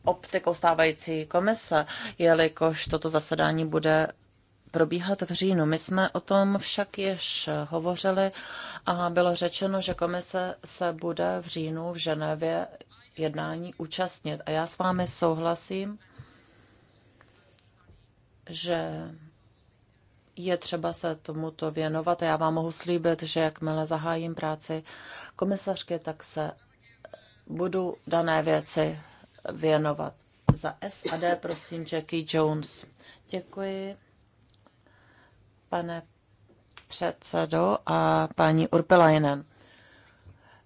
optikou stávající komise, jelikož toto zasedání bude probíhat v říjnu. My jsme o tom však již hovořili a bylo řečeno, že komise se bude v říjnu v Ženevě jednání účastnit. A já s vámi souhlasím že je třeba se tomuto věnovat. Já vám mohu slíbit, že jakmile zahájím práci komisařky, tak se budu dané věci věnovat. Za SAD prosím Jackie Jones. Děkuji, pane předsedo a paní Urpilainen.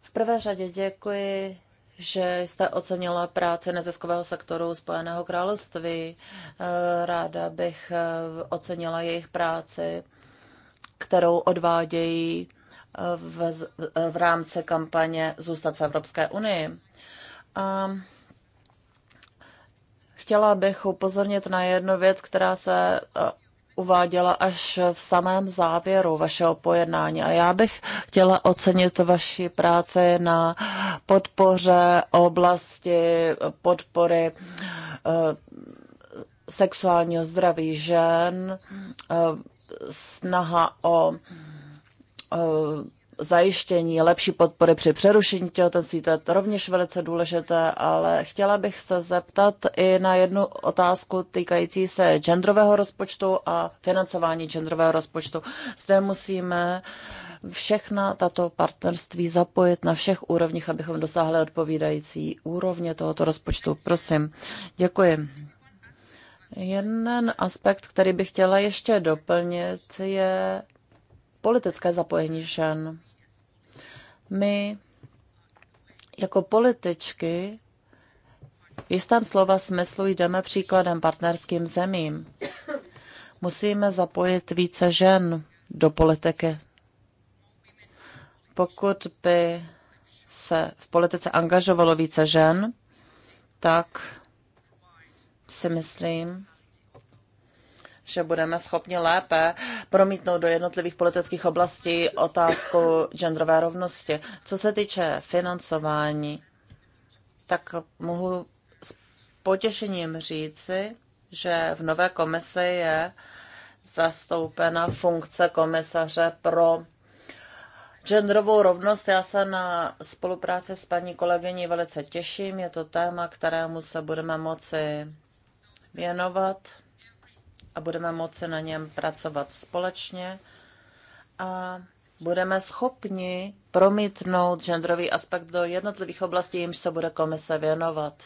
V prvé řadě děkuji že jste ocenila práci neziskového sektoru Spojeného království. Eh, ráda bych eh, ocenila jejich práci, kterou odvádějí eh, v, v rámci kampaně Zůstat v Evropské unii. A chtěla bych upozornit na jednu věc, která se uváděla až v samém závěru vašeho pojednání. A já bych chtěla ocenit vaši práci na podpoře oblasti podpory eh, sexuálního zdraví žen, eh, snaha o eh, zajištění lepší podpory při přerušení těhotenství, to je rovněž velice důležité, ale chtěla bych se zeptat i na jednu otázku týkající se genderového rozpočtu a financování genderového rozpočtu. Zde musíme všechna tato partnerství zapojit na všech úrovních, abychom dosáhli odpovídající úrovně tohoto rozpočtu. Prosím, děkuji. Jeden aspekt, který bych chtěla ještě doplnit, je politické zapojení žen my jako političky v jistém slova smyslu jdeme příkladem partnerským zemím. Musíme zapojit více žen do politiky. Pokud by se v politice angažovalo více žen, tak si myslím, že budeme schopni lépe promítnout do jednotlivých politických oblastí otázku genderové rovnosti. Co se týče financování, tak mohu s potěšením říci, že v nové komisi je zastoupena funkce komisaře pro genderovou rovnost. Já se na spolupráci s paní kolegyní velice těším. Je to téma, kterému se budeme moci věnovat a budeme moci na něm pracovat společně a budeme schopni promítnout genderový aspekt do jednotlivých oblastí, jimž se bude komise věnovat.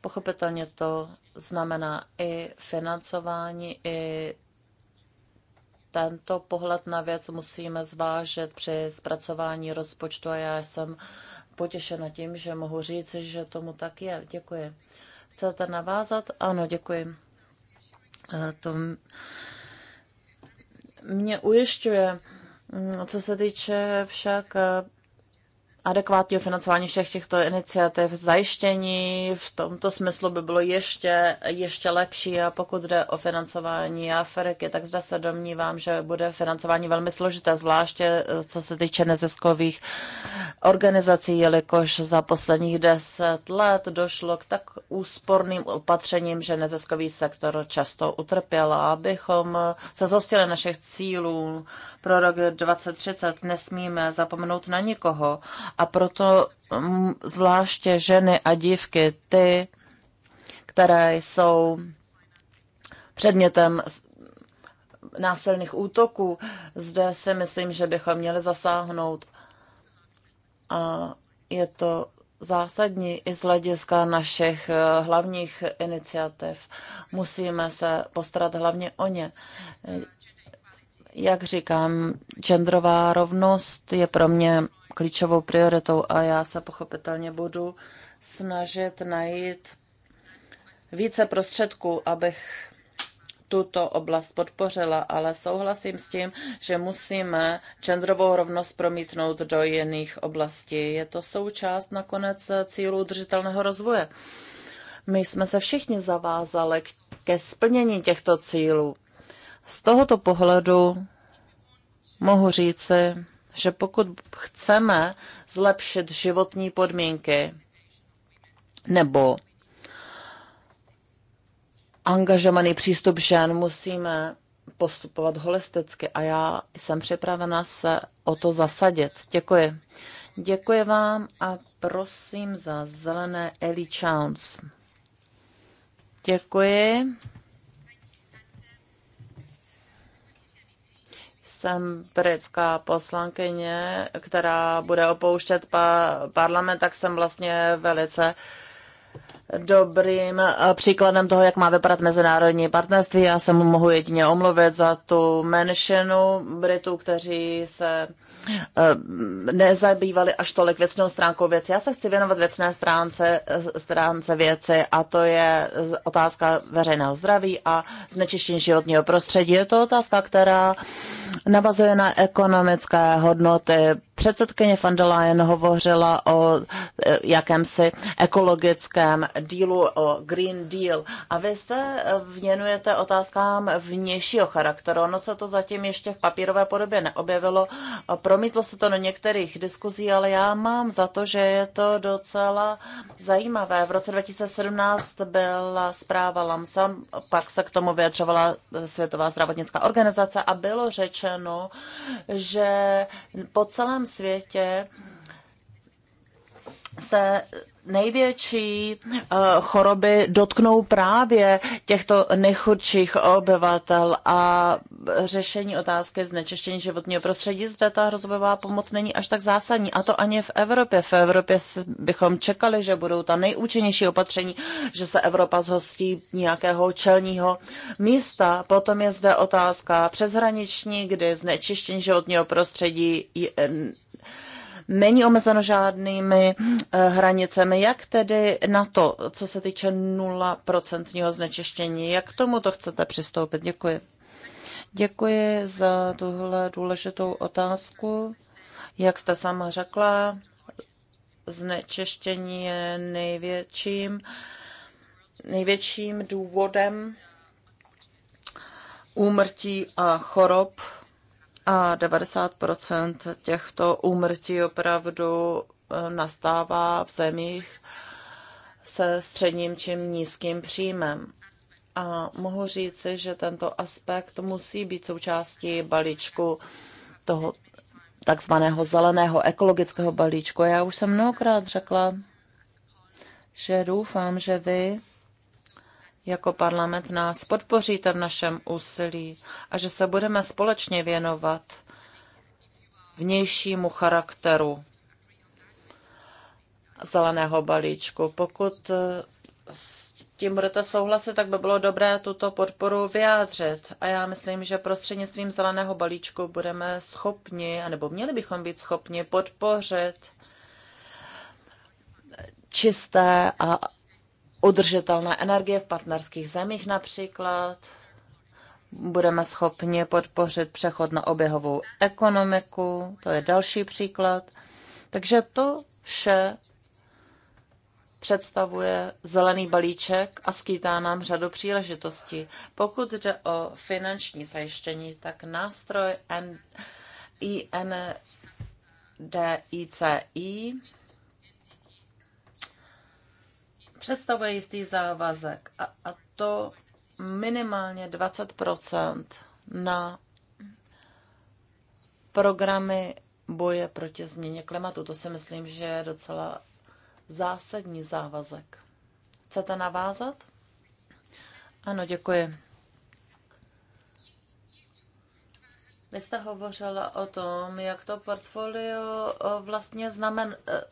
Pochopitelně to znamená i financování, i tento pohled na věc musíme zvážit při zpracování rozpočtu a já jsem potěšena tím, že mohu říct, že tomu tak je. Děkuji. Chcete navázat? Ano, děkuji. Eh, to mě ujišťuje. Mm, co se týče však eh, adekvátního financování všech těchto iniciativ, zajištění v tomto smyslu by bylo ještě, ještě lepší a pokud jde o financování Afriky, tak zda se domnívám, že bude financování velmi složité, zvláště eh, co se týče neziskových organizací, jelikož za posledních deset let došlo k tak úsporným opatřením, že neziskový sektor často utrpěl. a Abychom eh, se zhostili našich cílů pro rok 2030, nesmíme zapomenout na nikoho a proto mm, zvláště ženy a dívky, ty, které jsou předmětem násilných útoků, zde si myslím, že bychom měli zasáhnout. A je to zásadní i z hlediska našich eh, hlavních iniciativ. Musíme se postarat hlavně o ně jak říkám, genderová rovnost je pro mě klíčovou prioritou a já se pochopitelně budu snažit najít více prostředků, abych tuto oblast podpořila, ale souhlasím s tím, že musíme genderovou rovnost promítnout do jiných oblastí. Je to součást nakonec cílů udržitelného rozvoje. My jsme se všichni zavázali ke splnění těchto cílů. Z tohoto pohledu mohu říci, že pokud chceme zlepšit životní podmínky nebo angažovaný přístup žen, musíme postupovat holisticky a já jsem připravena se o to zasadit. Děkuji. Děkuji vám a prosím za zelené Ellie Chance. Děkuji. jsem britská poslankyně, která bude opouštět pa- parlament, tak jsem vlastně velice uh, dobrým eh, příkladem toho, jak má vypadat mezinárodní partnerství. Já se mu mohu jedině omluvit za tu menšinu Britů, kteří se eh, nezabývali až tolik věcnou stránkou věci. Já se chci věnovat věcné stránce, eh, stránce věci a to je otázka veřejného zdraví a znečištění životního prostředí. Je to otázka, která navazuje na ekonomické hodnoty Předsedkyně van der Leyen hovořila o e, jakémsi ekologickém dílu, o Green Deal. A vy se věnujete otázkám vnějšího charakteru. Ono se to zatím ještě v papírové podobě neobjevilo. Promítlo se to na některých diskuzí, ale já mám za to, že je to docela zajímavé. V roce 2017 byla zpráva LAMSA, pak se k tomu vyjadřovala Světová zdravotnická organizace a bylo řečeno, že po celém světě se největší eh, choroby dotknou právě těchto nechudších obyvatel a řešení otázky znečištění životního prostředí. Zde ta rozvojová pomoc není až tak zásadní, a to ani v Evropě. V Evropě bychom čekali, že budou ta nejúčinnější opatření, že se Evropa zhostí nějakého čelního místa. Potom je zde otázka přeshraniční, kdy znečištění životního prostředí není omezeno žádnými eh, hranicemi. Jak tedy na to, co se týče 0% znečištění, jak k tomu to chcete přistoupit? Děkuji. Děkuji za tuhle důležitou otázku. Jak jste sama řekla, znečištění je největším, největším důvodem úmrtí a chorob a 90% těchto úmrtí opravdu e, nastává v zemích se středním čím nízkým příjmem. A mohu říci, že tento aspekt musí být součástí balíčku toho takzvaného zeleného ekologického balíčku. Já už jsem mnohokrát řekla, že doufám, že vy jako parlament nás podpoříte v našem úsilí a že se budeme společně věnovat vnějšímu charakteru zeleného balíčku. Pokud eh, s tím budete souhlasit, tak by bylo dobré tuto podporu vyjádřit. A já myslím, že prostřednictvím zeleného balíčku budeme schopni, anebo měli bychom být schopni podpořit čisté a udržitelné energie v partnerských zemích například. Budeme schopni podpořit přechod na oběhovou ekonomiku, to je další příklad. Takže to vše představuje zelený balíček a skýtá nám řadu příležitostí. Pokud jde o finanční zajištění, tak nástroj INDICI představuje jistý závazek a, a to minimálně 20 na programy boje proti změně klimatu. To si myslím, že je docela zásadní závazek. Chcete navázat? Ano, děkuji. Vy jste hovořila o tom, jak to portfolio eh, vlastně znamená, eh,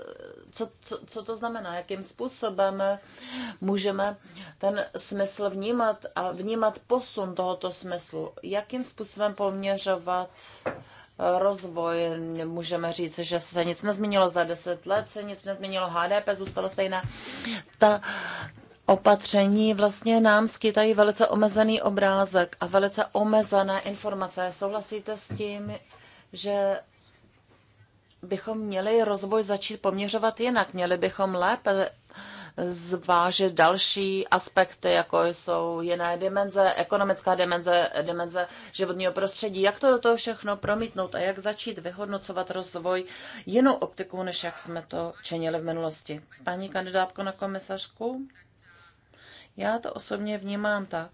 co, co, co to znamená, jakým způsobem můžeme ten smysl vnímat a vnímat posun tohoto smyslu, jakým způsobem poměřovat eh, rozvoj. Můžeme říct, že se nic nezměnilo za deset let, se nic nezměnilo, HDP zůstalo stejné. Ta opatření vlastně nám skýtají velice omezený obrázek a velice omezené informace. Souhlasíte s tím, že bychom měli rozvoj začít poměřovat jinak? Měli bychom lépe zvážit další aspekty, jako jsou jiné dimenze, ekonomická dimenze, dimenze životního prostředí. Jak to do toho všechno promítnout a jak začít vyhodnocovat rozvoj jinou optikou, než jak jsme to činili v minulosti? Paní kandidátko na komisařku? Já to osobně vnímám tak,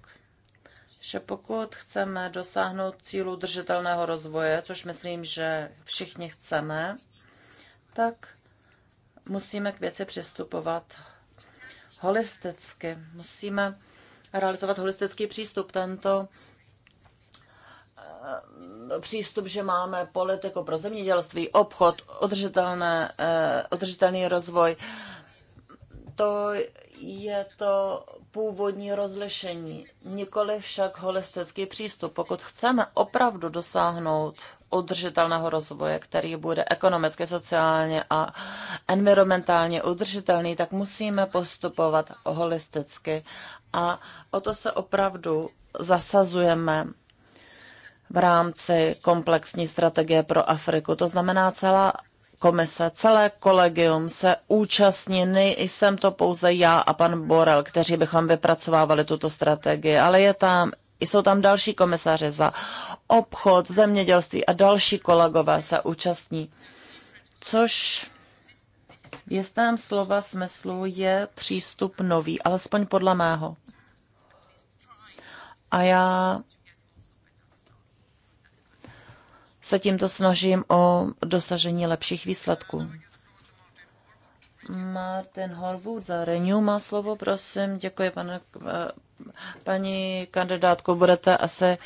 že pokud chceme dosáhnout cílu držitelného rozvoje, což myslím, že všichni chceme, tak musíme k věci přistupovat holisticky. Musíme realizovat holistický přístup. Tento eh, přístup, že máme politiku pro zemědělství, obchod, udržitelné, eh, udržitelný rozvoj, to je to původní rozlišení, nikoli však holistický přístup. Pokud chceme opravdu dosáhnout udržitelného rozvoje, který bude ekonomicky, sociálně a environmentálně udržitelný, tak musíme postupovat holisticky. A o to se opravdu zasazujeme v rámci komplexní strategie pro Afriku. To znamená, celá komise, celé kolegium se účastní, nejsem to pouze já a pan Borel, kteří bychom vypracovávali tuto strategii, ale je tam jsou tam další komisaři za obchod, zemědělství a další kolegové se účastní. Což v jistém slova smyslu je přístup nový, alespoň podle mého. A já se tímto snažím o dosažení lepších výsledků. Martin Horvud za Renew má slovo, prosím. Děkuji, pane, eh, paní kandidátko. Budete asi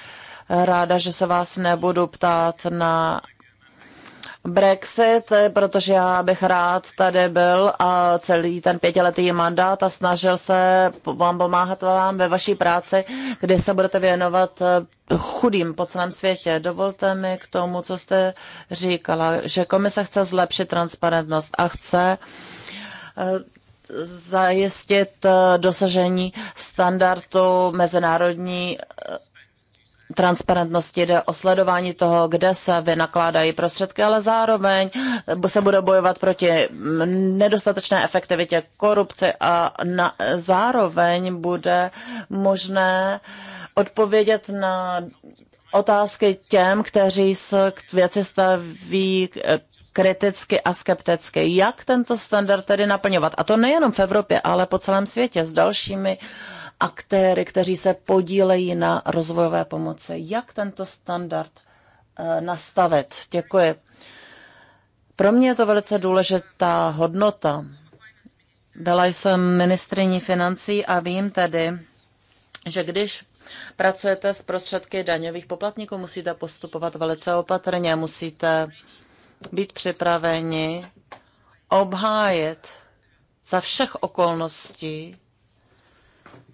ráda, že se vás nebudu ptát na Brexit, protože já bych rád tady byl a celý ten pětiletý mandát a snažil se vám pomáhat vám ve vaší práci, kdy se budete věnovat eh, chudým po celém světě. Dovolte mi k tomu, co jste říkala, že komise chce zlepšit transparentnost a chce eh, zajistit eh, dosažení standardu mezinárodní transparentnosti, jde o sledování toho, kde se vynakládají prostředky, ale zároveň se bude bojovat proti nedostatečné efektivitě korupci a na, zároveň bude možné odpovědět na otázky těm, kteří se k věci staví kriticky a skepticky, jak tento standard tedy naplňovat. A to nejenom v Evropě, ale po celém světě s dalšími aktéry, kteří se podílejí na rozvojové pomoci. Jak tento standard eh, nastavit? Děkuji. Pro mě je to velice důležitá hodnota. Byla jsem ministriní financí a vím tedy, že když pracujete s prostředky daňových poplatníků, musíte postupovat velice opatrně, musíte být připraveni obhájet za všech okolností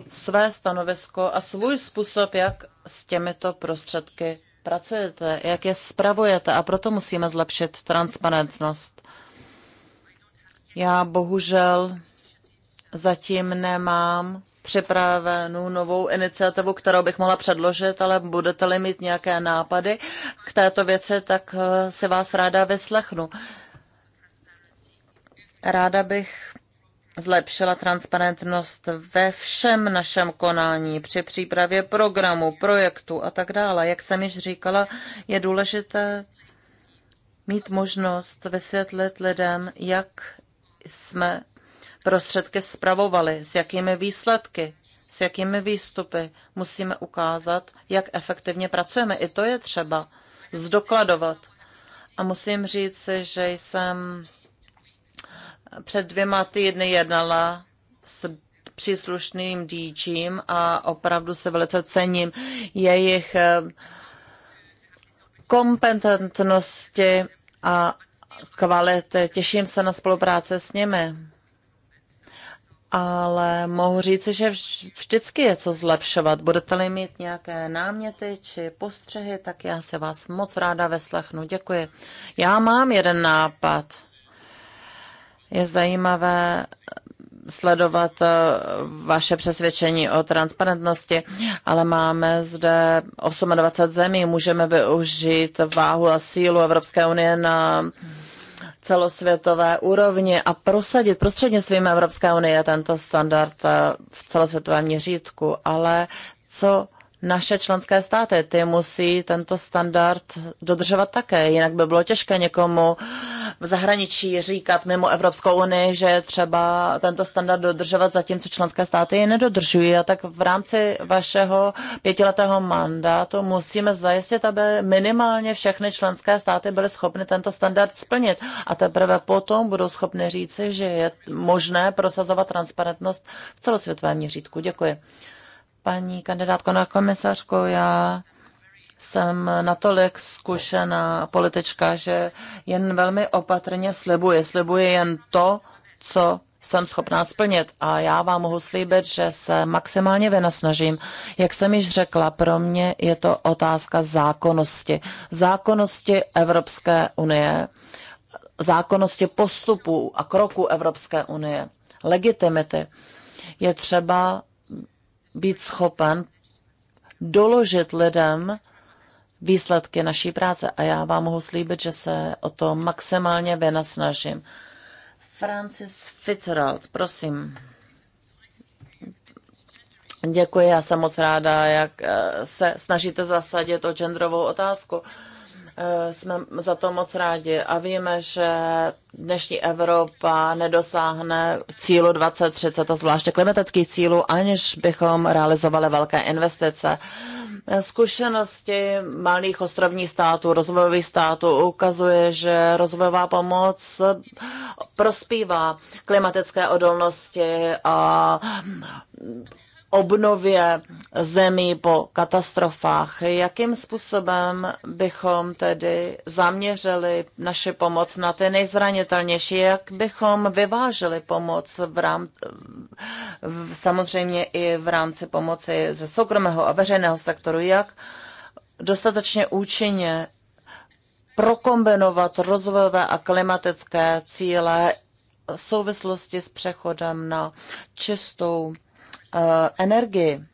své stanovisko a svůj způsob, jak s těmito prostředky pracujete, jak je spravujete a proto musíme zlepšit transparentnost. Já bohužel zatím nemám připravenou novou iniciativu, kterou bych mohla předložit, ale budete-li mít nějaké nápady k této věci, tak eh, si vás ráda vyslechnu. Ráda bych zlepšila transparentnost ve všem našem konání, při přípravě programu, projektu a tak dále. Jak jsem již říkala, je důležité mít možnost vysvětlit lidem, jak jsme prostředky spravovali, s jakými výsledky, s jakými výstupy. Musíme ukázat, jak efektivně pracujeme. I to je třeba zdokladovat. A musím říct, že jsem před dvěma týdny jednala s příslušným DJem a opravdu se velice cením jejich eh, kompetentnosti a kvality. Těším se na spolupráce s nimi ale mohu říct, že vždycky je co zlepšovat. Budete-li mít nějaké náměty či postřehy, tak já se vás moc ráda veslechnu. Děkuji. Já mám jeden nápad. Je zajímavé eh, sledovat eh, vaše přesvědčení o transparentnosti, ale máme zde 28 zemí. Můžeme využít váhu a sílu Evropské unie na celosvětové úrovni a prosadit prostřednictvím Evropské unie tento standard eh, v celosvětovém měřítku, ale co naše členské státy. Ty musí tento standard dodržovat také, jinak by bylo těžké někomu v zahraničí říkat mimo Evropskou unii, že je třeba tento standard dodržovat, zatímco členské státy je nedodržují. A tak v rámci vašeho pětiletého mandátu musíme zajistit, aby minimálně všechny členské státy byly schopny tento standard splnit. A teprve potom budou schopny říci, že je možné prosazovat transparentnost v celosvětovém měřítku. Děkuji. Paní kandidátko na komisařku, já jsem natolik zkušená politička, že jen velmi opatrně slibuji. Slibuji jen to, co jsem schopná splnit. A já vám mohu slíbit, že se maximálně vynasnažím. Jak jsem již řekla, pro mě je to otázka zákonnosti. Zákonnosti Evropské unie, zákonnosti postupů a kroků Evropské unie, legitimity. Je třeba být schopen doložit lidem výsledky naší práce. A já vám mohu slíbit, že se o to maximálně vynasnažím. Francis Fitzgerald, prosím. Děkuji, já jsem moc ráda, jak eh, se snažíte zasadit o genderovou otázku. Uh, Eh, jsme za to moc rádi a víme, že dnešní Evropa nedosáhne cílu 2030 a zvláště klimatických cílů, aniž bychom realizovali velké investice. Eh, zkušenosti malých ostrovních států, rozvojových států ukazuje, že rozvojová pomoc prospívá klimatické odolnosti a obnově zemí po katastrofách. Jakým způsobem bychom tedy zaměřili naši pomoc na ty nejzranitelnější? Jak bychom vyváželi pomoc v rám... samozřejmě i v rámci pomoci ze soukromého a veřejného sektoru? Jak dostatečně účinně prokombinovat rozvojové a klimatické cíle v souvislosti s přechodem na čistou Eh, energii.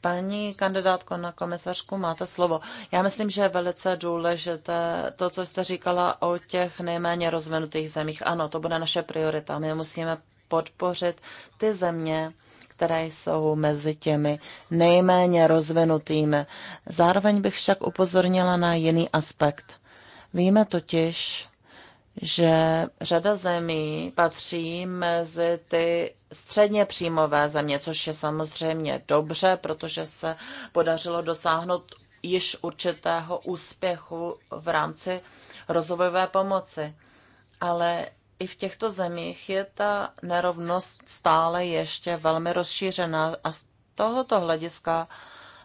Paní kandidátko na komisařku, máte slovo. Já myslím, že je velice důležité to, co jste říkala o těch nejméně rozvinutých zemích. Ano, to bude naše priorita. My musíme podpořit ty země, které jsou mezi těmi nejméně rozvinutými. Zároveň bych však upozornila na jiný aspekt. Víme totiž, že řada zemí patří mezi ty středně příjmové země, což je samozřejmě dobře, protože se podařilo dosáhnout již určitého úspěchu v rámci rozvojové pomoci. Ale i v těchto zemích je ta nerovnost stále ještě velmi rozšířená a z tohoto hlediska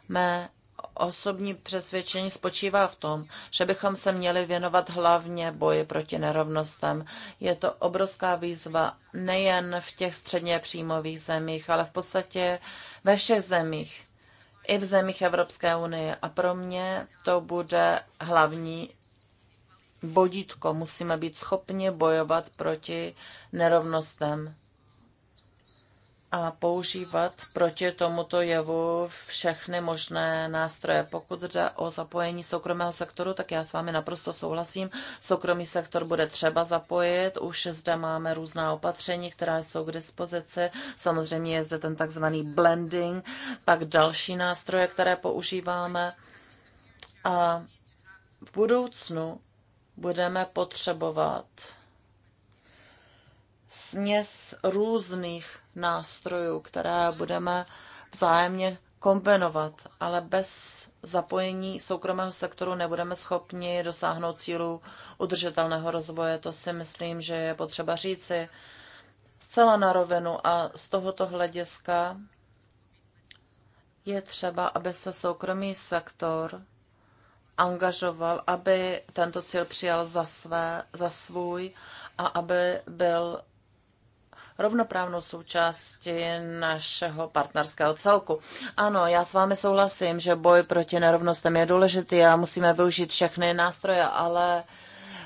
mé osobní přesvědčení spočívá v tom, že bychom se měli věnovat hlavně boji proti nerovnostem. Je to obrovská výzva nejen v těch středně příjmových zemích, ale v podstatě ve všech zemích, i v zemích Evropské unie. A pro mě to bude hlavní bodítko. Musíme být schopni bojovat proti nerovnostem a používat proti tomuto jevu všechny možné nástroje. Pokud jde o zapojení soukromého sektoru, tak já s vámi naprosto souhlasím. Soukromý sektor bude třeba zapojit. Už zde máme různá opatření, která jsou k dispozici. Samozřejmě je zde ten takzvaný blending, pak další nástroje, které používáme. A v budoucnu budeme potřebovat směs různých nástrojů, které budeme vzájemně kombinovat, ale bez zapojení soukromého sektoru nebudeme schopni dosáhnout cílů udržitelného rozvoje. To si myslím, že je potřeba říci zcela na rovinu a z tohoto hlediska je třeba, aby se soukromý sektor angažoval, aby tento cíl přijal za, své, za svůj a aby byl rovnoprávnou součástí našeho partnerského celku. Ano, já s vámi souhlasím, že boj proti nerovnostem je důležitý a musíme využít všechny nástroje, ale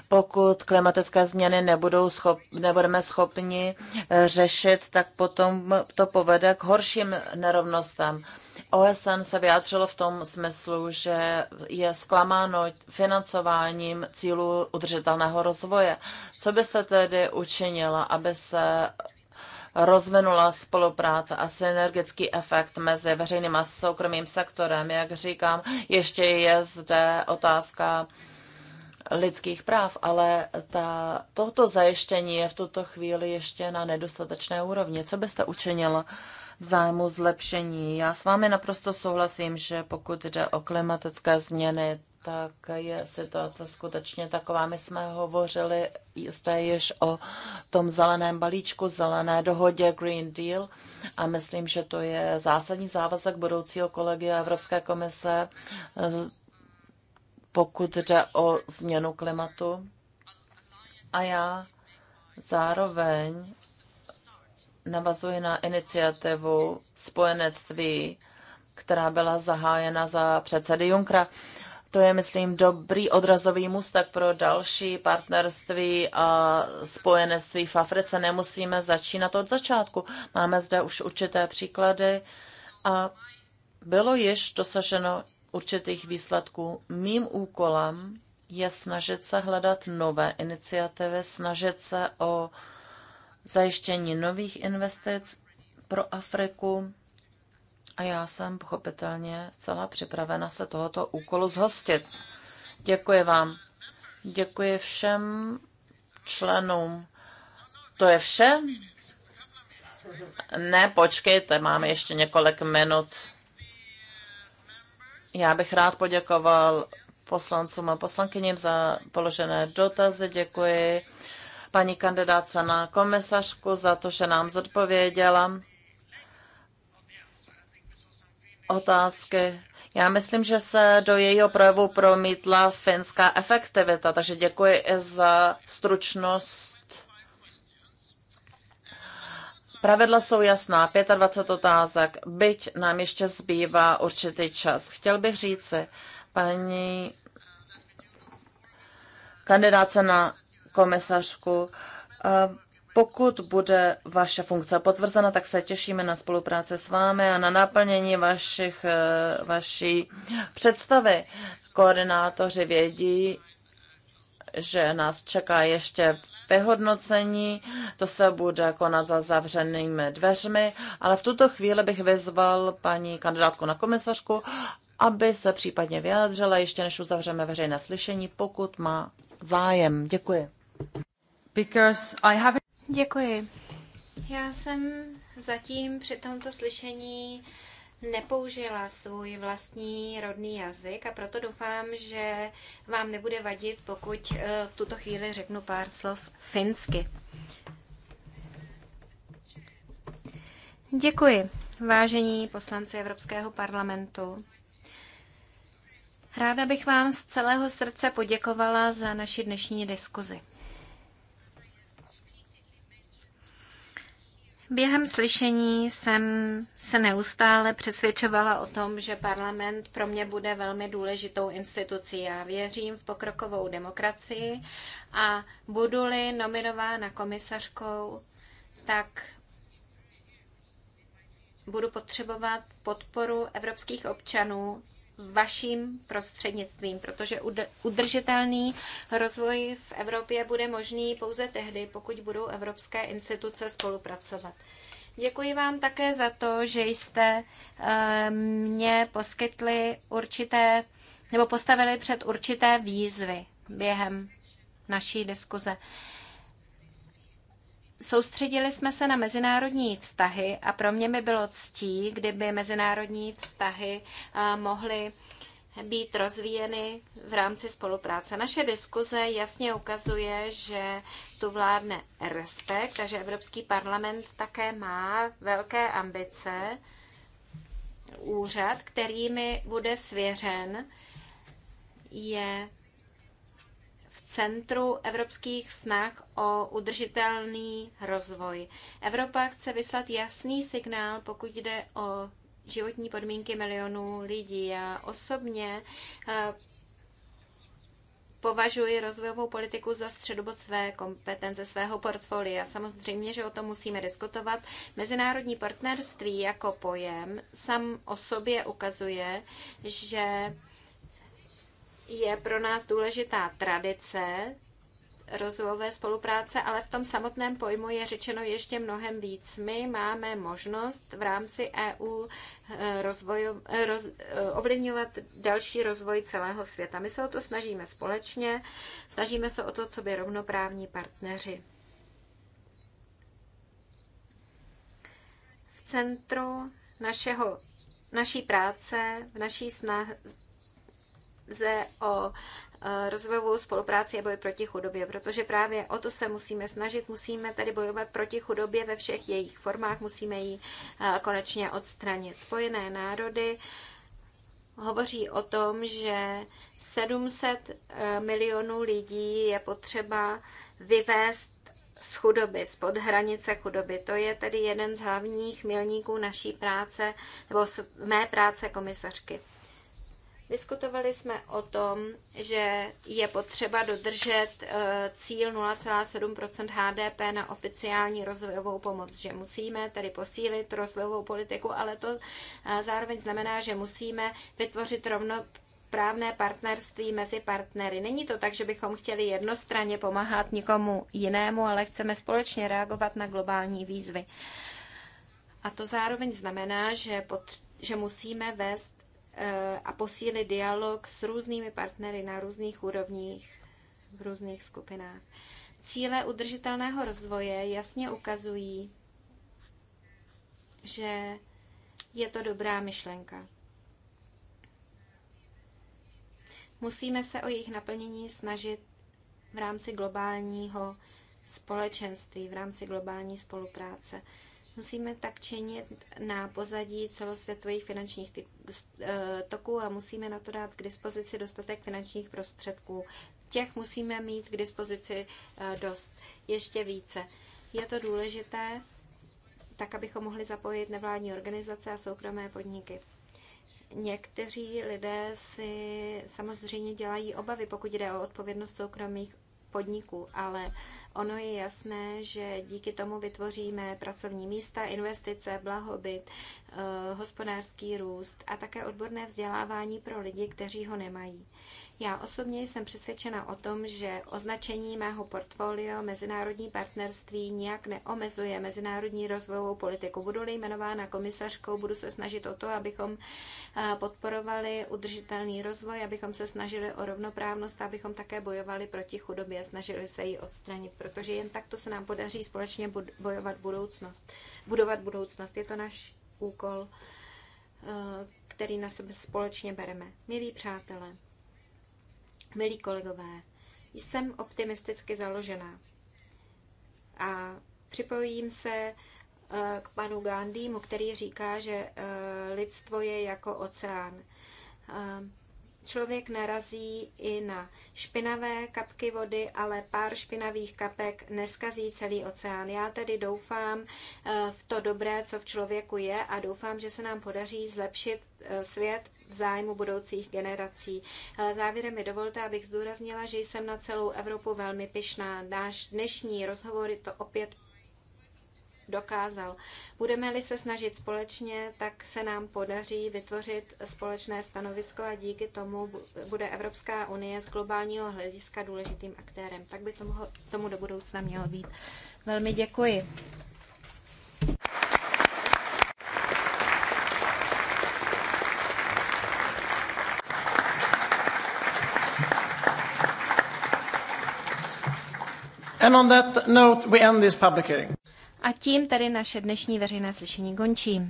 pokud klimatické změny nebudou schop, nebudeme schopni eh, řešit, tak potom to povede k horším nerovnostem. OSN se vyjádřilo v tom smyslu, že je zklamáno financováním cílů udržitelného rozvoje. Co byste tedy učinila, aby se rozvinula spolupráce a synergický efekt mezi veřejným a soukromým sektorem. Jak říkám, ještě je zde otázka lidských práv, ale ta, tohoto zajištění je v tuto chvíli ještě na nedostatečné úrovni. Co byste učinil v zájmu zlepšení? Já s vámi naprosto souhlasím, že pokud jde o klimatické změny, tak je situace skutečně taková. My jsme hovořili jste již o tom zeleném balíčku, zelené dohodě Green Deal a myslím, že to je zásadní závazek budoucího kolegy Evropské komise, pokud jde o změnu klimatu. A já zároveň navazuji na iniciativu spojenectví která byla zahájena za předsedy Junkra. To je, myslím, dobrý odrazový můstek pro další partnerství a spojenectví v Africe. Nemusíme začínat od začátku. Máme zde už určité příklady a bylo již dosaženo určitých výsledků. Mým úkolem je snažit se hledat nové iniciativy, snažit se o zajištění nových investic pro Afriku a já jsem pochopitelně celá připravena se tohoto úkolu zhostit. Děkuji vám. Děkuji všem členům. To je vše? Ne, počkejte, máme ještě několik minut. Já bych rád poděkoval poslancům a poslankyním za položené dotazy. Děkuji paní kandidáce na komisařku za to, že nám zodpověděla otázky. Já myslím, že se do jejího projevu promítla finská efektivita, takže děkuji i za stručnost. Pravidla jsou jasná, 25 otázek, byť nám ještě zbývá určitý čas. Chtěl bych říci, paní kandidáce na komisařku, eh, pokud bude vaše funkce potvrzena, tak se těšíme na spolupráci s vámi a na naplnění vašich, eh, vaší představy. Koordinátoři vědí, že nás čeká ještě vyhodnocení, to se bude konat za zavřenými dveřmi, ale v tuto chvíli bych vyzval paní kandidátku na komisařku, aby se případně vyjádřila, ještě než uzavřeme veřejné slyšení, pokud má zájem. Děkuji. Because I have Děkuji. Já jsem zatím při tomto slyšení nepoužila svůj vlastní rodný jazyk a proto doufám, že vám nebude vadit, pokud eh, v tuto chvíli řeknu pár slov finsky. Děkuji, vážení poslanci Evropského parlamentu. Ráda bych vám z celého srdce poděkovala za naši dnešní diskuzi. Během slyšení jsem se neustále přesvědčovala o tom, že parlament pro mě bude velmi důležitou institucí. Já věřím v pokrokovou demokracii a budu-li nominována komisařkou, tak budu potřebovat podporu evropských občanů vaším prostřednictvím, protože udržitelný rozvoj v Evropě bude možný pouze tehdy, pokud budou evropské instituce spolupracovat. Děkuji vám také za to, že jste eh, mě poskytli určité nebo postavili před určité výzvy během naší diskuze. Soustředili jsme se na mezinárodní vztahy a pro mě by bylo ctí, kdyby mezinárodní vztahy eh, mohly být rozvíjeny v rámci spolupráce. Naše diskuze jasně ukazuje, že tu vládne respekt a že Evropský parlament také má velké ambice. Úřad, který mi bude svěřen, je centru evropských snah o udržitelný rozvoj. Evropa chce vyslat jasný signál, pokud jde o životní podmínky milionů lidí. Já osobně eh, považuji rozvojovou politiku za středobod své kompetence, svého portfolia. Samozřejmě, že o tom musíme diskutovat. Mezinárodní partnerství jako pojem sam o sobě ukazuje, že je pro nás důležitá tradice rozvojové spolupráce, ale v tom samotném pojmu je řečeno ještě mnohem víc. My máme možnost v rámci EU eh, rozvoju, eh, roz, eh, ovlivňovat další rozvoj celého světa. My se o to snažíme společně, snažíme se o to, co by rovnoprávní partneři. V centru našeho, naší práce, v naší snaze diskuze o e, rozvojovou spolupráci a boj proti chudobě, protože právě o to se musíme snažit, musíme tedy bojovat proti chudobě ve všech jejich formách, musíme ji e, konečně odstranit. Spojené národy hovoří o tom, že 700 e, milionů lidí je potřeba vyvést z chudoby, spod hranice chudoby. To je tedy jeden z hlavních milníků naší práce, nebo mé práce komisařky. Diskutovali jsme o tom, že je potřeba dodržet eh, cíl 0,7 HDP na oficiální rozvojovou pomoc, že musíme tedy posílit rozvojovou politiku, ale to eh, zároveň znamená, že musíme vytvořit rovno právné partnerství mezi partnery. Není to tak, že bychom chtěli jednostranně pomáhat nikomu jinému, ale chceme společně reagovat na globální výzvy. A to zároveň znamená, že, pot, že musíme vést Eh, a posílit dialog s různými partnery na různých úrovních, v různých skupinách. Cíle udržitelného rozvoje jasně ukazují, že je to dobrá myšlenka. Musíme se o jejich naplnění snažit v rámci globálního společenství, v rámci globální spolupráce. Musíme tak činit na pozadí celosvětových finančních e, toků a musíme na to dát k dispozici dostatek finančních prostředků. Těch musíme mít k dispozici e, dost, ještě více. Je to důležité, tak abychom mohli zapojit nevládní organizace a soukromé podniky. Někteří lidé si samozřejmě dělají obavy, pokud jde o odpovědnost soukromých podniků, ale ono je jasné, že díky tomu vytvoříme pracovní místa, investice, blahobyt, eh, hospodářský růst a také odborné vzdělávání pro lidi, kteří ho nemají. Já osobně jsem přesvědčena o tom, že označení mého portfolio mezinárodní partnerství nijak neomezuje mezinárodní rozvojovou politiku. Budu-li jmenována komisařkou, budu se snažit o to, abychom eh, podporovali udržitelný rozvoj, abychom se snažili o rovnoprávnost, abychom také bojovali proti chudobě, snažili se ji odstranit, protože jen takto se nám podaří společně bojovat budoucnost, budovat budoucnost. Je to náš úkol, eh, který na sebe společně bereme. Milí přátelé, Milí kolegové, jsem optimisticky založená a připojím se eh, k panu Gandhimu, který říká, že eh, lidstvo je jako oceán. Eh, člověk narazí i na špinavé kapky vody, ale pár špinavých kapek neskazí celý oceán. Já tedy doufám v to dobré, co v člověku je a doufám, že se nám podaří zlepšit svět v zájmu budoucích generací. Eh, závěrem mi dovolte, abych zdůraznila, že jsem na celou Evropu velmi pyšná. Náš dnešní rozhovor to opět dokázal. Budeme-li se snažit společně, tak se nám podaří vytvořit společné stanovisko a díky tomu bude Evropská unie z globálního hlediska důležitým aktérem. Tak by tomu, tomu do budoucna mělo být. Velmi děkuji. And on that note, we end this public hearing. A tím tedy naše dnešní veřejné slyšení končí.